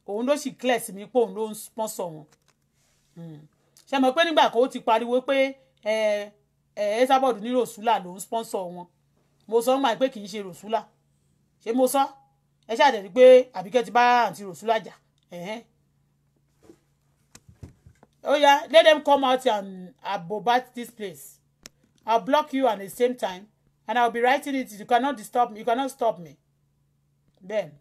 òun ló sì clear sí mi pé òun ló ń sponsor wọn hmm. ṣe mọ̀ pé nígbà kan ó ti pariwo pé ẹ ẹ Esabod ní rosula ló ń sponsor wọn mo sọ ń gbà pé kì í ṣe rosula ṣé mo sọ ẹ ṣàdẹ̀rí pé àbíkẹ́ ti bá àǹtí rosula jà oh yeah let them come out and abobat this place i'll block you at the same time and i'll be writing it you cannot disturb me you cannot stop me then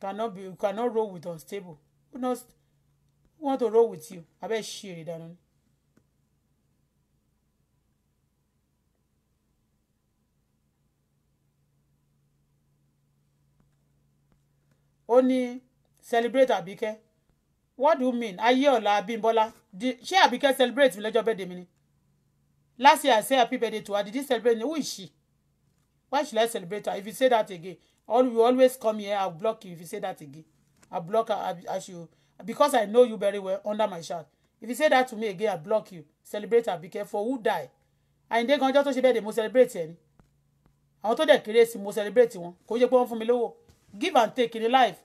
cannot be cannot roll with unstable who knows who want to roll with you I abeg ṣeré dànù. ó Only celebrate Abike. what do you mean ayé ọ̀la Abímbọ́lá ṣé Àbíkẹ́ celebrate mi lọ́jọ́ bẹ́ẹ̀ dèmi ni last year I say happy birthday to her did you celebrate me who is she why should I celebrate her if you say that again all you always come here I'll block you if you say that again I block I, as you because I know you very well under my shirt if you say that to me again I block you celebrate and be careful who die àyìndé kan ọjọ́ tó ṣe bẹ́ẹ̀ dé mo celebrate ẹni àwọn tó dẹ̀ kéré sí mo celebrate wọn kò yẹ pé wọ́n fún mi lówó give and take in life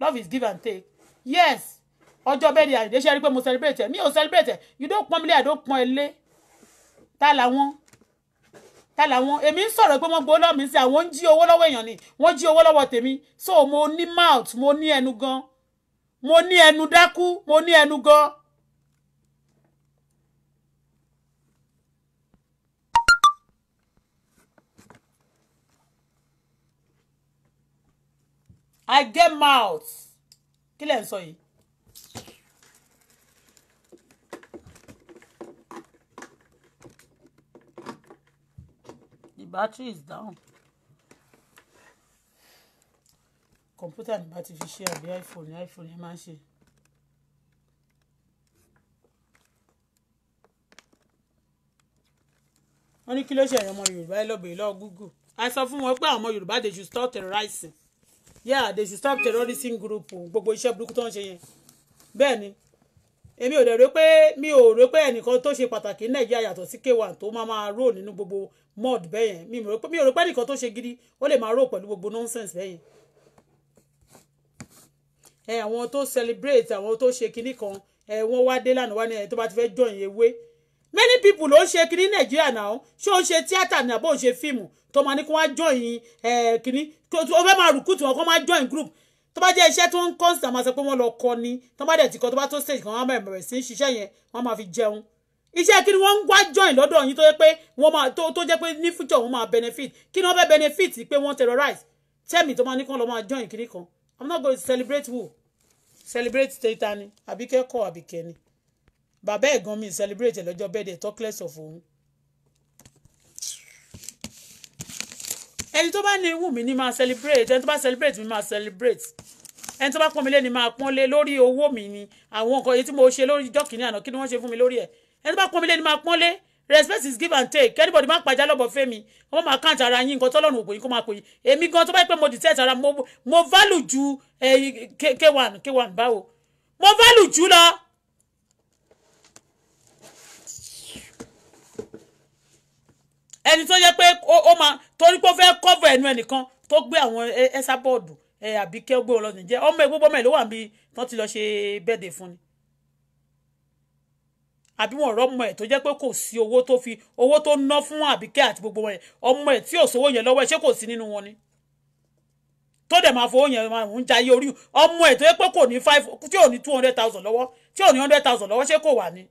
love is give and take yes ọjọ́ bẹ́ẹ̀ ni àyìndé ṣe rí pé mo celebrate ẹ mi ò celebrate ẹ you don pọ́n mi lé I don pọ́n ẹ lé ta làwọn ta làwọn èmi ń sọ̀rọ̀ pé wọ́n gbowó lọ́wọ́ mi sí àwọn ń jí owó lọ́wọ́ èèyàn ni wọ́n jí owó lọ́wọ́ tèmi so mo ní mouth mo ní ẹnu gan mo ní ẹnu dákú mo ní ẹnu gan. I get mouth kí lẹ̀ ń sọ yìí battery is down Computer ni bá ti fi ṣe àbí iphone ni iphone yẹn máa ń ṣe. wọ́n ní kí ló ṣe ẹ̀yàn ọmọ yorùbá ẹ lọ́bẹ̀ẹ́ lọ́ọ́ google a sọ fún wọn pé àwọn ọmọ yorùbá they should stop terrorizing yeah they should stop terrorism group gbogbo iṣẹ́ burúkú tó ń ṣe yẹn bẹ́ẹ̀ èmi ò dẹ̀ rò pé mi ò rò pé ẹnìkan tó ṣe pàtàkì ní nàìjíríà yàtọ̀ sí k1 tó máa máa rò nínú gbogbo mod bẹ́ẹ̀ yẹn mi ò rò pé ẹnìkan tó ṣe gidi ó lè máa rò pẹ̀lú gbogbo nonsense bẹ́ẹ̀ yẹn ẹ àwọn tó celebrate àwọn tó ṣe kinní kan ẹ wọ́n wá dé lánàá wá ní ẹni tó bá ti fẹ́ join ewé many people ló ń ṣe kinní nàìjíríà náà ṣé ó ń ṣe tíátà ní àbó ń ṣe fíìmù tó máa ní kó wá join kinní ó fẹ́ máa rùkútù wọn kó máa join group tó bá jẹ́ iṣẹ́ tó ń kọ́ sí àwọn àṣẹ pé wọ́n lọ kọ́ ni tó bá dẹ̀ ti kọ́ tó bá tó stage kan wọ́n máa bẹ̀rẹ̀ sí ṣiṣẹ́ yẹn wọ́n máa fi jẹun iṣẹ́ kí ni wọ́n ń wá join lọ́dọ̀ yín tó jẹ́ pé wọ́n máa tó tó jẹ́ pé ní future wọ́n máa benefit kí ni wọ́n fẹ́ benefit pé wọ́n terrorize tẹ́mi tó máa ní kán lọ máa join kiri kan i'm not going to celebrate who celebrate tẹ́ta ni àbíkẹ́ kọ́ àbíkẹ́ ni bàbá ẹ̀gàn mi celebrate lọ́jọ́ bẹ́ẹ̀ dẹ̀ talk less of òun ẹni tó bá ní wù mí ni máa celebrate ẹni tó bá celebrate mi máa celebrate ẹni tó bá pọ́n mi lé ni máa pọ́n lé lórí owó mi ni àwọn nǹkan èyí tí mo ṣe lórí ìjọ́ kìíní àná kí ni wọ́n ṣe fún mi lórí ẹ̀ ẹni tó bá pọ́n mi lé ni máa pọ́n lé respect is give and take anybody má pàjá lọ́bọ̀ fẹ́ mi wọ́n máa count tara yín nǹkan tọ́lọ́run òpò yín kó máa pè yín èmi gan tó bá pẹ́ mo dìtẹ́ tara mo value ju k1 k1 báwo mo value jù lọ ẹni tó yẹ pé ó máa torí pé ó fẹ́ cover ẹnu ẹnìkan tó gbé àwọn ẹsà bọ́ọ̀dù ẹ àbí kẹ́ ó gbé wọn lọ ọmọ ẹ gbogbo ọmọ ẹ ló wà níbi tán ti lọ ṣe bẹ́ẹ̀dẹ̀ fún ni àbí wọn rọ́mọ ẹ tó jẹ́ pé kò sí owó tó fi owó tó ná fún àbíkẹ́ àti gbogbo wọn ọmọ ẹ tí ò yẹn lọ́wọ́ ẹ ṣé kò sí nínú wọn ni tó dẹ̀ máa fowó yẹn máa ń jayé orí ọmọ ẹ̀ tó yẹ pé kò ní five tí ò ní two hundred thousand lọ́wọ́ tí ò ní hundred thousand lọ́wọ́ ṣé kò wà ní.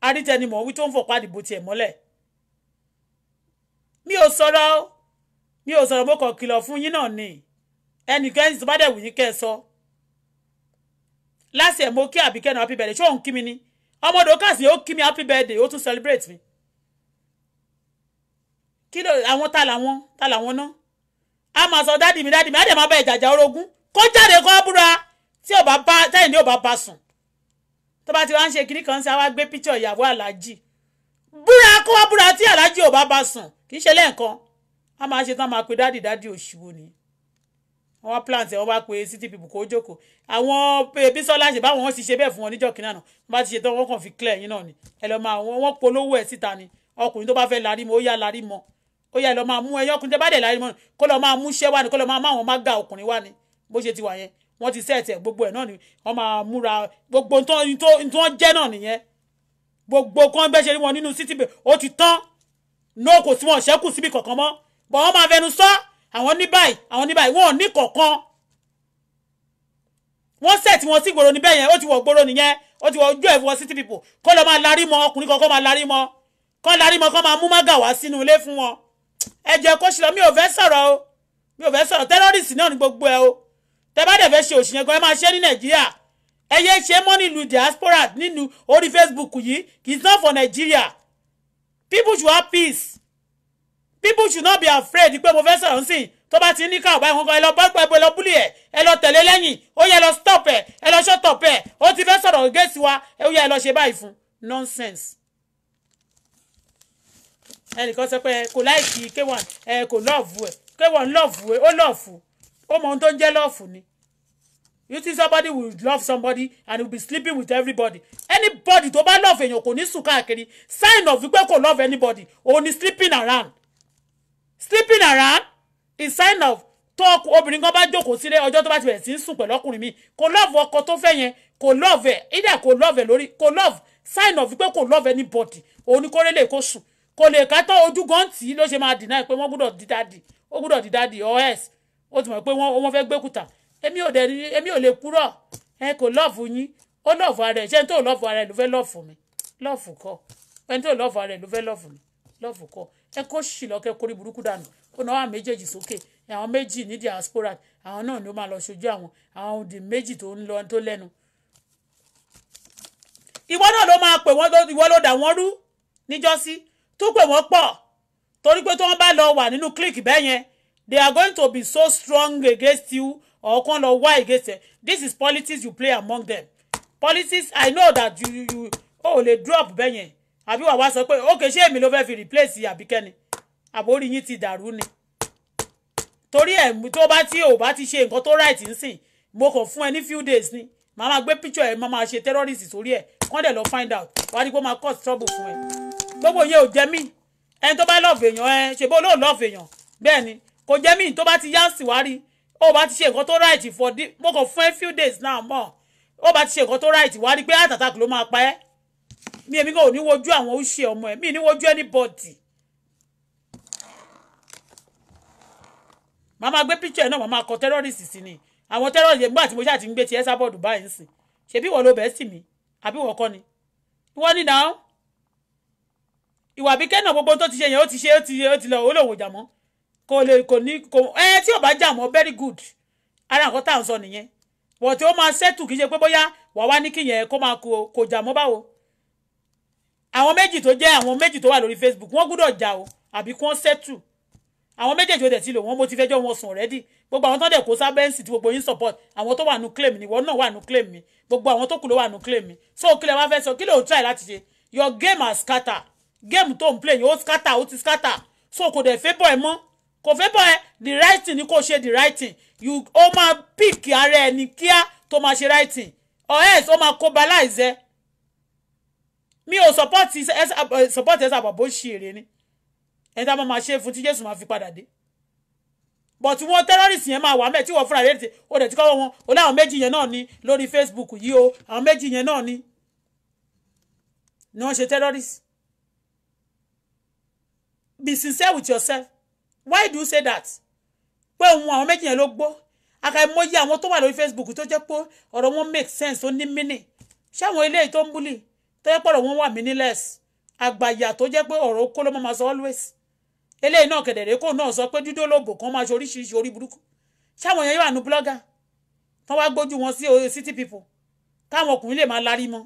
arítẹnimọ̀ wí tó ń fọ̀pá àdìbò tiẹ̀ mọ́lẹ̀ mi ò sọ̀rọ̀ o mi ò sọ̀rọ̀ mo kàn kìlọ̀ fún yín náà ni ẹnìkan tó bá dẹ̀ wù yín kẹ́ ẹ sọ last year mo kí àbíkẹ́ náà happy birthday ṣé òun kí mi ni ọmọ dòkàsì ó kí mi happy birthday ó tún celebrate mi kí ló àwọn ta làwọn ta làwọn náà a máa sọ dádì mi dádì mi á dẹ̀ máa bá ìjàjà orogún kó jáde kó búra tí ò bá bá tẹ́yìn ní ò bá bá sùn tó bá ti wá ń ṣe kinní kan sí àwa gbé píṣọ̀ ìyàwó aláàjì búra kó wá búra tí aláàjì ò bá bá sùn kì í ṣe lẹ́ẹ̀kan a máa ṣe tán máa pe dáàdì dáàdì òṣìwò ni wọ́n wá plant ẹ̀ wọ́n bá pe city people kó jókòó àwọn bisola ṣe báwọn wọ́n ti ṣe bẹ́ẹ̀ fún wọn níjọ́ kìnnà náà wọ́n bá ti ṣe tán wọ́n kàn fi clear yín náà ni ẹ lọ́ọ́ máa wọ́n polówó ẹ̀ síta ni ọkùnrin tó bá fẹ́ larí mọ́ ó yá larí mọ́ ó yá lọ́ọ́ máa mú ẹyọ ọkùnrin tó bá dẹ̀ larí mọ́ kó lọ́ọ́ máa mú iṣẹ́ wá ni kó lọ́ọ́ máa má àwọn má ga ọkùnrin wá ni bó ṣe ti wà yẹn wọ́n ti sẹ́ẹ̀tì ẹ̀ gbogbo ẹ̀ náà ni wọ́n máa múra gbogbo ntọ́ jẹ́ náà nìyẹn gbogbo kan bẹ́ẹ̀ ṣe rí wọn nínú city bay ó ti tán náà kò sí wọn ṣẹ́kù síbi kankan mọ́ bọ̀ wọ́n máa fẹnu sọ àwọn ní báyìí àwọn ní báyìí wọn ò ní kankan wọ́n sẹ̀ tí wọ́n sì gbòòrò níbẹ̀ yẹn ó ti wọ̀ gbòòrò nìyẹn ó ti wọ̀ ojú ẹ̀ wọ city people kó lọ máa larí mọ ọkùnrin kan kó máa larí mọ kó larí mọ kó máa mú mága wá sínú ilé fún wọn ẹ jẹ́ kó ṣìlọ mi ò fẹ́ sọ̀rọ̀ o mi ò fẹ́ sọ̀rọ̀ tẹ́rọ́rìsì náà ní gbogbo ẹ o tẹ bá dẹ̀ fẹ́ ṣe òṣìyẹn gan ẹ máa ṣe ní nàìjíríà ẹ yé ṣe mọ́ nílùú diaspora nínú orí Facebook yìí kì í sàn for Nigeria people should have peace people should not be afraid pé mo fẹ́ sọ̀rọ̀ ń sìn tó bá ti ní ká ọ̀bá ìwọ̀n kan ẹ lọ bá gbàgbé lọ búlì ẹ̀ ẹ lọ tẹ̀lé lẹ́yìn ó yẹ lọ stop ẹ̀ ẹ lọ shut up ẹ̀ ó ti fẹ́ sọ̀rọ̀ gẹ̀ẹ́sì wa ẹ ó yẹ lọ ṣe báyìí fún nonsense. ẹnìkan sọ pé kò láìkí k1 ẹ kò lọ́ọ̀fù ẹ k1 lọ́ọ̀fù ẹ ó lọ́ọ̀fù ó mọ ohun tó ń jẹ́ lọ́ọ̀fù ni you think somebody will love somebody and he will be sleeping with everybody anybody tó bá love èèyàn kò ní sùn káàkiri sign of wípé kò love anybody òun ni sleeping around sleeping around is sign of talk obìnrin kan bá jókòó sílé ọjọ́ tó bá ti bẹ̀rẹ̀ sí í sùn pẹ̀lú ọkùnrin mi kò love ọkọ tó fẹ́ yẹn kò love ẹ̀ either kò love ẹ̀ lórí kò love sign of wípé kò love anybody òun ni kò rélé kó sùn kò lè ká tán ojú gan tì í ló ṣe máa deny pé wọ́n gbúdọ̀ di dáàdì ó gbúdọ̀ di dáàdì or else ó ti mọ̀ pé wọ́n fẹ́ gbé kùtà èmi ò dẹ̀ èmi ò lè kúrò ẹ kò lọ́ọ̀fù yín ó lọ́ọ̀fù ara ẹ̀ ṣé n tó lọ́ọ̀fù ara ẹ̀ ló fẹ́ lọ́ọ̀fù mi lọ́ọ̀fù kọ́ ẹni tó lọ́ọ̀fù ara ẹ̀ ló fẹ́ lọ́ọ̀fù mi lọ́ọ̀fù kọ́ ẹ kó sì lọ́kẹ́ kórí burúkú dànù ó náwó àwọn méjèèjì sókè àwọn méjì ní diaspora àwọn náà ni ó máa lọ ṣojú àwọn àwọn òdì méjì tó ń lọ tó lẹ́nu. ìwọ náà ló máa pè wọ́n ìwọ ló dà wọ́n rú níjọ́sí tó pè wọ́n pọ̀ torí pé tí wọ́n bá lọ wà nínú clique bẹ́ẹ̀ yẹn they are going to be so strong against you or kan why wá get ẹ this is politics you play among them politics i know that you you, o oh, lè drop bẹ́ẹ̀ yẹn àbí wàá wá sọ pé ok ṣé èmi ló fẹ́ fi replace àbíkẹ́ni àbórí yín ti dàrú ni torí ẹ̀ tó bá tí ò bá ti ṣe nǹkan tó right nsìn mo kàn fún ẹ ní few days ni màá máa gbé picture ẹ máa máa ṣe terrorist sórí ẹ kán dẹ̀ lọ find out wàá ní kó máa cause trouble fún ẹ gbogbo yẹn ò jẹ́ mí ẹni tó bá love èèyàn ẹ ṣèbó lóò love èèyàn bẹ́ẹ̀ ni kò jẹ́ mí tó bá ti yá sí wá ó bá ti ṣe nǹkan tó right for the mo kàn fún ẹ few days now mọ́ ó bá ti ṣe nǹkan tó right wá rí pé heart attack ló máa pa ẹ́ mi èmi kò ní wojú àwọn òṣìṣẹ́ ọmọ ẹ̀ mi ní wojú anybody. màá máa gbé picture ẹ̀ náà màá máa kọ terrorist sí ni àwọn terrorist nígbà tí mo ṣáà ti ń gbé ti ẹ́sà bọ́ọ̀dù báyìí sìn ṣebí ìwọ ló bẹ́ẹ̀ sì mí àbí ìwọ kọ́ ni ìwọ ni náà ìwà àbíkẹ́ náà gbogbo tó ti ṣe yẹn ó ti ṣe ó ti lọ ó lòun ò jà mọ́ kò lè kò ní kò ẹ tí ò bá jà mọ́ very good ara nǹkan tá à ń sọ nìyẹn wọ́n tí ó máa ṣẹ́tù kì í ṣe pé bóyá wàá wá ní kíyẹn kó máa kò jà mọ́ báwo àwọn méjì tó jẹ́ àwọn méjì tó wà lórí Facebook wọ́n gbúdọ̀ jà o àbí kí wọ́n ṣẹ́tù àwọn méjèèjì òdẹ̀ tí lò wọ́n mo ti fẹjọ́ wọn sùn already gbogbo àwọn tó dẹ̀ kó sábẹ́ǹsì tí gbogbo yín support àwọn tó wà nù claim ni wọ́n náà wà nù claim mi gbogbo àwọn tó kù ló wà nù claim mi so kí lè wá fẹ́ sọ kí lè o try láti ṣe your game has scatter game tó ń play yìí ó scatter ó ti scatter so kò dẹ̀ favour ẹ mọ́ kò fẹ́ bọ́ ẹ the writing thing ni kò ṣe the writing. you ó máa pick ara ẹ ní kíá tó máa ṣe right thing or else ó máa cobalize ẹ mi ò support ẹ eh, eh, eh, support ẹ sábà bó ṣe èrè ni ẹni tá a máa máa ṣe fún tí Jésù máa fi padà dé but wọn terrorist yẹn máa wà mẹ́ẹ̀ tí wọ́n fúnra rẹ̀ ó dẹ̀ ti kọ́ wọn ó láwọn méjì yẹn náà ni lórí Facebook yìí o àwọn méjì yẹn náà ni ni wọ́n ṣe terrorist be sincere with yourself why do you say that pé òun àwọn méjì yẹn ló gbó àkàìmọye àwọn tó wà lórí Facebook tó jẹ́ pé ọ̀rọ̀ wọn make sense ó ní mínì ṣé àwọn eléyìí tó ń búlì tó jẹ́ pé ọ̀rọ̀ wọn wà meaningless àgbàyà tó jẹ́ pé ọ̀rọ̀ kó ló máa sọ always eléyìí náà kẹ̀dẹ̀rẹ́ kó náà sọ pé dídó lóògùn kan máa ṣe oríṣiríṣi orí burúkú ṣé àwọn yẹn yóò àánú blogger tán wá gbójú wọn sí city people káwọn ọkùnrin lè máa larí mọ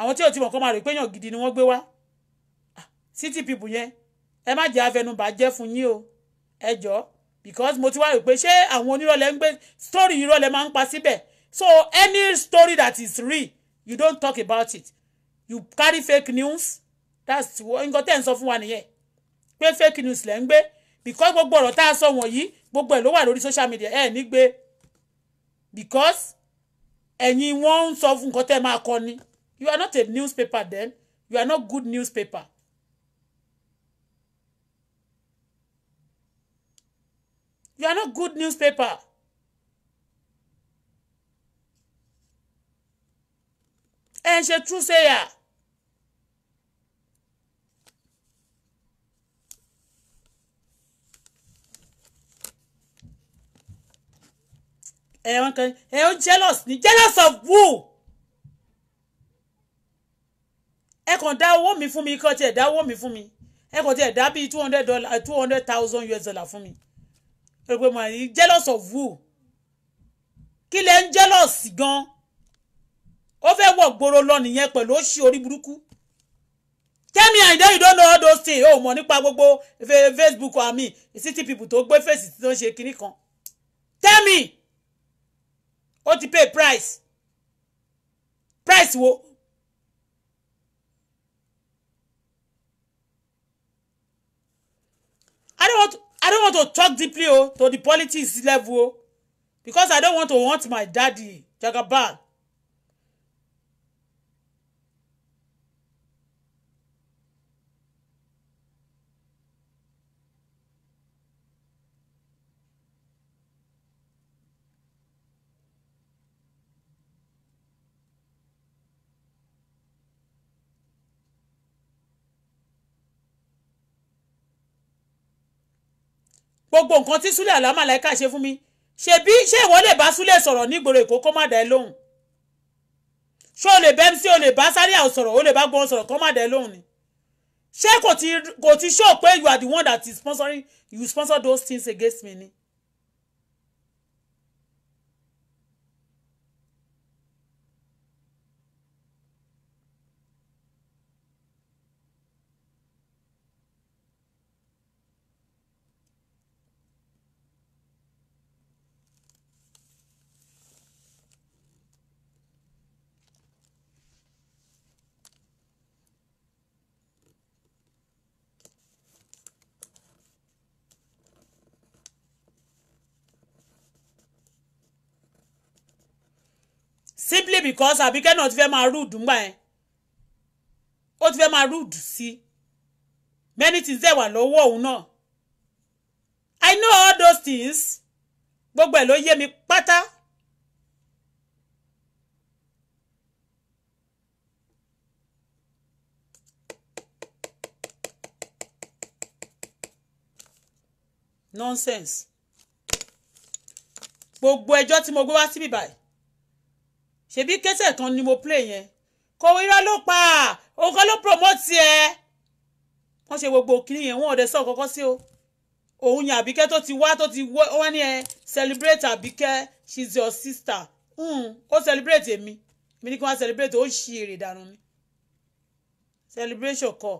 àwọn tí ò ti mọ̀ kọ́ máa rò pé yàn gidi ni wọ́n gbé wá ah, city people yẹn ẹ má jẹ́ afẹnubà jẹ́ fún yín o ẹ because mo ti wá pé ṣé àwọn onírọ̀lẹ́ ń gbé story irọ́lẹ́ máa ń pa síbẹ̀ so any story that is real you don't talk about it you carry fake news that's nǹkan tẹ́ ń sọ fún wa nìyẹn pé fake news lẹ́ ń gbé because gbogbo ọ̀rọ̀ tá a sọ wọ̀nyí gbogbo ẹ̀ ló wà lórí social media ẹ̀ ní gbé because ẹ̀yin wọ́n ń sọ fún nǹkan tẹ́ máa kọ ni you are not a newspaper then you are not good newspaper You are not good newspaper. And ṣe true sayer. ẹ wọn kan ẹ ó jealous ni jealous of who ẹ kàn dá owó mi fún mi kàn tiẹ̀ dá owó mi fumi. mi ẹ kàn tiẹ̀ dá bíi two hundred dollar two hundred thousand US dollar fumi pé mo ní jealous of who kí lẹ ń jealous gan ó fẹ́ wọ̀ gbòòrò lọ nìyẹn pẹ̀lú ó ṣí orí burúkú tẹ́mi àìdá you don't know all those things ó mọ̀ nípa gbogbo facebook àmì city people tó gbé fèsì tí wọ́n ṣe kinní kan tẹ́mi ó ti pay price price wo I don't want I don't want to talk deeply oh, to the politics level oh, because I don't want to want my daddy Jagaban gbogbo nǹkan tí súlẹ̀ àlámàlẹ́kà ṣe fún mi ṣebí ṣé ìwọ lè bá súlẹ̀ sọ̀rọ̀ nígboro èkó kó má dá ẹ lóhùn ṣé o lè bá mc o lè bá sáré àwọn sọ̀rọ̀ o lè bá gbọ́n sọ̀rọ̀ kó má dá lóhùn ni ṣé kò ti kò pé you are the one that is sponsoring you sponsor those things against me ni because àbíkẹ́ náà ti fẹ́ máa rúùdù ńgbà yẹn ó ti fẹ́ máa rude sí many things dẹ̀ wà lọ́wọ́ òun náà I know all those things gbogbo ẹ̀ ló yé mi pátá. nonsense gbogbo ẹjọ́ tí mo gbé wá síbí báyìí ṣebí kẹsẹ̀ kan ni mo play yẹn kò irọ́ ló pa òun ló promote ẹ wọ́n ṣe gbogbo kiri yẹn wọ́n ọ̀dẹ sọ kọ́kọ́ sí o òun yẹn àbíkẹ́ tó ti wá tó ti wá ní ẹ celebrate àbíkẹ́ she's your sister hmm, ó celebrate èmi mi ní kí wọ́n celebrate ó ṣì èrè dànù ni celebration kọ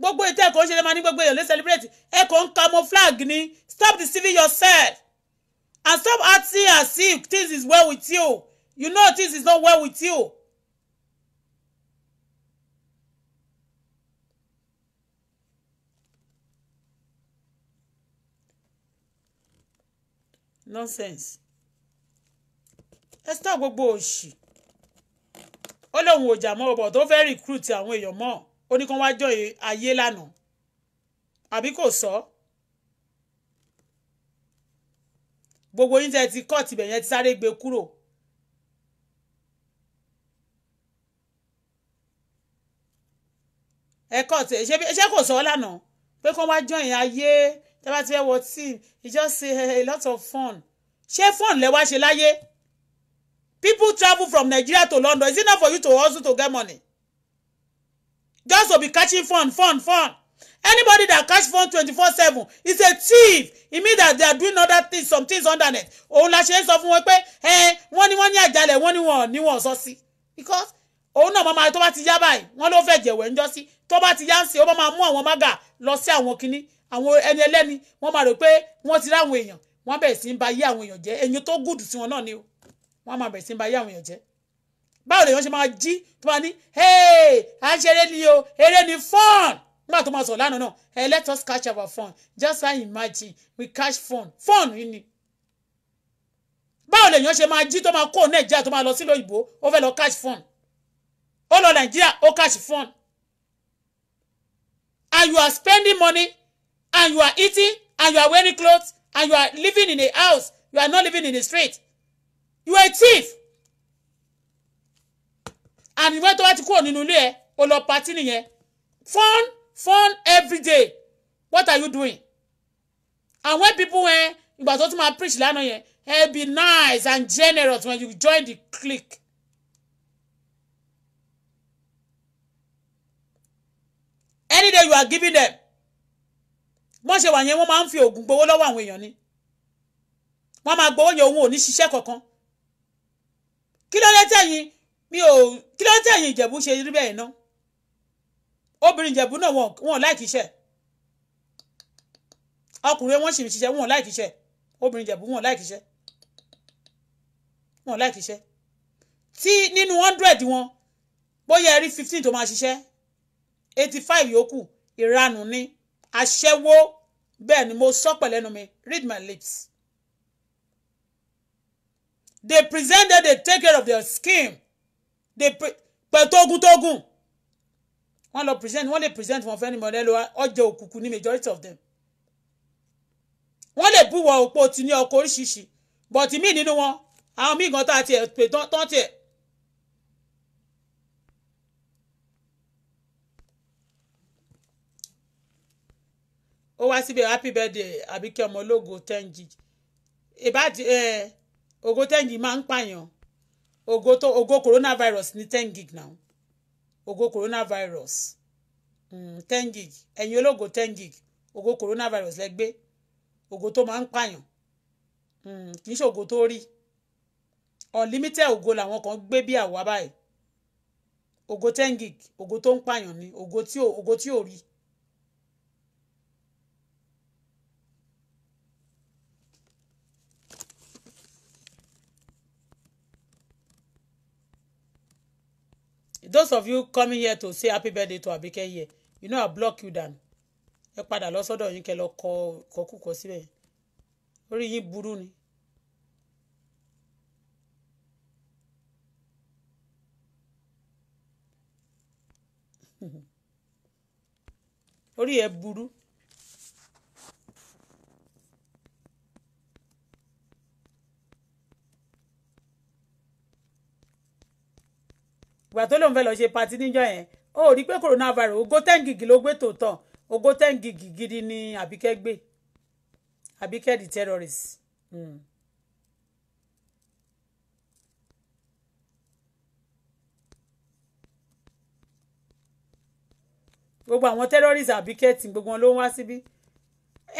gbogbo ètò ẹ̀kọ́ ń ṣe lè máa ní gbogbo èèyàn lè celebrate ẹ̀kọ́ ń camouflage ni stop deceiving yourself and stop acting as if things is well with you you know things is not well with you. nonsense esther gbogbo òṣì ó lóun òjà mọ́ ọ̀bọ̀ tó fẹ́ recruit àwọn èèyàn mọ́ ó ní kán wá jọ ayé lánàá àbí kò sọ gbogbo yín tẹ́ ti kọ́ tibẹ̀ yẹn ti sáré gbé kúrò ẹ̀kọ́ tẹ̀ ṣé kò sọ lánàá pé kó wá join ayé tẹ́ bá ti fẹ́ wọ team e just say a lot of fun ṣé fun lẹ wá ṣe láyé people travel from Nigeria to London is it not for you to hustle to get money just to be catching fun fun fun anybody that catch fun twenty-four seven is a thief e mean that they are doing other things some things underneath òun la ṣe ń sọ fún wọn pé wọ́n ní wọ́n ní àjálẹ̀ wọ́n ní wọ́n ní wọ́n sọ sí because òun náà máa tó bá ti yá báyìí wọ́n ló fẹ́ jẹ̀wẹ̀ ńjọ́ sí tó bá ti yá ń sè ó máa mú àwọn mága lọ sí àwọn kinní àwọn ẹni ẹlẹ́ni wọ́n máa rò pé wọ́n ti ráwọn èèyàn wọ́n bẹ̀rẹ̀ sí ń ba yé àwọn èèyàn jẹ́ ẹ̀yin tó gùdù sí wọn náà ni o wọ́n máa bẹ̀rẹ̀ sí ń ba yé àwọn èèyàn jẹ́ báwo lèèyàn ṣe máa jí tó máa ní hey à ń ṣe eré ni o eré ni fun nígbà tó máa sọ lánàá náà hey let us catch our phone. just like imagine we catch Phone, fun yìí ni báwo lèèyàn ṣe máa jí tó máa kó Nàìjíríà tó máa lọ sílùú òyìnbó ó fẹ́ lọ catch phone. All lọ Nigeria, ó cash fund and you are spending money and you are eating and you are wearing clothes and you are living in a house you are not living in the street you are a thief and ìwé tó bá ti kúrò nínú ilé ẹ o lọ patí nìyẹn phone phone every day what are you doing and when people wen ìgbà tó tún máa preach lánàá yẹn eh be nice and generous when you join the clique any day you are giving them wọ́n ṣe wà yẹn wọ́n máa ń fi oògùn gbowó lọ́wọ́ àwọn èèyàn ni wọ́n máa gbowó yẹn òun ò ní ṣiṣẹ́ kankan kí ló dé tẹ̀yìn mi ò kí ló dé tẹ̀yìn ìjẹ̀bú ṣe rí bẹ́ẹ̀ náà obìnrin ìjẹ̀bú náà wọn ò láìkí iṣẹ́ ọkùnrin wọn sì ń ṣiṣẹ́ wọn ò láìkí iṣẹ́ obìnrin ìjẹ̀bú wọn ò láìkí iṣẹ́ wọn ò láìkí iṣẹ́ tí nínú hundred wọn bóyá ẹ rí fifteen tó máa ṣiṣẹ́ eighty five yòókù ìranù ni aṣẹ́wó bẹ́ẹ̀ ni mo sọ pẹ̀lẹ́nu mi read my lips. they present that they take care of their skin they pre pẹ̀tógúntógún wọ́n lọ present wọ́n lè present wọn fẹ́ ni mọ̀ lẹ́lọ́ ọjọ́ òkùnkùn ní majority of them wọ́n lè búwọ̀ òpó tí ní ọkọ̀ oríṣiríṣi but mí nínú wọn àwọn míì gan tá a tiẹ̀ pè tán tiẹ̀ ó wá síbẹ̀ happy birthday àbíkẹ́ ọmọ ológo tẹ́ǹjì ìbáàdì ògo tẹ́ǹjì máa ń pààyàn ògo tó ògo coronavirus ní ten gig now. ògo coronavirus mm, ten gig ẹ̀yin ológo ten gig ògo coronavirus lẹ́gbẹ́ ògo tó máa ń pààyàn hmm, kì í ṣe ògo tó rí unlimited ògo làwọn kan gbé bí àwa báyìí ògo ten gig ògo tó ń pààyàn ni ògo tí ò rí those of you coming here to say happy birthday to Abike here you know I block you down ẹ padà lọ sọ́dọ̀ yín kẹ́ lọ kọ kọkúkọ síbẹ̀ orí yín burú ni. *laughs* orí ẹ burú ìgbà tó lóun fẹ́ lọ ṣe patí níjọ́ yẹn ó rí pé coronavirus ògo ten gig ló gbé tòótọ́ ògo ten gig gidi ni àbíkẹ́ gbé àbíkẹ́ the terrorist. Mm. gbogbo àwọn terrorist àbíkẹ́ tí gbogbo wọn ló ń wá síbí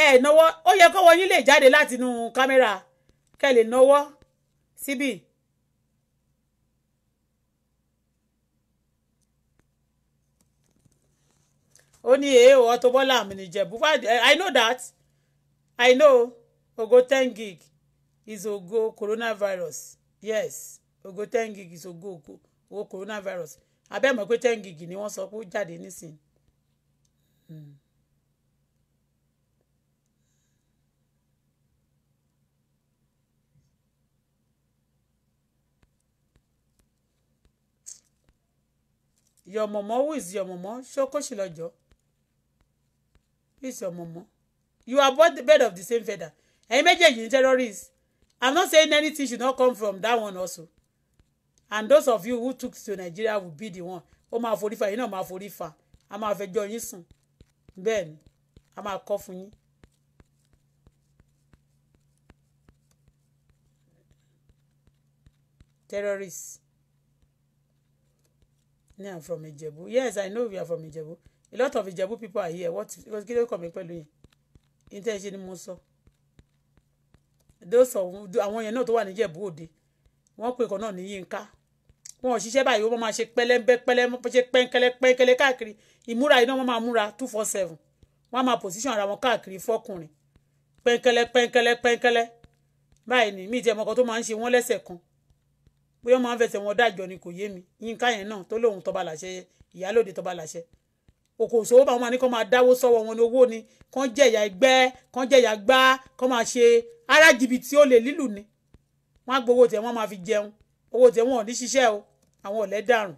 ẹ náwó ó yẹ kọ́wọ́ yín lè jáde látinú kámẹ́rà kẹ́ lè náwó síbí. Si ó ní èèwọ Auto Bola àmì nìjẹ̀bú i know that i know ogo ten gig is ogo coronavirus yes ogo ten gig is ogo ogo coronavirus abẹ́ mọ̀ pé ten gig ni wọ́n sọ pé ó jáde nísìnyí. Hmm. your mama who is your mama ṣó kó ṣe lọ́jọ́ Please, your mama. You are both the bed of the same feather. Ẹ̀yin méjèèjì ni terrorists. I'm not saying anything should not come from that one also. And those of you who took to Nigeria will be the one. Ó máa forí fa, yín náà máa forí fa. A máa fẹjọ́ yín sùn. Bẹ́ẹ̀ ni, a máa kọ́ fún yín. Terrorists. Yeah, I'm from Ijebu. Yes, I know we are from Ijebu a lot of Ìjẹ̀bú people are here what kí ló kàn mí pẹ̀lú yẹn intention ni mo sọ those àwọn yẹn náà tó wà ní Ìjẹ̀bú Òde wọ́n pè kan náà ní Yínká wọn ò ṣiṣẹ́ báyìí wọ́n máa ṣe pẹ́lẹ́ńbẹ́ pẹ́lẹ́ńbẹ́ ṣe pẹ́ńkẹ́lẹ́ pẹ́ńkẹ́lẹ́ káàkiri ìmúra iná wọ́n máa múra two four seven wọ́n á máa position ara wọn káàkiri fọ́kùnrin pẹ́ńkẹ́lẹ́ pẹ́ńkẹ́lẹ́ pẹ́ńkẹ́lẹ́ báyìí ni mí ti ẹ̀mọ́kọ tó máa ń ṣe wọ́n lẹ́sẹ̀ kan bóyá wọ́n máa ń fẹsẹ̀ wọn dájọ́ ni kò yé mi Yínká yẹn náà tó lóun tọba làṣẹ ìyálòde tọba làṣẹ òkò òṣòwò bá wọn máa ní máa dáwó sọ́wọ́ wọn ní owó ni kán jẹ̀yà ẹgbẹ́ kán jẹ̀yà gbá kán máa ṣe ara jìbìtì ó lè lílù ni wọn á gbowó tẹ wọn máa fi jẹun owó tẹ wọn ò ní ṣiṣẹ́ o àwọn ọ̀lẹ dàrùn.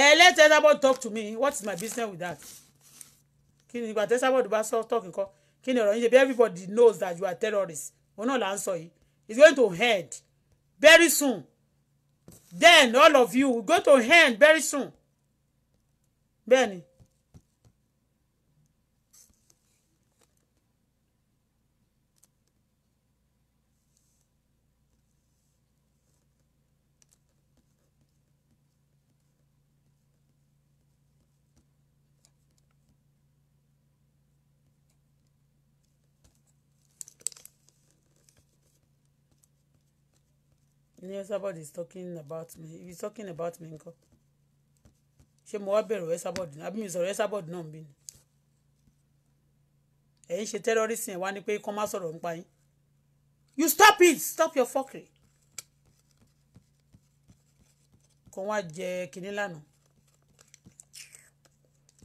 ẹ eh, let Esabod talk to me what is my business with that kí ni ìgbà tẹ́sàbọ̀dù bá sọ tọ́kì kọ́ kí ni ọ̀rọ̀ yín ṣe bí everybody knows that you are terrorist òun náà là ń sọ yìí it's going to end very soon then all of you go to hand very soon bẹ́ẹ̀ ni you know Esabod is talking about me if he's talking about me nǹkan ṣé mo wá bẹ̀rù Esabod ni àbí mi sọ̀rọ̀ Esabod náà bí ni ẹ̀yin ṣe terrorism ẹ̀ wá ní pé kán má sọ̀rọ̀ nípa yín you stop it stop your fuckery kan wá jẹ kínní lánàá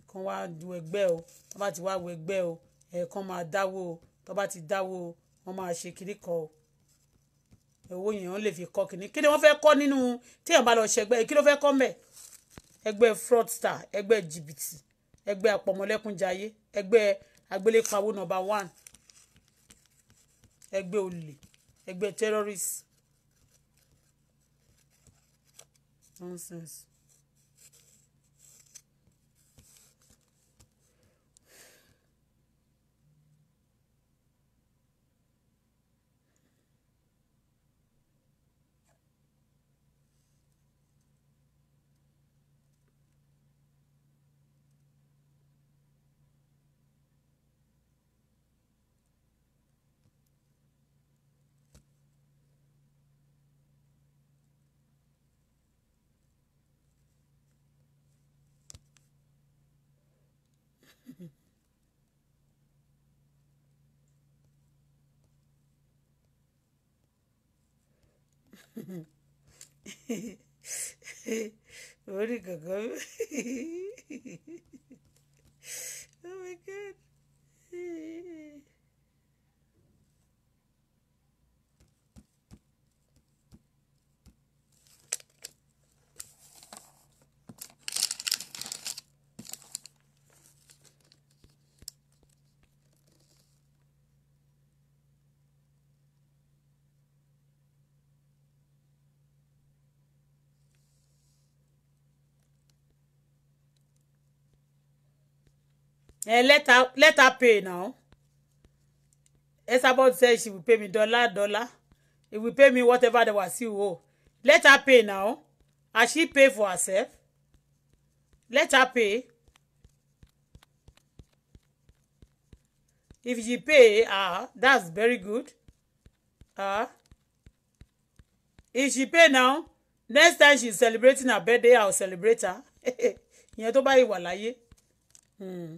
kan wá wo ẹgbẹ́ o tó bá ti wá wo ẹgbẹ́ o ẹ̀ẹ̀kan máa dáwó o tó bá ti dáwó o wọ́n máa ṣe kínní kan o owó yẹn wọ́n lè fi kọ́ kínní kí ni wọ́n fẹ́ kọ́ nínú téèyàn bá lọ ṣẹgbẹ́ kí ló fẹ́ kọ́ mbẹ̀ ẹgbẹ́ fraudster ẹgbẹ́ jìbìtì ẹgbẹ́ àpọ̀mọ́lẹ́kúnjayé ẹgbẹ́ agbélépawó nọ́mbà one ẹgbẹ́ olè ẹgbẹ́ terrorist nonsense. *laughs* to good. *laughs* oh my god. *laughs* eh, let her let her pay now Esabod said she will pay me dollar dollar It will pay me whatever the Wasiu owe let her pay now as she pay for herself let her pay if she pay ah that's very good ah if she pay now next time she's celebrating her birthday I'll celebrate her *laughs* ìyẹn tó bá yìí wà Hmm.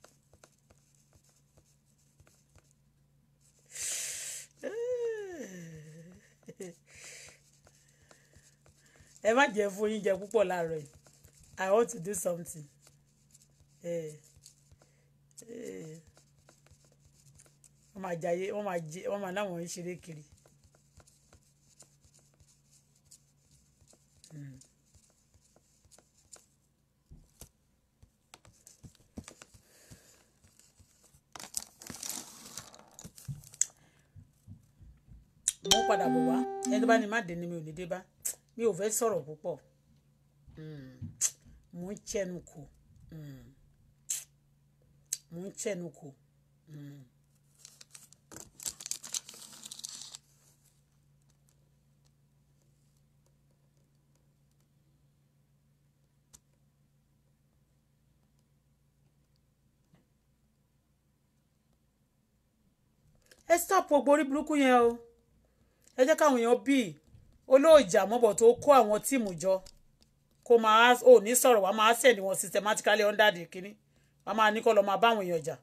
ẹ má jẹ́ fún yín jẹ púpọ̀ láàárọ̀ yìí I want to do something. Eh, eh. wọ́n máa jayé wọ́n máa jẹ wọ́n máa láwọn ń ṣeré kiri. Mm. mo padà bọ̀ wá ẹni tó bá ní má dé ni mi ò ní dé bá mi ò fẹ́ sọ̀rọ̀ púpọ̀ hmm. mò ń chẹnu kò hmm. mò ń chẹnu kò. Hmm. ẹ stop gbogbo orí burúkú yẹn o ẹ jẹ́ káwọn èèyàn bíi olóòjà mọ́bọ̀ tó kó àwọn tíìmù jọ kó máa ò ní sọ̀rọ̀ wàá máa sẹ̀dí wọn systematically under the kínní wàá máa ní kọ́ lọ́ọ́ máa bá àwọn èèyàn jà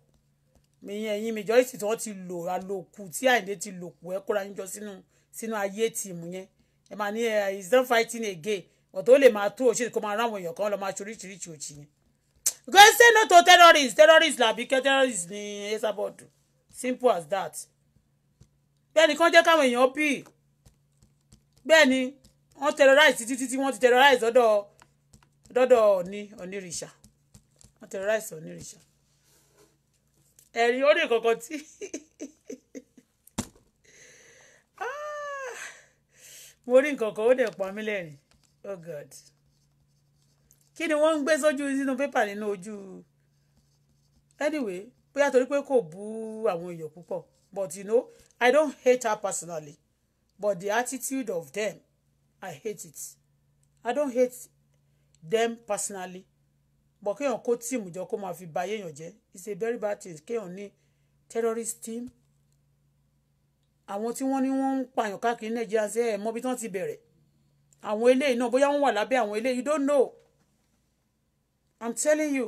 ìyẹn ẹ̀yìn mi jọ́sì tí wọ́n ti lò àlòkù tí àyìndé ti lò kù ẹ́ kóra yín jọ sínú sínú ayé tìmù yẹn ẹ máa ní ẹ is don fighting again ọ̀tọ̀ ó lè máa tó òṣèlú kó máa rán àwọn èèyàn kan lọ́ọ́ máa ṣe oríṣiríṣi òṣì yẹn. because say no to terrorists terrorists làbí kẹ́ terrorists ní ẹ̀sàbọ̀dù simple as that. bẹ́ẹ̀ ni kàn jẹ́ káwọn èèyàn bíi bẹ́ẹ̀ ni wọ́n terrorize títí tí wọ́n ti terrorize dọ́dọ̀ dọ́dọ̀ ọ̀ní onírìṣà wọ́n terrorize onírìṣà ẹ̀rín ó ní kankan tí *laughs* ah, mo rí nǹkan kan ó dẹ̀ pa mí lẹ́rìn oh god kí ni wọ́n ń gbé sójú nínú pépà nínú ojú anyway bóyá torí pé kò bú àwọn èèyàn púpọ̀ but you know i don't hate her personally but the attitude of them I hate it I don't hate them personally but kéèyàn kó tíìmù jọ kó máa fi ba yéèyàn jẹ́ it's a very bad thing kéèyàn ní terrorist team àwọn tí wọ́n ní wọ́n ń pààyàn káàkiri nàìjíríà ṣe ẹ̀ mọ́bi tán ti bẹ̀rẹ̀ àwọn eléyìí náà bóyá wọ́n wà lábẹ́ àwọn eléyìí you don't know i'm telling you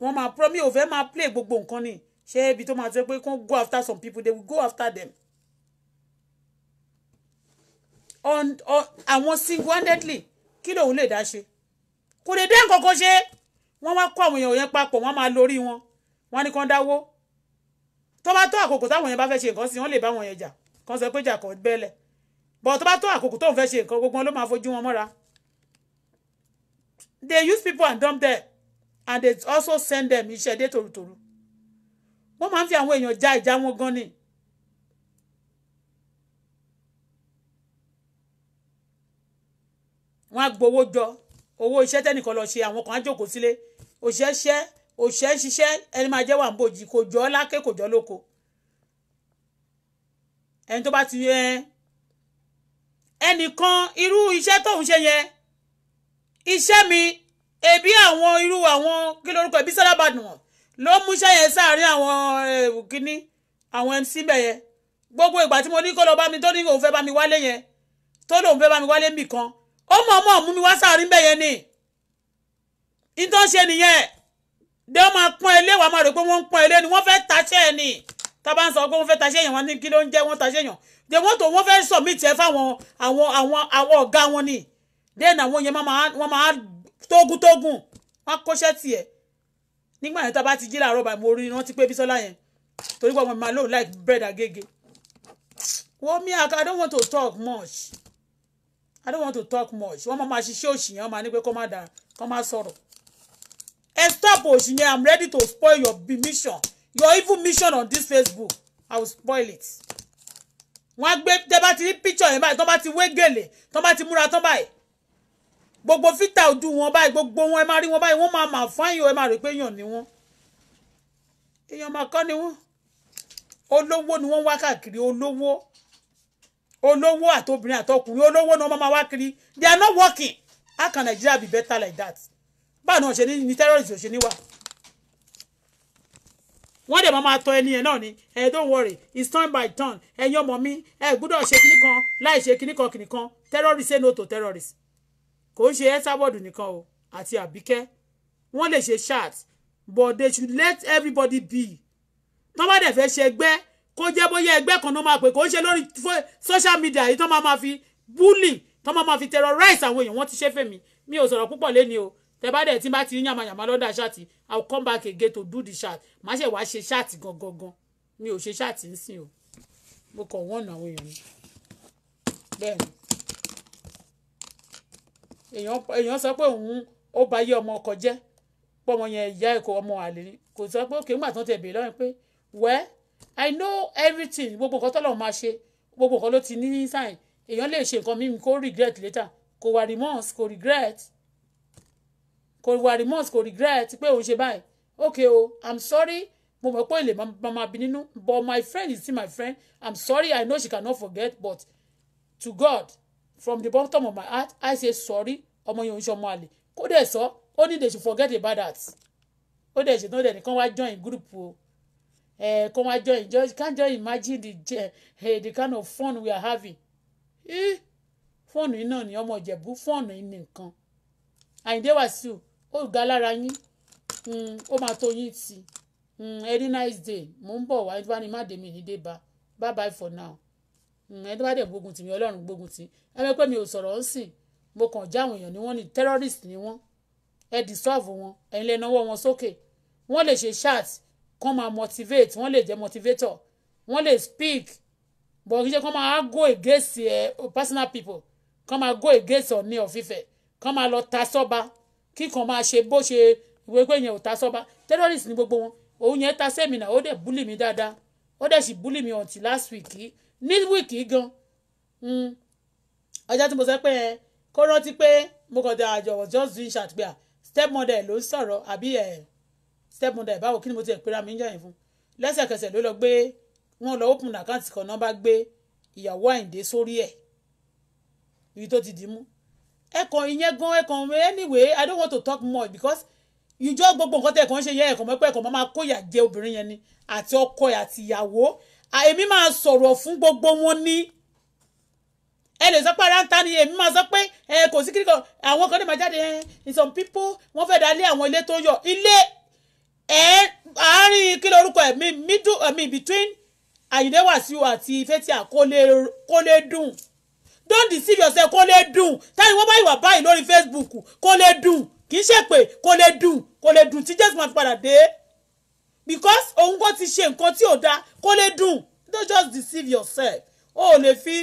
wọ́n máa promise òfẹ́ máa play gbogbo nǹkan ni ṣé ibi tó máa tẹ́ pé kán go after some people they will go after them on on àwọn single handedly kí lòun lè dá ṣe kò lè dá nǹkan kan ṣe wọ́n wá kó àwọn èèyàn yẹn papọ̀ wọ́n máa lórí wọn wọ́n ní kán dáwó tó bá tó àkókò táwọn yẹn bá fẹ́ ṣe nǹkan sí wọ́n lè bá wọn yẹn jà kán sọ pé jà kàn bẹ́lẹ̀ bọ̀ tó bá tó àkókò tóun fẹ́ ṣe nǹkan gbogbo wọn ló máa fojú wọn mọ́ra they use people and dump them and they also send them iṣẹ́ dé tòrutòru wọ́n máa ń fi àwọn èèyàn já ìjà wọn gan ni wọ́n á gbowó jọ owó iṣẹ́ tẹ́nìkan lọ ṣe àwọn kan á jókòó sílé òṣẹ́ṣẹ́ òṣẹ́ ṣiṣẹ́ ẹni máa jẹ́ wà ń bòjì kò jọ́ lákè kò jọ́ lóko ẹni tó bá ti yẹ ẹnìkan irú iṣẹ́ tóun ṣe yẹn iṣẹ́ mi ẹbí àwọn irú àwọn kí lórúkọ ẹbí sọ́dá bàdàn wọn ló mú iṣẹ́ yẹn sáàárín àwọn ẹ̀wù eh, kínní àwọn MC bẹ̀ yẹn gbogbo ìgbà tí mo ní kó lọ bá mi tó ní òun fẹ́ bá mi wálé yẹn tó lóun fẹ́ bá mi wálé níbì kan ó mọ̀ ọmọ mú mi wá sáàrin bẹ́ẹ̀ yẹn ni ìtọ́ ṣe nìyẹn dé wọ́n máa pọ́n ilé wàá máa rò pé wọ́n ń pọ́n ilé ni wọ́n fẹ́ taṣẹ́ ẹ̀ ni tábà ń sọ pé wọ́n fẹ́ taṣẹ́ yẹn wọ́n ní kí ló ń jẹ́ wọ́n taṣẹ́ yẹn dé wọ́n tó wọ́n fẹ́ submit ẹ fáwọn àwọn àwọn àwọn ọ̀gá wọn ni dé nà wọ́n yẹn wọ́n máa tógúntógún wọ́n kóṣẹ́ tiẹ̀ nígbà yẹn tábà ti jí làárọ̀ báyìí mo rí rántí pé Bísọ́lá yẹn torí pé ọmọ mi máa lóun like bread agége wọ́n mi I don't want to talk much. I don't want to talk much wọ́n máa ma ṣiṣẹ́ òṣì yẹn wọ́n máa ní pé kó má da kó má sọ̀rọ̀ ẹ stop òṣì yẹn I'm ready to spoil your mission your evil mission on this Facebook I will spoil it. wọ́n á gbé tẹ́ ti rí picture yẹn báyìí tọ́ bá ti wé gèlè tọ́ bá ti múra tọ́ báyìí gbogbo fítà ojú wọn báyìí gbogbo wọn ẹ máa rí wọn báyìí wọ́n máa mà fáyìn o ẹ máa rí pé èèyàn ni wọ́n èèyàn máa kọ́ ni wọ́n olówó ni wọ́n wá káàkiri olówó olówó àtobìnrin àtọkùnrin olówó náà wọ́n máa wá kiri they are not working how can Nigeria be better like that báà náà ṣe ní ní terrorist ò ṣe ní wà wọ́n dẹ̀ máa tọ ẹni yẹn náà ni ẹ don't worry it's turn by turn ẹ̀yin ọmọ mi ẹ gbọ́dọ̀ ṣe kinní kan láì ṣe kinní kan kinní kan terrorist say no to terrorist kò ń ṣe ẹ́sàbọ̀dù nìkan o àti àbíkẹ́ wọ́n lè ṣe chat but they should let everybody be tọ́wọ́ dẹ̀ fẹ́ ṣe kó jẹ́ bóyá ẹgbẹ́ kan náà máa pè kó ń ṣe lórí social media yìí tó máa ma fi bully tó máa ma fi terrorize àwọn èèyàn wọ́n ti ṣe fèmí mi ò sọ̀rọ̀ púpọ̀ lẹ́ni o tẹ bá dẹ̀ tí bá ti ń yàmàyàmà lọ́dà ṣáàtì i will come back again to do the ṣáàtì má ṣe wàá ṣe ṣáàtì gangan gan mi ò ṣe ṣáàtì ńsìn o mo kàn wọ́n àwọn èèyàn bẹ́ẹ̀ ni èèyàn sọ pé òun ó ba yé ọmọ ọkọ jẹ́ pọ́mọ yẹn ìyá ẹ̀kọ́ ọmọ àlè kò sọ pé òkè ńgbà tó tẹ̀ bèè lọ́rin pé wẹ́ẹ́ I know everything gbogbo nǹkan tọ́lọ̀ máa ṣe gbogbo nǹkan ló ti ní sign èèyàn lè ṣe nǹkan mímu kó regret later kò wà remorse kò regret kò wà remorse kò regret pé òun ṣe báyìí okay o I'm sorry mo mọ̀ pé èlé máa bí nínú but my friend is still my friend I'm sorry I know she cannot forget but to God from the bottom of my heart I say sorry ọmọ yẹn ò ń ṣe ọmọ àlè kó dẹ̀ sọ ó ní they should forget about that ó dẹ̀ ṣe tán dẹ̀ nìkan wá join group o eh, kó wá join just can't just imagine the, eh, the kind of fun we are having eh, fọ́ọ̀nù yìí jebu, fun ọmọ ìjẹ̀bú fọ́ọ̀nù yìí nìkan àyíndé oh ó ga lára yín hmm, ó máa tó yín ti hmm, any nice day mò ń bọ̀ wá ẹni tó bá ba bye bye for now hmm, ẹni tó bá dẹ̀ gbógun tì mí ọlọ́run gbógun tì ẹ mọ̀ pé mi mo kàn já àwọn èèyàn ni one. ní terrorist ni one. E dissolve wọn ẹ̀yin lè náwó wọn sókè wọ́n lè ṣe ṣáàtì kán máa motivate wọ́n lè jẹ́ motivator wọ́n lè speak but kí ṣe kán máa go against ẹ eh, personal people kán máa go against Ọọ̀ni of Ifẹ̀ kán máa lọ ta sọ́ba kí kàn máa ṣe bó ṣe ìwé pé yẹn ò ta sọ́ba terrorist ni gbogbo wọn òun yẹn ta sẹ́mìnà ó dẹ̀ búlì mi dáadáa ó dẹ̀ sì búlì mi until last week ní week gan hmm, ọjọ́ tí mo sọ pé ẹ eh, kó rántí pé mo kàn dé àjọ just doing chat pé à ah, step model ló ń sọ̀rọ̀ àbí ẹ̀. Eh, step mother báwo kí ni mo ti ẹ̀ pera mi ń jàyìn fún lẹ́sẹ̀kẹsẹ̀ ló lọ gbé wọn lọ open account kan náà bá gbé ìyàwó àyìndé sórí ẹ̀ ibi tó ti dì í mú ẹ̀kan ìyẹn gan ẹ̀kan anyway i don't want to talk more because ìjọ gbogbo nǹkan tẹ̀kan ṣe yẹ ẹ̀kan mọ́pẹ́ ẹ̀kan máa kó ìyà jẹ obìnrin yẹn ni àti ọkọ ẹ̀ àti ìyàwó èmi máa sọ̀rọ̀ fún gbogbo wọn ní ẹ lè sọ pé ara ń ta ni èmi máa sọ pé ẹ kò sí kíríkọ àwọn kan lè máa jáde ẹ eh, some people wọ́n fẹ́ dalé àwọn ilé tó yọ ilé ẹ àárín kí lorúkọ ẹ mi middle I mean, between Àyìndé Wàsíù àti Fathia kò lè dùn don't deceive yourself kò lè dùn táyì wọ́n bá ìwà báyìí lórí Facebook kò lè dùn kì í ṣe pé kò lè dùn kò lè dùn tí Jésù máa fi padà dé because òun kò ti ṣe nǹkan tí ò dáa kò dùn don't just deceive yourself o ò lè fi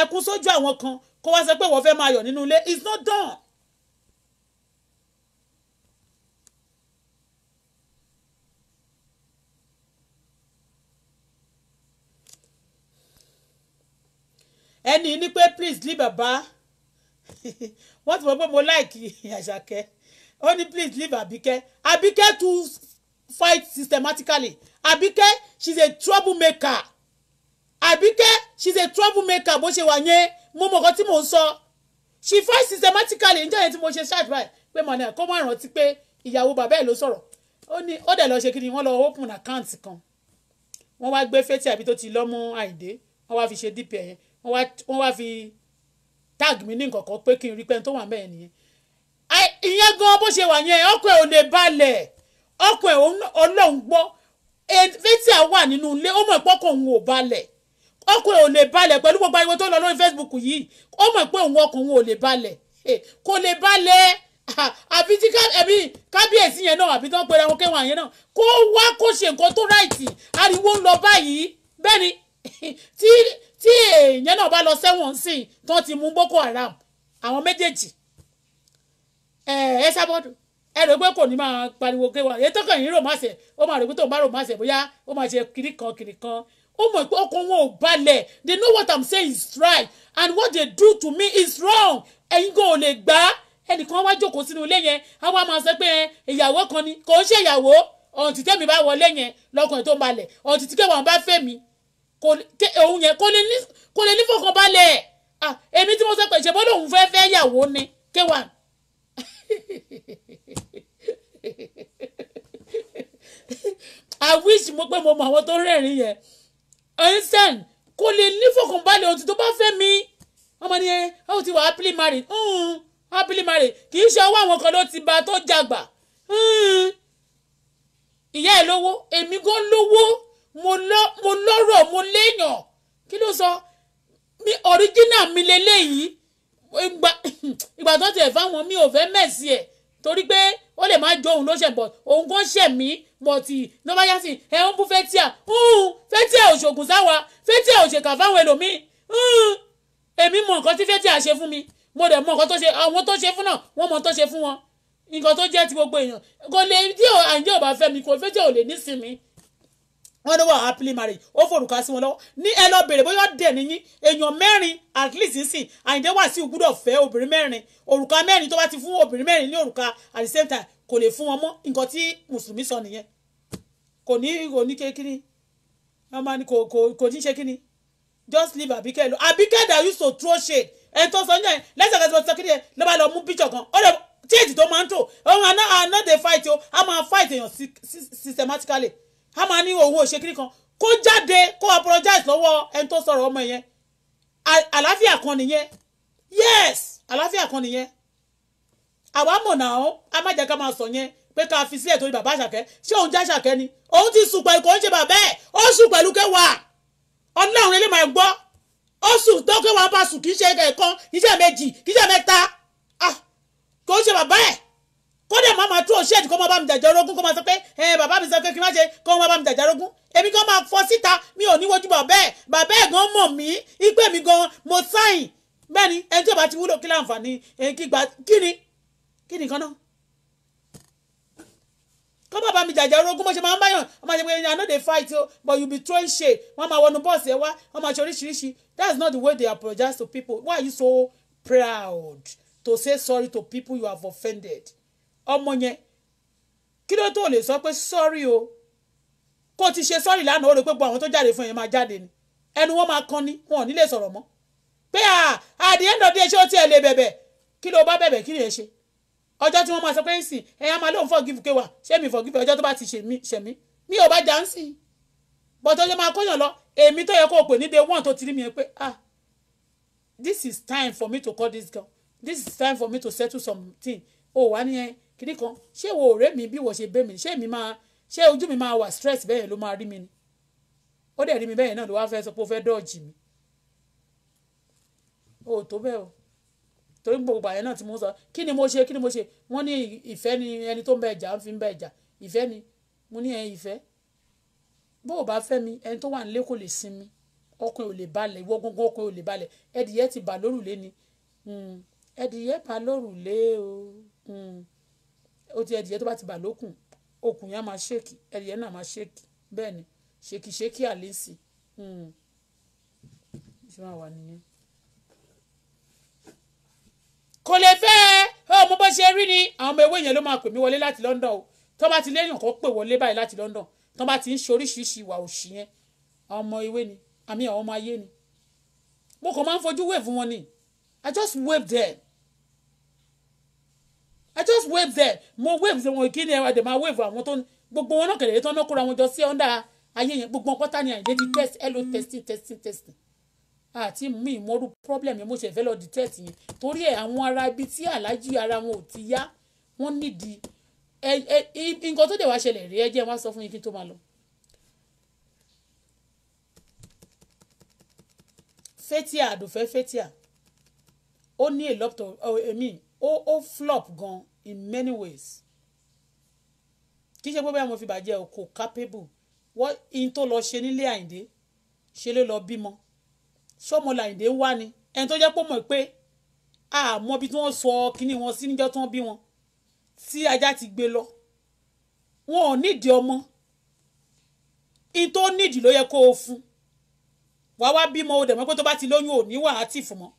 ẹkún sójú àwọn kan kó wá sọ pé wọ́n fẹ́ máa yọ̀ nínú ilé it's not done ẹni ní pé please leave Baba. *laughs* wọ́n ti mọ̀ pé mo láìkì àṣàkẹ́ ó ní please leave Abike Abike to fight systematically Abike she's a troublemaker Abike she's a troublemaker bó ṣe wà yẹn mo mọ̀ nǹkan tí mò ń sọ she fight systematically níjọ́ yẹn tí mo ṣe ṣáàdúrà pé mọ̀nà kó má rántí pé ìyàwó bàbá ẹ̀ ló sọ̀rọ̀ ó ní ó dẹ̀ lọ ṣe kí ni wọ́n lọ open account kan wọ́n wá gbé fẹ́tì àbí tó ti lọ́mú àìdé wọ́n wá fi ṣe dp ẹ̀yẹn wọ́n wá fi tag mi ní nǹkan kan pé kí n rí pẹ́ni tó wà mẹ́ẹ̀ nìyẹn ìyẹn gan bó ṣe wà yẹn ọkọ̀ ẹ̀ ò lè balẹ̀ ọkọ̀ ẹ̀ ọlọ́run gbọ́ fẹ́tì àwà nínú ilé ó mọ̀ pé ọkọ̀ òun ò balẹ̀ ọkọ̀ ẹ̀ ò lè balẹ̀ pẹ̀lú gbogbo ariwo tó lọ lórí Facebook yìí ó mọ̀ pé òun ọkọ̀ òun ò lè balẹ̀ kò lè balẹ̀ àbí tí ẹbí kábíyèsí yẹn náà àbí tó ń pera wọn kẹwọn yẹn náà kó wá kó ṣe nǹkan tó ráìtì ariwo ń lọ báyìí bẹ́ẹ̀ ni *laughs* tí tí èèyàn náà bá lọ sẹ́wọ̀n sí i tí wọ́n ti mú Boko Haram àwọn méjèèjì ẹ ẹ sábọ́dù ẹ rò pé kò ní máa pariwo pé wà ètò kan yìí romance ó máa rò pé tó ń bá romance bóyá ó máa ṣe kiri kan kiri kan ó mọ̀ pé ọkàn wọn ò balẹ̀ they know what i'm saying is right and what they do to me is wrong ẹ̀yin kò lè gbà á ẹnìkan wá jókòó sínú ilé yẹn á wá máa sọ pé ìyàwó kan ni kò ń ṣe ìyàwó ọ̀hún títẹ́ mi bá wọlé yẹn lọ́kùnrin tó ń balẹ̀ ọ̀hún títí kẹwàá bá fẹ́ mi òun yẹn kò lè nífọ̀kànbalẹ̀ èmi tí mo sọ pé ṣèbó lòun fẹ́ fẹ́ yàwó ni kéwà *laughs* i wish mo pé mo mọ àwọn tó rẹ́rìn yẹn einstein kò lè nífọ̀kànbalẹ̀ òtún tó bá fẹ́ mi ọmọ ni ẹ ó ti wà happily married hmm, happily married kì í ṣe ọwọ́ àwọn kan ló ti ba tó jàgbà hmm. ìyá ẹ̀ lówó èmi gan lówó mo lọ́rọ̀ mo léèyàn kí ló sọ mi original mi leléyìí ìgbà *clears throat* ìgbà tó tiẹ̀ fáwọn mi ò fẹ́ mẹ̀sì ẹ̀ torí pé ó lè má jọ òun ló ṣẹ̀ bọ̀ òun kò ṣẹ̀ mí bọ̀tì nọ́bàyà sí ẹ̀ ń bú fẹ́tíà fẹ́tíà òṣògùn sáwa fẹ́tíà òṣèkà fáwọn ẹlòmíì èmi mọ nǹkan tí fẹ́tíà ṣe fún mi mo dẹ̀ mọ nǹkan tó ṣe àwọn tó ṣe fún náà wọ́n mọ tó ṣe fún wọn nǹkan tó jẹ́ ti gbogbo èèyàn kò lè tí àǹjẹ́ ò bá fẹ́ mi kò fẹ́tíà ò lè nísìnyí wọ́n ló wà happily married ó forúkọ sí wọn lọ́wọ́ ní ẹ lọ bèrè bóyá dẹ̀ níyín èèyàn mẹ́rin at least nsìn àyìndé wà sí gbúdọ̀ fẹ́ obìnrin mẹ́rin òrùka mẹ́rin tó bá ti fún obìnrin mẹ́rin ní òrùka at the same time kò lè fún wọn mọ́ nǹkan tí mùsùlùmí sọ nìyẹn kò ní kò ní kékeré wọ́n máa ní kò kò kò ní ṣe kíni just leave Abike lo Abike that used to throw shade ẹ̀ tó sọ ní ẹ̀ lẹ́sẹ̀kẹsẹ̀ sọ kí ni ẹ̀ ló bá lọ mú picture kan ó lè change tó máa ń tò òun àná àná dey fight o a máa fight èèyàn systematically a máa ní òun ò ṣe kiri kan kó jáde kó apologize lọ́wọ́ ẹni tó sọ̀rọ̀ ọmọ yẹn àlàáfíà kan nìyẹn yes àlàáfíà kan nìyẹn àwa mọ̀ náà ó a má jẹ́ ká máa sọ yẹn pé ká fi sílẹ̀ torí bàbá àṣàkẹ́ ṣé òun já àṣàkẹ́ ni òun ti sùn pẹ̀lú kò ń ṣe bàbá ẹ̀ ó sùn pẹ̀lú kẹwàá ọlọ́run ilé máa gbọ́ ó sùn tó kẹwàá bá sùn kì í ṣe ẹ̀kan kì í ṣe méjì kì í ṣe mẹ́ta ah, kò ń ṣe bàbá ẹ̀ kó dẹ̀ máa máa tú ọ̀ṣẹ́ ẹ̀dì kó máa bá mi jàjà orogún kó máa sọ pé ẹ bàbá mi sọ pé kí n má ṣe kó máa bá mi jàjà orogún èmi gan máa fọ síta mi ò ní wojú bàbá ẹ̀ bàbá ẹ̀ gan mọ̀ mí ipe mi gan mo sáìn bẹ́ẹ̀ ni ẹni tí ò bá ti wúlò kí láǹfààní kí ni kí ni kan náà kọ́ bàbá mi jàjà orogún bó ṣe máa ń báyàn ọmọ àṣẹ pé I no dey fight o but you be throwing shade wọ́n máa wọnú bọ́ọ̀sì ẹ wá wọ́n máa ṣe oríṣiríṣi that's not the way they apologize to people why are you so proud to say sorry to people you have offended ọmọ yẹn kí ló tó lè sọ pé sọ́rí o kó o ti ṣe sọ́rí lánàá ó rò pé gbogbo àwọn tó jáde fún yẹn máa jáde ni ẹnu wọn máa kan ni wọn ò ní lè sọ̀rọ̀ mọ́ pé at the end of the day ṣé ó tiẹ̀ lè bẹ̀bẹ̀ kí ló bá bẹ̀bẹ̀ kí lè ṣe ọjọ́ tí wọ́n máa sọ pé ǹsìn ẹ̀yà máa lóun forgive kéwà ṣé mi forgive ọjọ́ tó bá ti ṣẹ̀mí mi ò bá jà ń sìn bọ́tọ̀ ṣe máa kóyàn lọ èmi tó yẹ kó o pè ní day one tó ti rí mi pé ah this is time for me to call this girl this is time for me to settle something o wà ní kìnnì kan ṣé wo ọ̀rẹ́ mi bí wọ́n ṣe bẹ́ mi ṣé mi máa ṣé ojú mi máa wà stress bẹ́ẹ̀ ló máa rí mi ni ó dẹ̀ rí mi bẹ́ẹ̀ náà ló wá fẹ́ sọ pé ó fẹ́ dọ́ọ̀jì mi o ò tó bẹ́ẹ̀ o torí gbogbo àyẹ̀ náà tí mo sọ kí ni mo ṣe kí ni mo ṣe wọ́n ní ìfẹ́ ni ẹni tó ń bẹ ẹ̀jà ń fi ń bẹ ẹ̀jà ìfẹ́ ni mo ní ẹ̀yìn ìfẹ́ bó o bá fẹ́ mi ẹni tó wà nílé kò lè sinmi ọkùnrin ò lè balẹ̀ ìwọ ọkùnrin ò lè balẹ̀ ẹdìyẹ ti bà lórùlé ni hmm. ẹdìyẹ bà lórùlé o. Mm ó ti ẹdìyẹ tó bá ti bà lókùn okùn yẹn á máa ṣèkì ẹdìyẹ náà máa ṣèkì bẹ́ẹ̀ ni ṣèkìṣèkì àlèsì hmm. ṣé máa wà nìyẹn. kò lè fẹ́ ẹ ó bó ṣe rí ni àwọn ọmọ ewé yẹn ló máa pè mí wọlé láti London o tó bá ti léèyàn kan pè wọlé báyìí láti London tó bá ti ń ṣe oríṣiríṣi ìwà òṣì yẹn àwọn ọmọ ewé ni àmì àwọn ọmọ ayé ni mo kàn máa ń fojú wave wọn ni I just wave there I just wave there mo wave ṣe wọn kí ni ẹwà dẹ̀ máa wave àwọn tó gbogbo wọn náà kẹ̀lẹ́ tán náà kóra wọn jọ sí ọ̀ndà ayé yẹn gbogbo pátá ni àyè débi test hello testing testing testing àti mi ìmọ̀rú problem yẹn mo ṣe fẹ́ lọ di test yẹn torí ẹ̀ àwọn ará ibi tí aláàjì ara wọn ò ti yá wọ́n nídìí ẹ ẹ nǹkan tó dẹ̀ wá ṣẹlẹ̀ rí ẹ jẹ́ wá sọ fún yín kí n tó máa lọ. Fathia àdùfẹ́ Fathia ó ní a lot of oh, I mean ó ó flop gan in many ways kì í ṣe pé bẹ́ẹ̀ mo fi bàjẹ́ o kò capable wọ́n in tó lọ ṣe nílé àyíndé ṣe ló lọ bímọ ṣọ́mọ làyíndé ń wá ni ẹni tó jẹ́ pé mọ̀ pé àmọ́ bí wọ́n sọ kínní wọn sí níjọ́ tán bí wọn tí ajá ti gbé lọ wọn ò nídìí ọmọ in tó nídìí ló yẹ kó o fún wá wá bímọ o dẹ̀ mọ́ pé tó bá ti lóyún ò ní wàá tì fún mọ́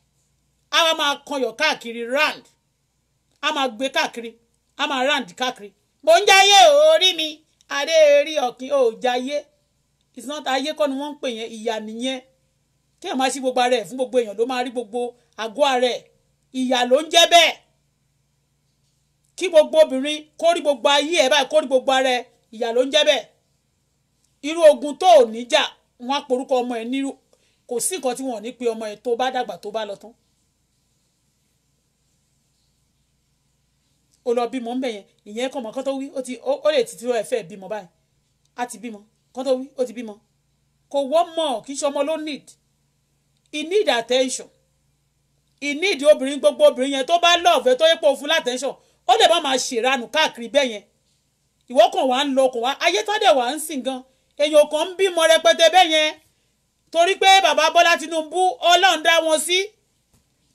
a wá máa kanyọ̀ káàkiri round a máa gbé káàkiri a máa round káàkiri mò ń jayé orí mi adé rí ọ̀kìn ò jayé it's not ayé kọ́ ni wọ́n ń pè yẹn ìyà nìyẹn kéèyàn máa ṣí gbogbo ara ẹ̀ fún gbogbo èèyàn ló máa rí gbogbo àgọ́ ara ẹ̀ ìyà ló ń jẹ́ bẹ́ẹ̀ kí gbogbo obìnrin kó rí gbogbo ayé ẹ̀ báyìí kó rí gbogbo ara ẹ̀ ìyà ló ń jẹ́ bẹ́ẹ̀ irú ogun tó ò ní jà wọ́n á porúkọ ọmọ ẹ̀ nírú kò sí nǹkan tí wọ́n ò ní pe ọmọ ẹ̀ tó bá dàgbà tó bá lọ tán ó lọ bímọ ńbẹ yẹn ìyẹn kàn mọ́ kán tó wí ó ti ó lè ti tó ẹ̀fẹ́ bímọ báyìí á ti bímọ kán tó wí ó ti bímọ kò wọ́n mọ̀ kí sọmọ ló need he need attention he need obìnrin gbogbo obìnrin yẹn tó bá love ẹ tó yẹ pé òfin látẹ́ńsọ̀ ó lè má máa ṣèranù káàkiri bẹ́ẹ̀ yẹn ìwọ kàn wá ń lọ kàn wá ayé tó dẹ̀ wá ń sìn gan èèyàn kan ń bímọ rẹpẹtẹ bẹ́ẹ̀ yẹn torí pé bàbá Bọ́lá Tinubu ọlọ́run dá wọn sí. Si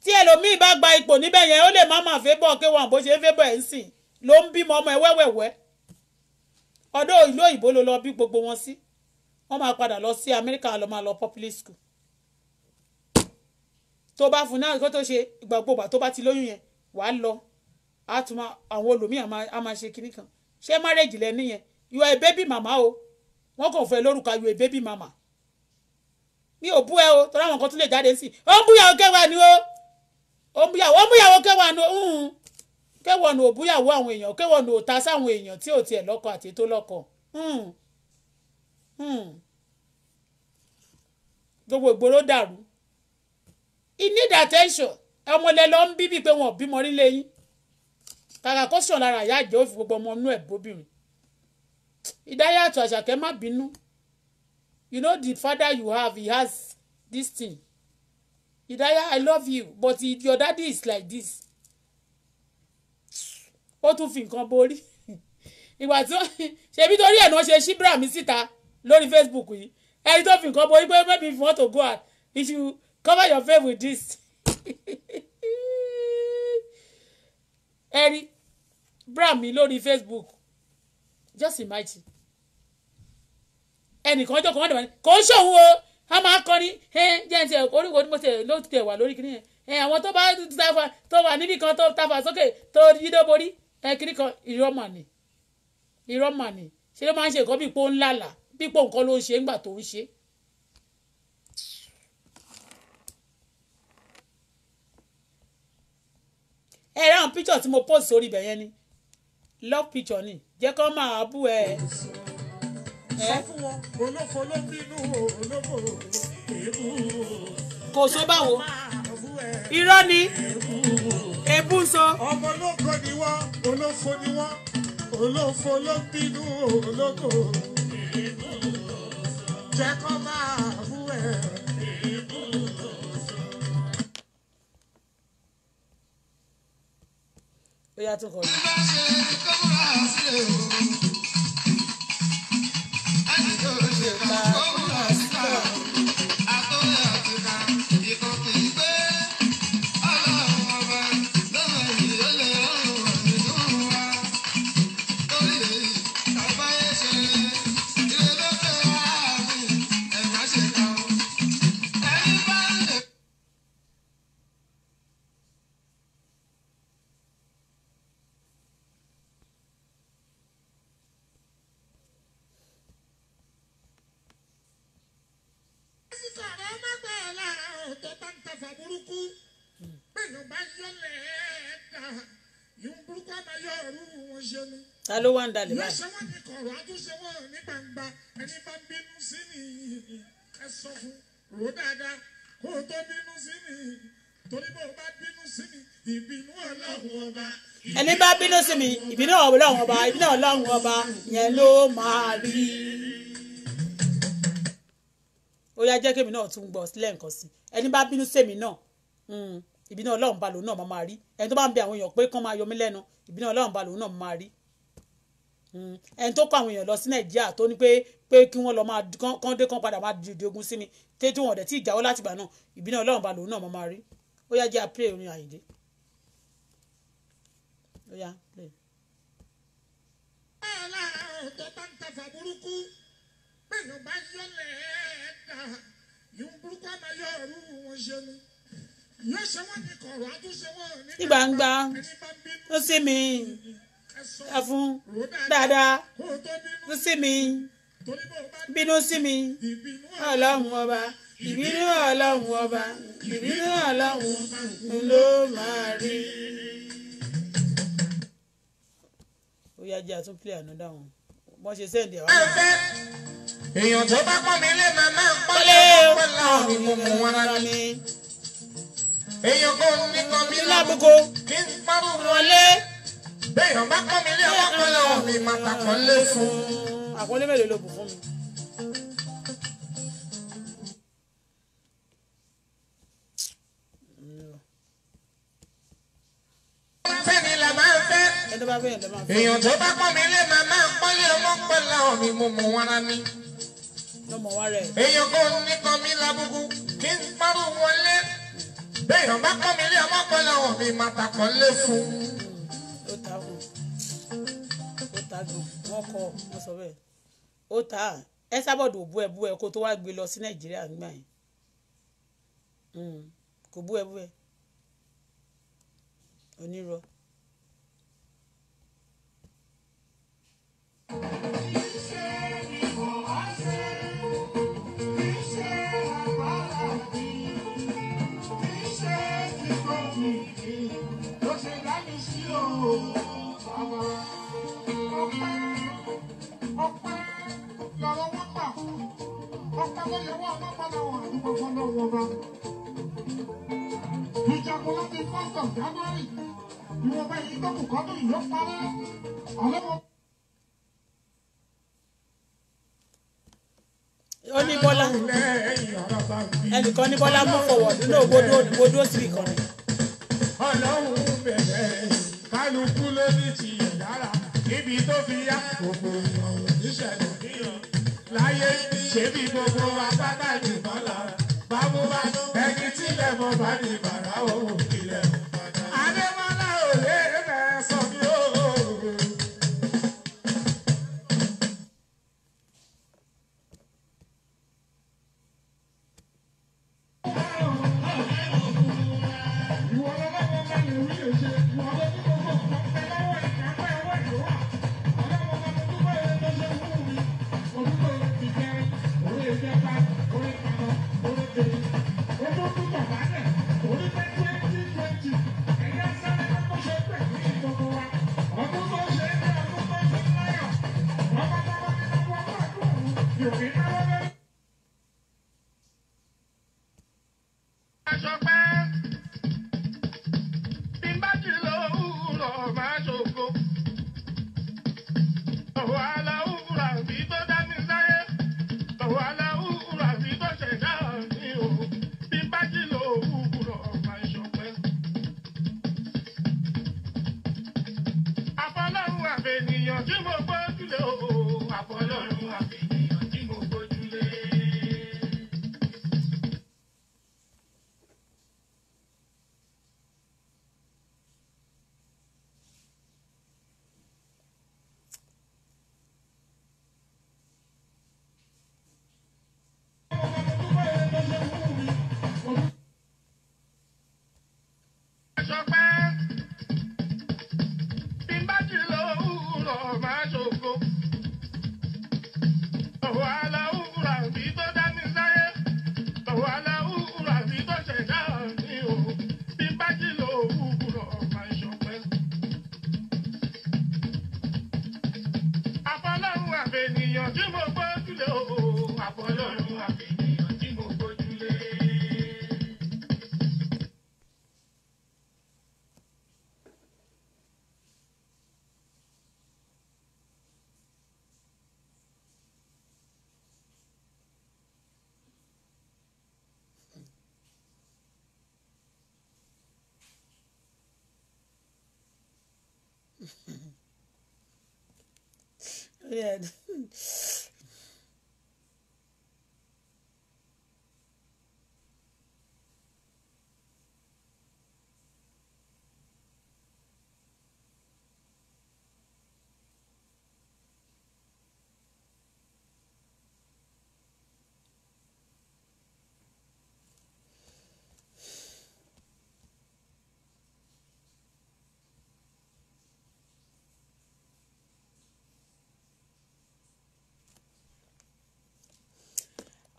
tí ẹlòmíì bá gba ipò níbẹ̀ yẹn ó lè má máa fẹ́ bọ̀ kí wọn bó ṣe fẹ́ bọ̀ ẹ̀ ń sìn ló ń bímọ ọmọ ẹ wẹ́wẹ́wẹ́ ọ̀dọ̀ ìlú òyìnbó ló lọ bí gbogbo wọn sí wọ́n máa padà lọ sí Amẹ́ríkà lọ máa lọ public school tó bá fún náà kó tó ṣe ìgbàgbọ́gbà tó bá ti lóyún yẹn wà á lọ àtúmọ̀ àwọn olùmíì á máa ṣe kinní kan ṣé márẹ́jì lẹ níyẹn you are a baby mama o wọ́n kàn fẹ́ lórúkọ you are a baby mama mi ò bú ẹ o tọ́lá àwọn kan tún lè jáde sí i ó ń búyà ọ̀gẹ́wà ni o òmùyàwó òmùyàwó kẹwàá nù kẹwàá nù òbúyàwó àwọn èèyàn kẹwàá nù òta sáwọn èèyàn tí ò tiẹ̀ lọ́kọ àti tó lọ́kọ gbogbo ìgboro dàrú it need attention ọmọ ilẹ̀ lọ ń bíbí pé wọn ò bímọ nílé yín kàkà kó sàn lára àyà àjẹ́ òfin gbogbo ọmọ inú ẹ̀ bóbìnrin ìdáyàtọ̀ àṣàkẹ́ má bínú you know the father you have he has this thing Idaya, I love you but your daddy is like this ó tún fi nǹkan borí ìgbà tí ṣebí torí ẹ̀ náà ṣe ṣíbra mi síta lórí Facebook yìí ẹni tó fi nǹkan borí pé maybe if you want to go out if you cover your face with this ẹni bra mi lórí Facebook just imagine ẹnìkan jọ kàn wọ́n dẹ̀ wọ́n kò ń ṣòwò o a máa kọrin jẹ́ ti oríwo ni mo ti ló ti wà lórí kìnìyàn àwọn tó bá tafa tó wà níbì kan tó tafa sókè tó yídó borí kiri kan ìrọ́mà ni ìrọ́mà ni ṣé ló máa ń ṣe nǹkan bíi pò ń lálà bíi pò nǹkan ló ń ṣe ńgbà tó ń ṣe. ẹ ráhùn píṣọ̀ tí mo post sórí ibẹ̀ yẹn ni love picture ni jẹ́ kó máa bú ẹ sọ fún wọn olófo kò só báwo irọ́ ni èébú so. ọmọ olóko ni wọn olófo ni wọn olófo ló bínú olóko èébú. kó máa bú ẹ̀. ó yà tó kọ oh ìhun burúkú ọmọ yọ ọrú wọn ṣe ni. ta ló wá ń dalẹ̀ báyìí. ìyẹn ṣe wọ́n ní kọ̀ọ̀rọ̀ àtúnṣe wọn ní gbangba ẹni bá bínú sí ni ẹ sọ fún rò dáadáa kó o tó bínú sí ni torí bó o mi ìbínú ọlọ́run ọba ìbínú ọlọ́run ọba yẹn ló máa rí. ó yá jẹ́ kémi náà tún gbọ́ sílẹ̀ nǹkan sí ẹni bá bínú sí náà hmm ìbínú ọlọ́run ba lòun náà máa rí ẹni tó bá ń bẹ àwọn èèyàn pé kán máa yọ mí lẹ́nu ìbínú ọlọ́run ba lòun náà máa rí hmm. ẹni tó kọ àwọn èèyàn lọ sí nàìjíríà tó ní pé pé kí wọ́n lọ máa kán dé kán padà máa dìde ogun sí mi tẹ́ tí wọ́n ọ̀dẹ̀ tí ìjáwọ́ láti gbà náà ìbínú ọlọ́run ba náà máa rí ó yá jẹ́ àpè orin àyíndé. bẹ́ẹ̀ ló ní gbangba ó sì mí ẹfun dáadáa ó sì mí bínú sí mi ọlọ́run ọba ìbínú ọlọ́run ọba ìbínú ọlọ́run ló máa rí. ó yá jẹ́ àtún play another one wọ́n ṣe sẹ́ǹdì àwọn. èèyàn tó bá pọ́n mi lé màmá ń pọ́n lé ọ̀pọ̀lọpọ̀ ọ̀rùn mọ̀mọ́ wọn èèyàn kò ní kan mi lábùkù kí n parú wọlé béèyàn bá kọ́ mi lé ọkọ lọ́wọ́ mi máa tàkọ́ lé fún. àkọlé mélòó ló bù fún mi. fẹ́ni là máa ń èèyàn tó bá pọ́n mi lé màá máa ń pọ́n lé ọmọ pẹ́ láwọn mi mo mọ̀ wọn mi. èèyàn kò ní kan mi lábùkù kí n parú wọlé béèyàn bá kọ́ mi ilé ọmọ pẹ́ lọ́wọ́ mi máa takọ̀ lé fún. ó ta o ó ta dùn wọ́n kọ́ wọ́n sọ bẹ́ẹ̀ ó ta ẹ sábọ̀dọ̀ bú ẹ bú ẹ kó tó wá gbé lọ sí nàìjíríà nígbà yẹn hmm. kò bú ẹ bú ẹ onírọ́. thank you ayẹyẹwò alágbára wọn àdúgbò fọlọ́wọ́ bá. ìjàgbọ́n láti first of ó ní bọ́lá ẹnìkan ní bọ́lá mú fọwọ́ nínú ògbódó òdìbòdó sí ìkànnì. ọlọ́run bẹ̀rẹ̀ kálukú ló ní tìyẹ̀ dára níbi tó fi yá gbogbo ìrọ̀rùn láyé ṣebí gbogbo wa pátá nìkan lára bá mú bá ẹni tí lẹ́mọ̀ bá ní bàrà òun.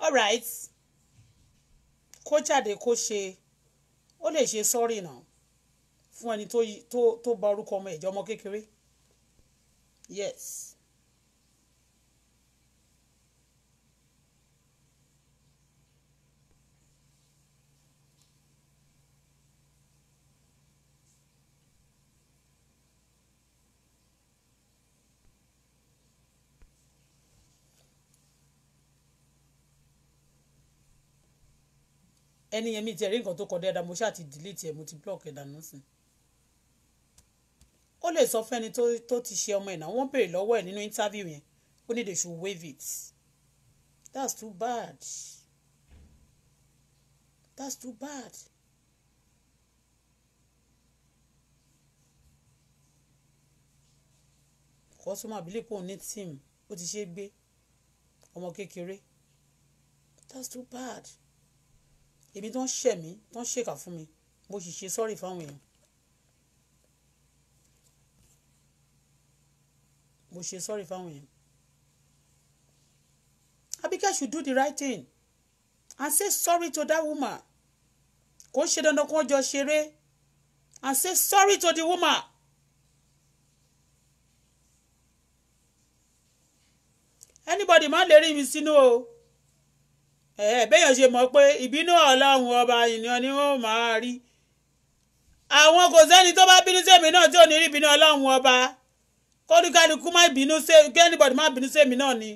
Alright, right kó jáde kó ṣe ó lè ṣe sọ́ọ̀rì náà fún ẹni tó bá orúkọ ọmọ ìjọ ọmọ kékeré yes. ẹni yẹn mi ti ẹ̀rí nǹkan tó kọ dáadáa mo ṣáà ti delete ẹ̀ mo ti block ẹ̀ dànù sí i ó lè sọ fẹ́ni tó ti ṣe ọmọ ẹ̀ náà wọ́n béèrè lọ́wọ́ ẹ̀ nínú interview yẹn ó ní they should waive it that's too bad that's too bad. kọ́sùmọ̀ àbílẹ̀ pọ̀ ní tíìmù ó ti ṣe é gbé ọmọ kékeré that's too bad èmi tó ń ṣẹ̀ mí tó ń ṣèkà fún mi mo sì ṣe sọ́ọ̀rì fáwọn èèyàn mo ṣe sọ́ọ̀rì fáwọn èèyàn Abike should do the right thing and say sorry to that woman kò ṣe dandan kó jọ ṣeré and say sorry to the woman. anybody má lè rí mi sínú o bẹ́ẹ̀ ṣe mọ̀ pé ìbínú ọlọ́run ọba ènìyàn ni wọ́n máa rí àwọn kò sẹ́ni tó bá bínú sẹ́mi náà tí ò ní rí ìbínú ọlọ́run ọba kóníkálukú má bínú sí kẹ́nìbọ̀dì má bínú sẹ́mi náà ni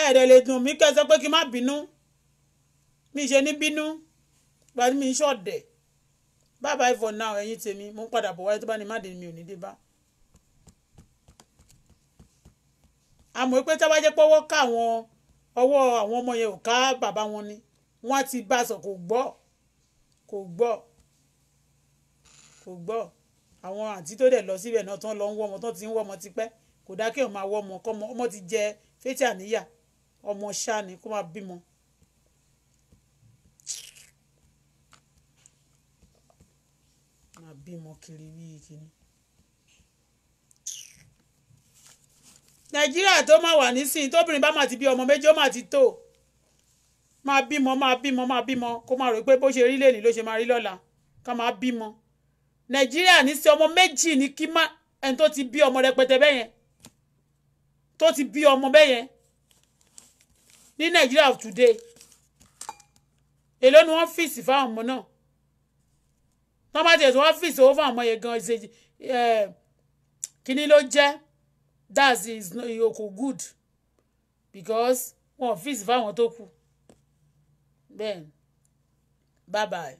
ẹ̀ẹ́dẹ̀ lè dùn mí kẹ́ sọ pé kí n má bínú mi ṣe ní bínú pẹ̀lú mi ṣọ̀dẹ̀ bye bye for now ẹ̀yin tèmi mo ń padà bọ̀ wáyé tó bá ní má dé mi ò ní dé bá. àmọ́ pé tábàjẹ́ pọ́wọ́ ká àwọn ọwọ́ àwọn ọmọ yẹn ò ká bàbá wọn ni wọ́n á ti bá a sọ kò gbọ́ kò gbọ́ kò gbọ́ àwọn àǹtí tó dẹ̀ lọ síbẹ̀ náà tán lọ ń wọ́ ọmọ tán ti ń wọ́ ọmọ tipẹ́ kò dá kí ọmọ àwọ̀ ọmọ kọ́ ọmọ ti jẹ fétí àníyà ọmọ ṣáà ni kó máa bímọ. máa bímọ kiri bíi kíni. nàìjíríà tó máa wà nísìnyí tóbìnrin bá máa ti bí ọmọ méjì ó máa ti tó máa bímọ máa bímọ máa bímọ kó máa rò pé bó ṣe rí lèní ló ṣe máa rí lọ́la ká máa bímọ nàìjíríà ní sí ọmọ méjì ní kí má ẹni tó ti bí ọmọ rẹpẹtẹ bẹ́yẹn tó ti bí ọmọ bẹ́yẹn ní nàìjíríà today èló ni wọ́n fìsì fáwọn ọmọ náà wọ́n bá tiẹ̀ tó wọ́n fìsì owó fáwọn ọmọ yẹn gan-an eh, kínní ló jẹ́ That is kò good because wọn ò fíìsì fáwọn tó kù bẹ́ẹ̀ bye bye.